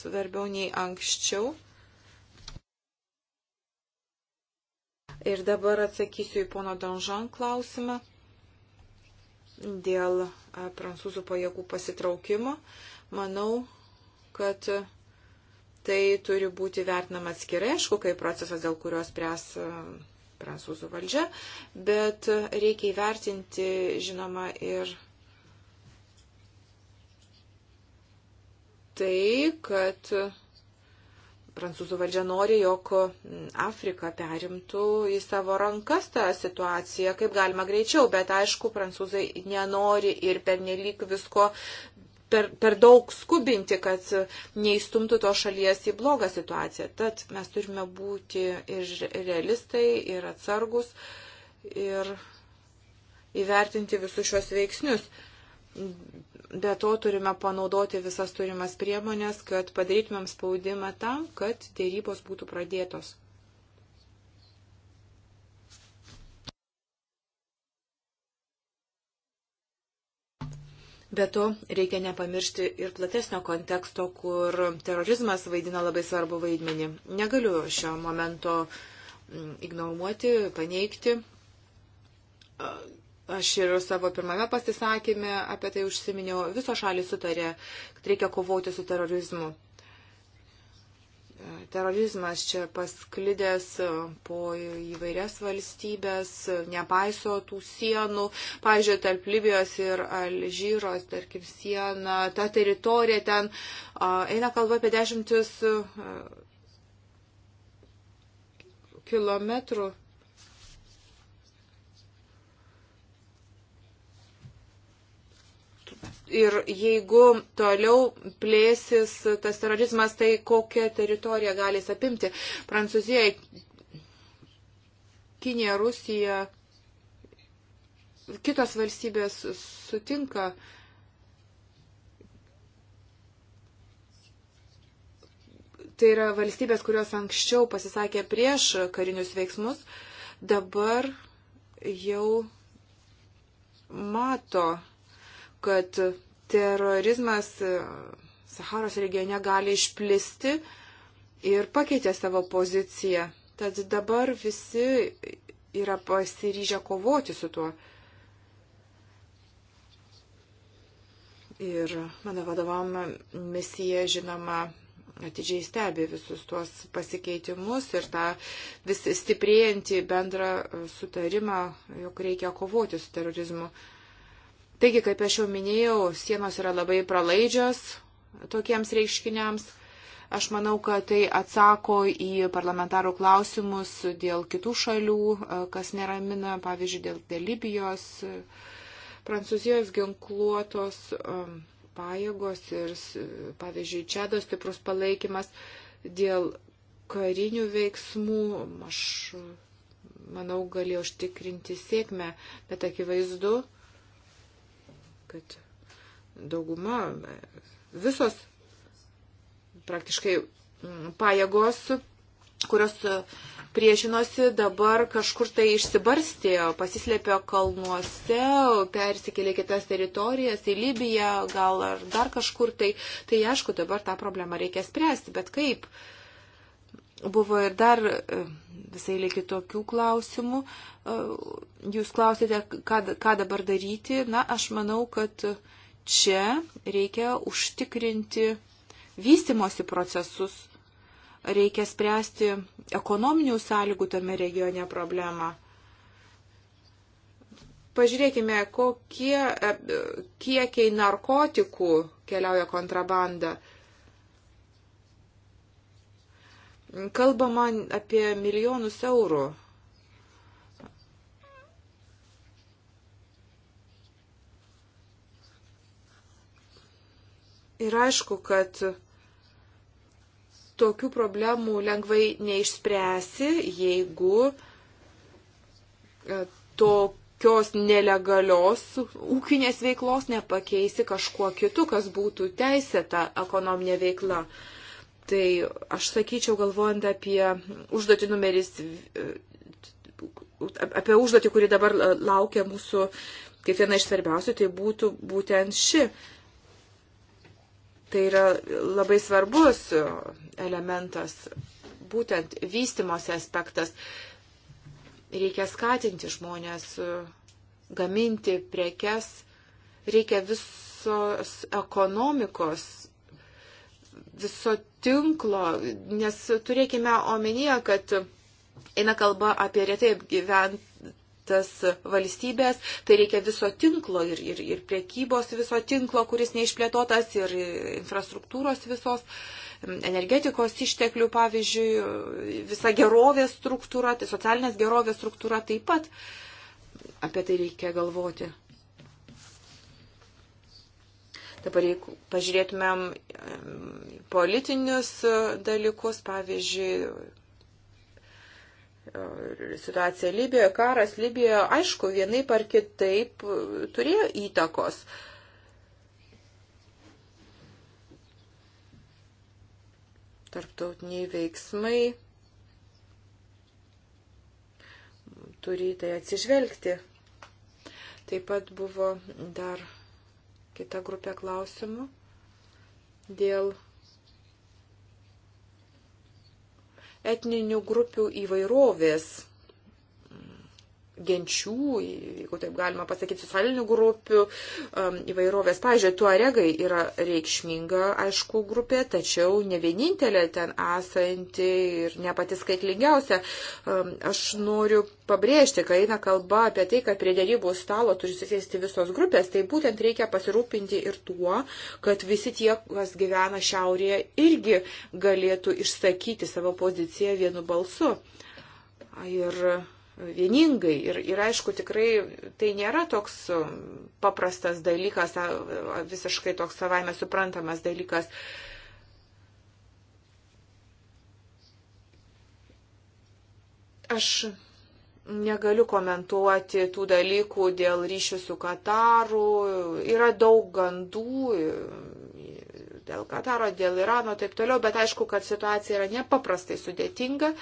svarbiau nei anksčiau. Ir dabar atsakysiu į pono Donžan klausimą dėl E, prancūzų pajėgų pasitraukimo, manau, kad tai turi būti vertinama atskirai, aišku, kaip procesas, dėl kurios pres prancūzų valdžia, bet reikia įvertinti, žinoma, ir tai, kad prancūzų valdžia nori, jog Afrika perimtų į savo rankas tą situaciją, kaip galima greičiau, bet aišku, prancūzai nenori ir pernelyg visko per, per daug skubinti, kad neįstumtų to šalies į blogą situaciją. Tad mes turime būti ir realistai, ir atsargus, ir įvertinti visus šios veiksnius. Be to turime panaudoti visas turimas priemonės, kad padarytumėm spaudimą tam, kad dėrybos būtų pradėtos. Be to, reikia nepamiršti ir platesnio konteksto, kur terorizmas vaidina labai svarbu vaidmenį. Negaliu šio momento mm, ignoruoti, paneigti. Aš ir savo pirmame pasisakymė apie tai užsiminiau. Viso šalis sutarė, kad reikia kovoti su terorizmu. Terorizmas čia pasklidęs po įvairias valstybės, nepaiso tų sienų. Pavyzdžiui, tarp Libijos ir Alžyros, tarkim, siena, ta teritorija ten eina kalba apie dešimtis kilometrų Ir jeigu toliau plėsis tas terorizmas, tai kokią teritoriją gali jis apimti? Prancūzija, Kinija, Rusija, kitos valstybės sutinka. Tai yra valstybės, kurios anksčiau pasisakė prieš karinius veiksmus, dabar jau mato kad terorizmas e, Saharos regione gali išplisti ir pakeitė savo poziciją. Tad dabar visi yra pasiryžę kovoti su tuo. Ir mano vadovama misija, žinoma, atidžiai stebi visus tuos pasikeitimus ir tą vis stiprėjantį bendrą sutarimą, jog reikia kovoti su terorizmu. Taigi, kaip aš jau minėjau, sienos yra labai pralaidžios tokiems reiškiniams. Aš manau, kad tai atsako į parlamentarų klausimus dėl kitų šalių, e, kas neramina, pavyzdžiui, dėl, dėl Libijos, e, Prancūzijos ginkluotos e, pajėgos ir, pavyzdžiui, Čedos stiprus palaikymas dėl karinių veiksmų. Aš manau, galėjau užtikrinti sėkmę, bet akivaizdu, kad dauguma, visos praktiškai mm, pajėgos, kurios priešinosi, dabar kažkur tai išsibarstėjo, pasislėpė kalnuose, persikėlė kitas teritorijas, į Libiją gal ar dar kažkur tai. Tai aišku, dabar tą problemą reikia spręsti, bet kaip? Uh, buvo ir dar e, visai lėki tokių klausimų. E, jūs klausėte, ką, ką dabar daryti. Na, aš manau, kad čia reikia užtikrinti vystimosi procesus, reikia spręsti ekonominių sąlygų tame regione problemą. Pažiūrėkime, kokie e, kiekiai narkotikų keliauja kontrabandą. Kalbama apie milijonus eurų. Ir aišku, kad tokių problemų lengvai neišspręsi, jeigu e, tokios nelegalios ūkinės veiklos nepakeisi kažkuo kitu, kas būtų teisėta ekonominė veikla. Tai aš sakyčiau, galvojant apie užduotį numeris, apie užduotį, kuri dabar laukia mūsų kaip viena iš svarbiausių, tai būtų būtent ši. Tai yra labai svarbus elementas, būtent vystimosi aspektas. Reikia skatinti žmonės gaminti prekes, reikia visos ekonomikos viso tinklo, nes turėkime omenyje, kad eina kalba apie retai apgyventas valstybės, tai reikia viso tinklo ir, ir, ir priekybos viso tinklo, kuris neišplėtotas, ir infrastruktūros visos, energetikos išteklių, pavyzdžiui, visa gerovės struktūra, tai socialinės gerovės struktūra taip pat. Apie tai reikia galvoti. Dabar jeigu pažiūrėtumėm politinius e, dalykus, pavyzdžiui, e, situacija Libijoje, karas Libijoje, aišku, vienaip ar kitaip e, turėjo įtakos. Tarptautiniai veiksmai turi tai atsižvelgti. Taip pat buvo dar Kita grupė klausimų dėl etninių grupių įvairovės genčių, jeigu taip galima pasakyti, socialinių grupių um, įvairovės. Pavyzdžiui, tuaregai yra reikšminga, aišku, grupė, tačiau ne vienintelė ten esanti ir ne pati skaitlingiausia. Um, aš noriu pabrėžti, kai eina kalba apie tai, kad prie dėrybų stalo turi susėsti visos grupės, tai būtent reikia pasirūpinti ir tuo, kad visi tie, kas gyvena šiaurėje, irgi galėtų išsakyti savo poziciją vienu balsu. Ir vieningai. Ir, ir aišku, tikrai tai nėra toks um, paprastas dalykas, visiškai toks savaime suprantamas dalykas. Aš negaliu komentuoti tų dalykų dėl ryšių su Kataru. Yra daug gandų, dėl Kataro, dėl Irano ir taip toliau, bet aišku, kad situacija yra nepaprastai sudėtinga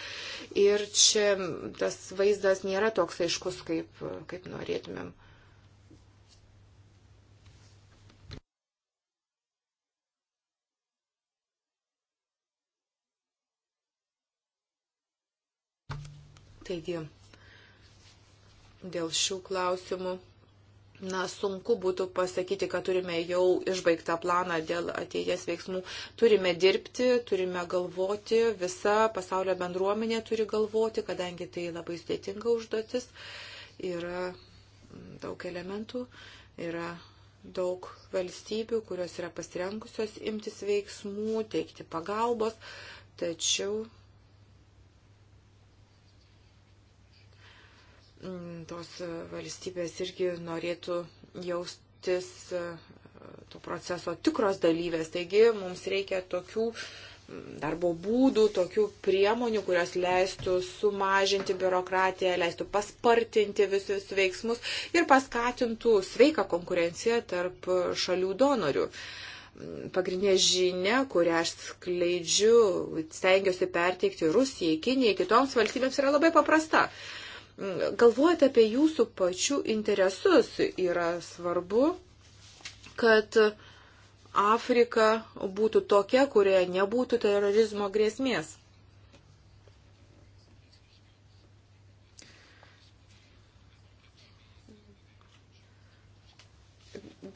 ir čia tas vaizdas nėra toks aiškus, kaip, kaip norėtumėm. Taigi, dėl šių klausimų Na, sunku būtų pasakyti, kad turime jau išbaigtą planą dėl ateities veiksmų. Turime dirbti, turime galvoti, visa pasaulio bendruomenė turi galvoti, kadangi tai labai sudėtinga užduotis. Yra daug elementų, yra daug valstybių, kurios yra pasirengusios imtis veiksmų, teikti pagalbos, tačiau Mm, tos e, valstybės irgi norėtų jaustis e, to proceso tikros dalyvės. Taigi mums reikia tokių mm, darbo būdų, tokių priemonių, kurios leistų sumažinti biurokratiją, leistų paspartinti visus veiksmus ir paskatintų sveiką konkurenciją tarp šalių donorių. Mm, pagrindinė žinia, kurią aš skleidžiu, stengiuosi perteikti Rusijai, Kinijai, kitoms valstybėms yra labai paprasta. Uh, Galvojate apie jūsų pačių interesus. Yra svarbu, kad Afrika būtų tokia, kurioje nebūtų terorizmo grėsmės.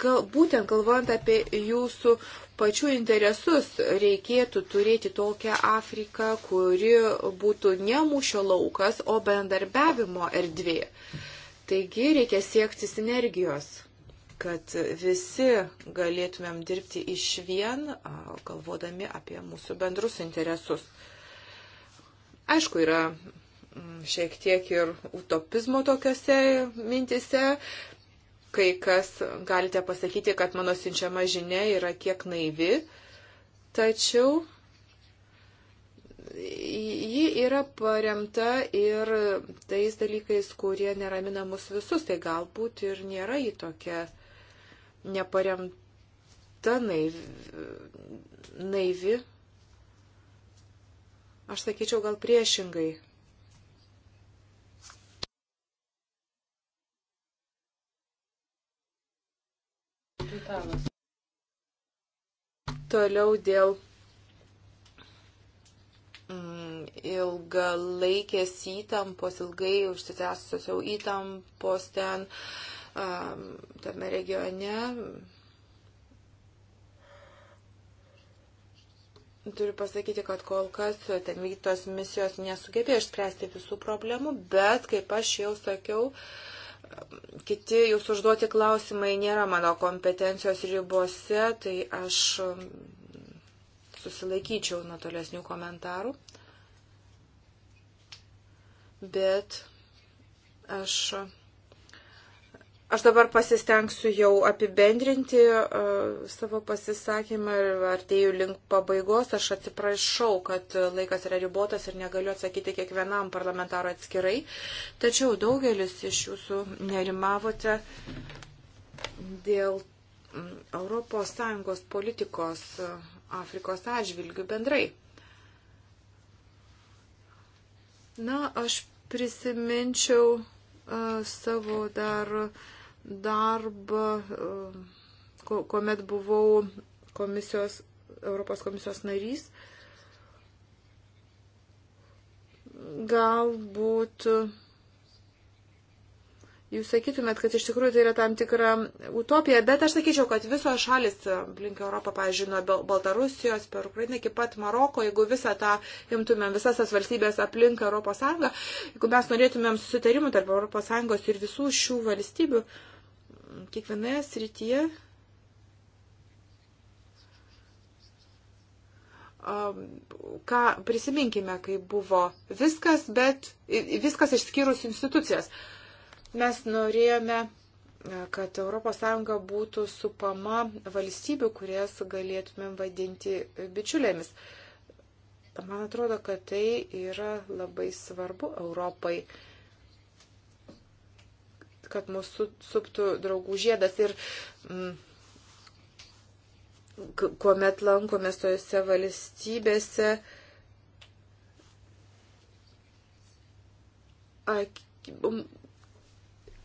gal, būtent galvojant apie jūsų pačių interesus reikėtų turėti tokią Afriką, kuri būtų ne mūšio laukas, o bendarbiavimo erdvė. Taigi reikia siekti sinergijos, kad visi galėtumėm dirbti iš vien, galvodami apie mūsų bendrus interesus. Aišku, yra šiek tiek ir utopizmo tokiuose mintise, kai kas galite pasakyti, kad mano siunčiama žinia yra kiek naivi, tačiau ji yra paremta ir tais dalykais, kurie neramina mus visus, tai galbūt ir nėra į tokią neparemta naivi. naivi. Aš sakyčiau gal priešingai. Toliau dėl mm, ilgalaikės įtampos, ilgai užsitęsusios jau įtampos ten, tame regione. Turiu pasakyti, kad kol kas ten vyktos misijos nesugebėjo išspręsti visų problemų, bet, kaip aš jau sakiau, uh, kiti jūsų užduoti klausimai nėra mano kompetencijos ribose, tai aš um, susilaikyčiau nuo tolesnių komentarų. Bet aš Aš dabar pasistengsiu jau apibendrinti uh, savo pasisakymą ir artėjau link pabaigos. Aš atsiprašau, kad uh, laikas yra ribotas ir negaliu atsakyti kiekvienam parlamentarui atskirai. Tačiau daugelis iš jūsų nerimavote dėl mm, ES politikos uh, Afrikos atžvilgių bendrai. Na, aš prisiminčiau uh, savo dar uh, darbą, e, kuomet buvau komisijos, Europos komisijos narys. Galbūt jūs sakytumėt, kad iš tikrųjų tai yra tam tikra utopija, bet aš sakyčiau, kad visos šalis aplink Europą, pavyzdžiui, nuo Baltarusijos per Ukrainą iki pat Maroko, jeigu visą tą imtumėm, visas tas valstybės aplink Europos Sąjungą, jeigu mes norėtumėm susitarimų tarp Europos Sąjungos ir visų šių valstybių, uh, kiekvienoje srityje ką prisiminkime, kai buvo viskas, bet viskas išskyrus institucijas. Mes norėjome, e, kad ES būtų supama valstybių, kurias galėtumėm vadinti bičiulėmis. Man atrodo, kad tai yra labai svarbu Europai. Uh, kad mūsų suptų draugų žiedas. Ir mm, kuomet lankomės tojose valstybėse,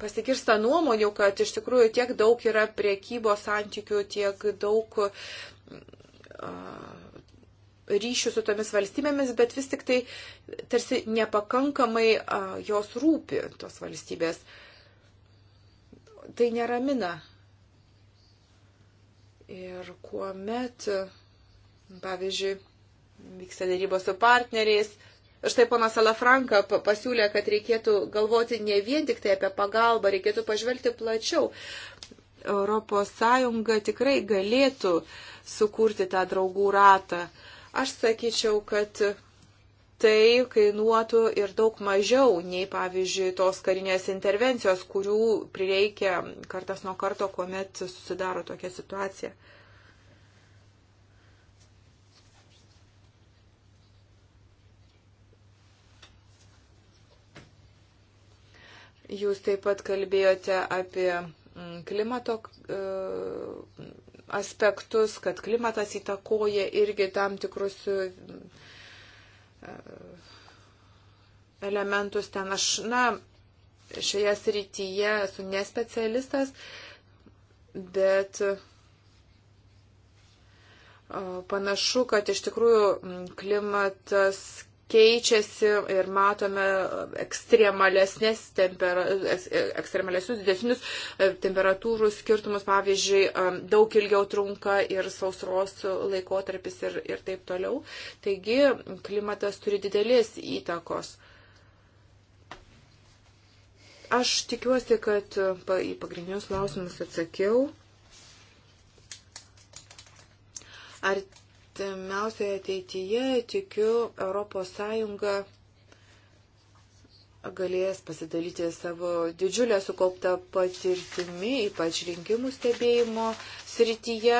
pasikirsta nuomonių, kad iš tikrųjų tiek daug yra priekybos santykių, tiek daug ryšių su tomis valstybėmis, bet vis tik tai tarsi nepakankamai jos rūpi tos valstybės. A, tai neramina. Ir kuomet, pavyzdžiui, vyksta dėrybos su partneriais, štai ponas Alafranka pasiūlė, kad reikėtų galvoti ne vien tik tai apie pagalbą, reikėtų pažvelgti plačiau. Europos Sąjunga tikrai galėtų sukurti tą draugų ratą. Aš sakyčiau, kad tai kainuotų ir daug mažiau nei, pavyzdžiui, tos karinės intervencijos, kurių prireikia kartas nuo karto, kuomet susidaro tokia situacija. Jūs taip pat kalbėjote apie mm, klimato e, aspektus, kad klimatas įtakoja irgi tam tikrus mm, elementus ten. Aš, na, šioje srityje esu nespecialistas, bet panašu, kad iš tikrųjų klimatas keičiasi ir matome ekstremalesnės tempera, ekstremalesnius didesnius e, temperatūrų skirtumus, pavyzdžiui, e, daug ilgiau trunka ir sausros laikotarpis ir, ir taip toliau. Taigi klimatas turi didelės įtakos. Aš tikiuosi, kad į pagrindinius klausimus atsakiau. Ar artimiausioje ateityje, tikiu, ES galės pasidalyti savo didžiulę sukauptą patirtimi, ypač rinkimų stebėjimo srityje.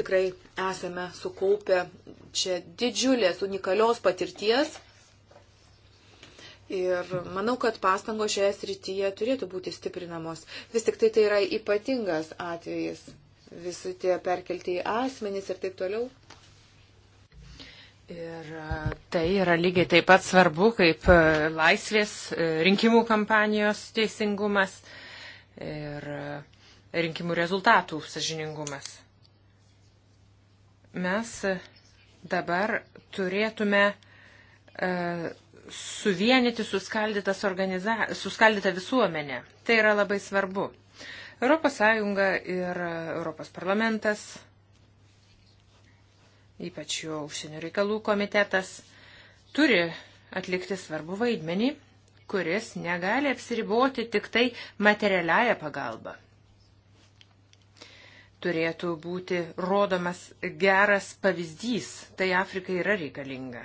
Tikrai esame sukaupę čia didžiulės unikalios patirties Ir manau, kad pastangos šioje srityje turėtų būti stiprinamos. Vis tik tai tai yra ypatingas atvejis. Visi tie perkelti į asmenys ir taip toliau. Ir e,
tai yra lygiai taip pat svarbu kaip e, laisvės e, rinkimų kampanijos teisingumas ir rinkimų rezultatų sažiningumas. Mes dabar turėtume suvienyti organiza... suskaldytą visuomenę. Tai yra labai svarbu. Europos Sąjunga ir Europos parlamentas, ypač jo užsienio reikalų komitetas, turi atlikti svarbu vaidmenį, kuris negali apsiriboti tik tai materialiają pagalbą turėtų būti rodomas geras pavyzdys, tai Afrikai yra reikalinga.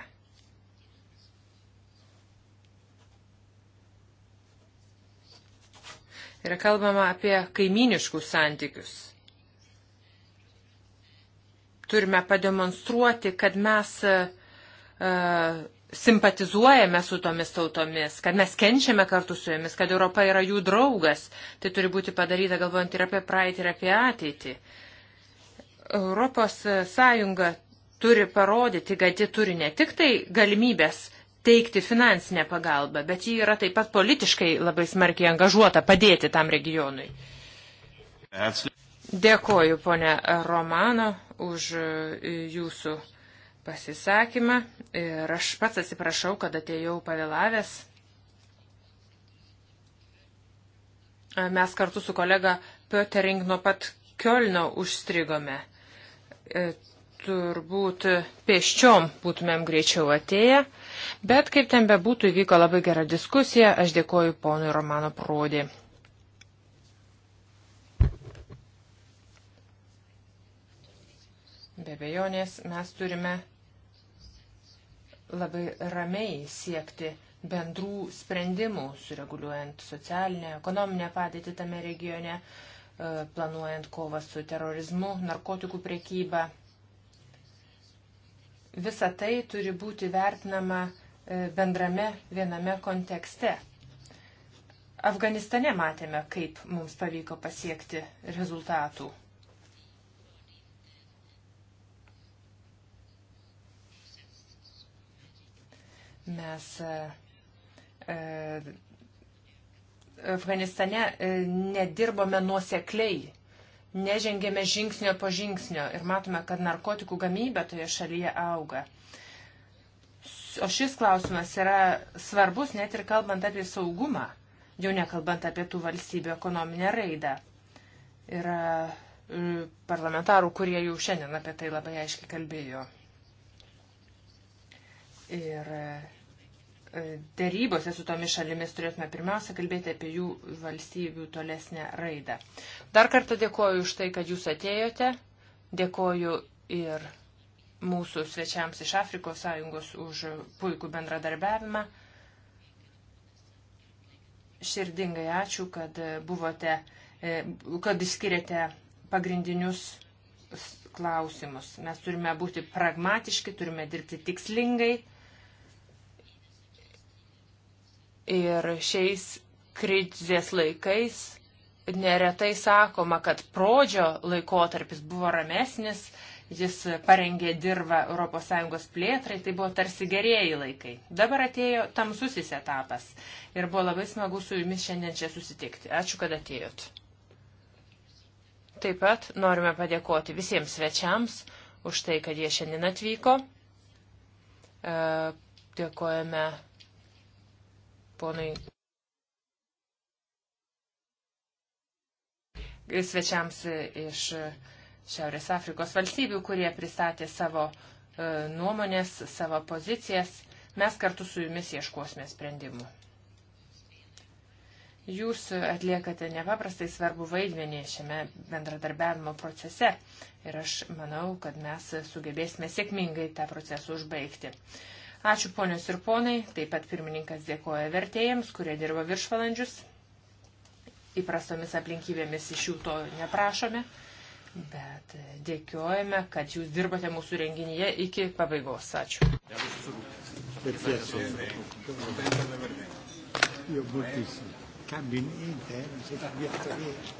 Yra kalbama apie kaiminiškus santykius. Turime pademonstruoti, kad mes uh, simpatizuojame su tomis tautomis, kad mes kenčiame kartu su jomis, kad Europa yra jų draugas. Tai turi būti padaryta galvojant ir apie praeitį, ir apie ateitį. Europos Sąjunga turi parodyti, kad ji turi ne tik tai galimybės teikti finansinę pagalbą, bet ji yra taip pat politiškai labai smarkiai angažuota padėti tam regionui. Dėkoju, ponė Romano, už e, jūsų pasisakymą ir aš pats atsiprašau, kad atėjau pavėlavęs. E, mes kartu su kolega Pötering nuo pat Kielno užstrigome. E, turbūt pėsčiom būtumėm greičiau atėję. Bet kaip ten bebūtų, įvyko labai gera diskusija. Aš dėkoju ponui Romano Prodė. Be bejonės mes turime labai ramiai siekti bendrų sprendimų, sureguliuojant socialinę, ekonominę padėtį tame regione, e, planuojant kovą su terorizmu, narkotikų priekybą Visa tai turi būti vertinama e, bendrame viename kontekste. Afganistane matėme, kaip mums pavyko pasiekti rezultatų. Mes e, e, Afganistane nedirbome nuosekliai nežengėme žingsnio po žingsnio ir matome, kad narkotikų gamyba toje šalyje auga. O šis klausimas yra svarbus net ir kalbant apie saugumą, jau nekalbant apie tų valstybių ekonominę raidą. Yra e, parlamentarų, kurie jau šiandien apie tai labai aiškiai kalbėjo. Ir e, dėrybose e, su tomis šalimis turėtume pirmiausia kalbėti apie jų valstybių tolesnę raidą. Dar kartą dėkoju už tai, kad jūs atėjote. Dėkoju ir mūsų svečiams iš Afrikos sąjungos už puikų bendradarbiavimą. Širdingai ačiū, kad buvote, e, kad išskiriate pagrindinius klausimus. Mes turime būti pragmatiški, turime dirbti tikslingai. Ir šiais krizės laikais neretai sakoma, kad prodžio laikotarpis buvo ramesnis, jis parengė dirbą ES plėtrai, tai buvo tarsi gerieji laikai. Dabar atėjo tamsusis etapas ir buvo labai smagu su jumis šiandien čia susitikti. Ačiū, kad atėjot. Taip pat norime padėkoti visiems svečiams už tai, kad jie šiandien atvyko. E, dėkojame ponai svečiams iš Šiaurės Afrikos valstybių, kurie pristatė savo e, nuomonės, savo pozicijas. Mes kartu su jumis ieškosime sprendimų. Jūs atliekate nepaprastai svarbu vaidmenį šiame bendradarbiavimo procese ir aš manau, kad mes sugebėsime sėkmingai tą procesą užbaigti. Ačiū ponios ir ponai, taip pat pirmininkas dėkoja vertėjams, kurie dirba viršvalandžius. Įprastomis aplinkybėmis iš jų to neprašome, bet dėkojame, kad jūs dirbate mūsų renginyje iki pabaigos. Ačiū. Io moltissimo. Cambi in interno, eh, si cambia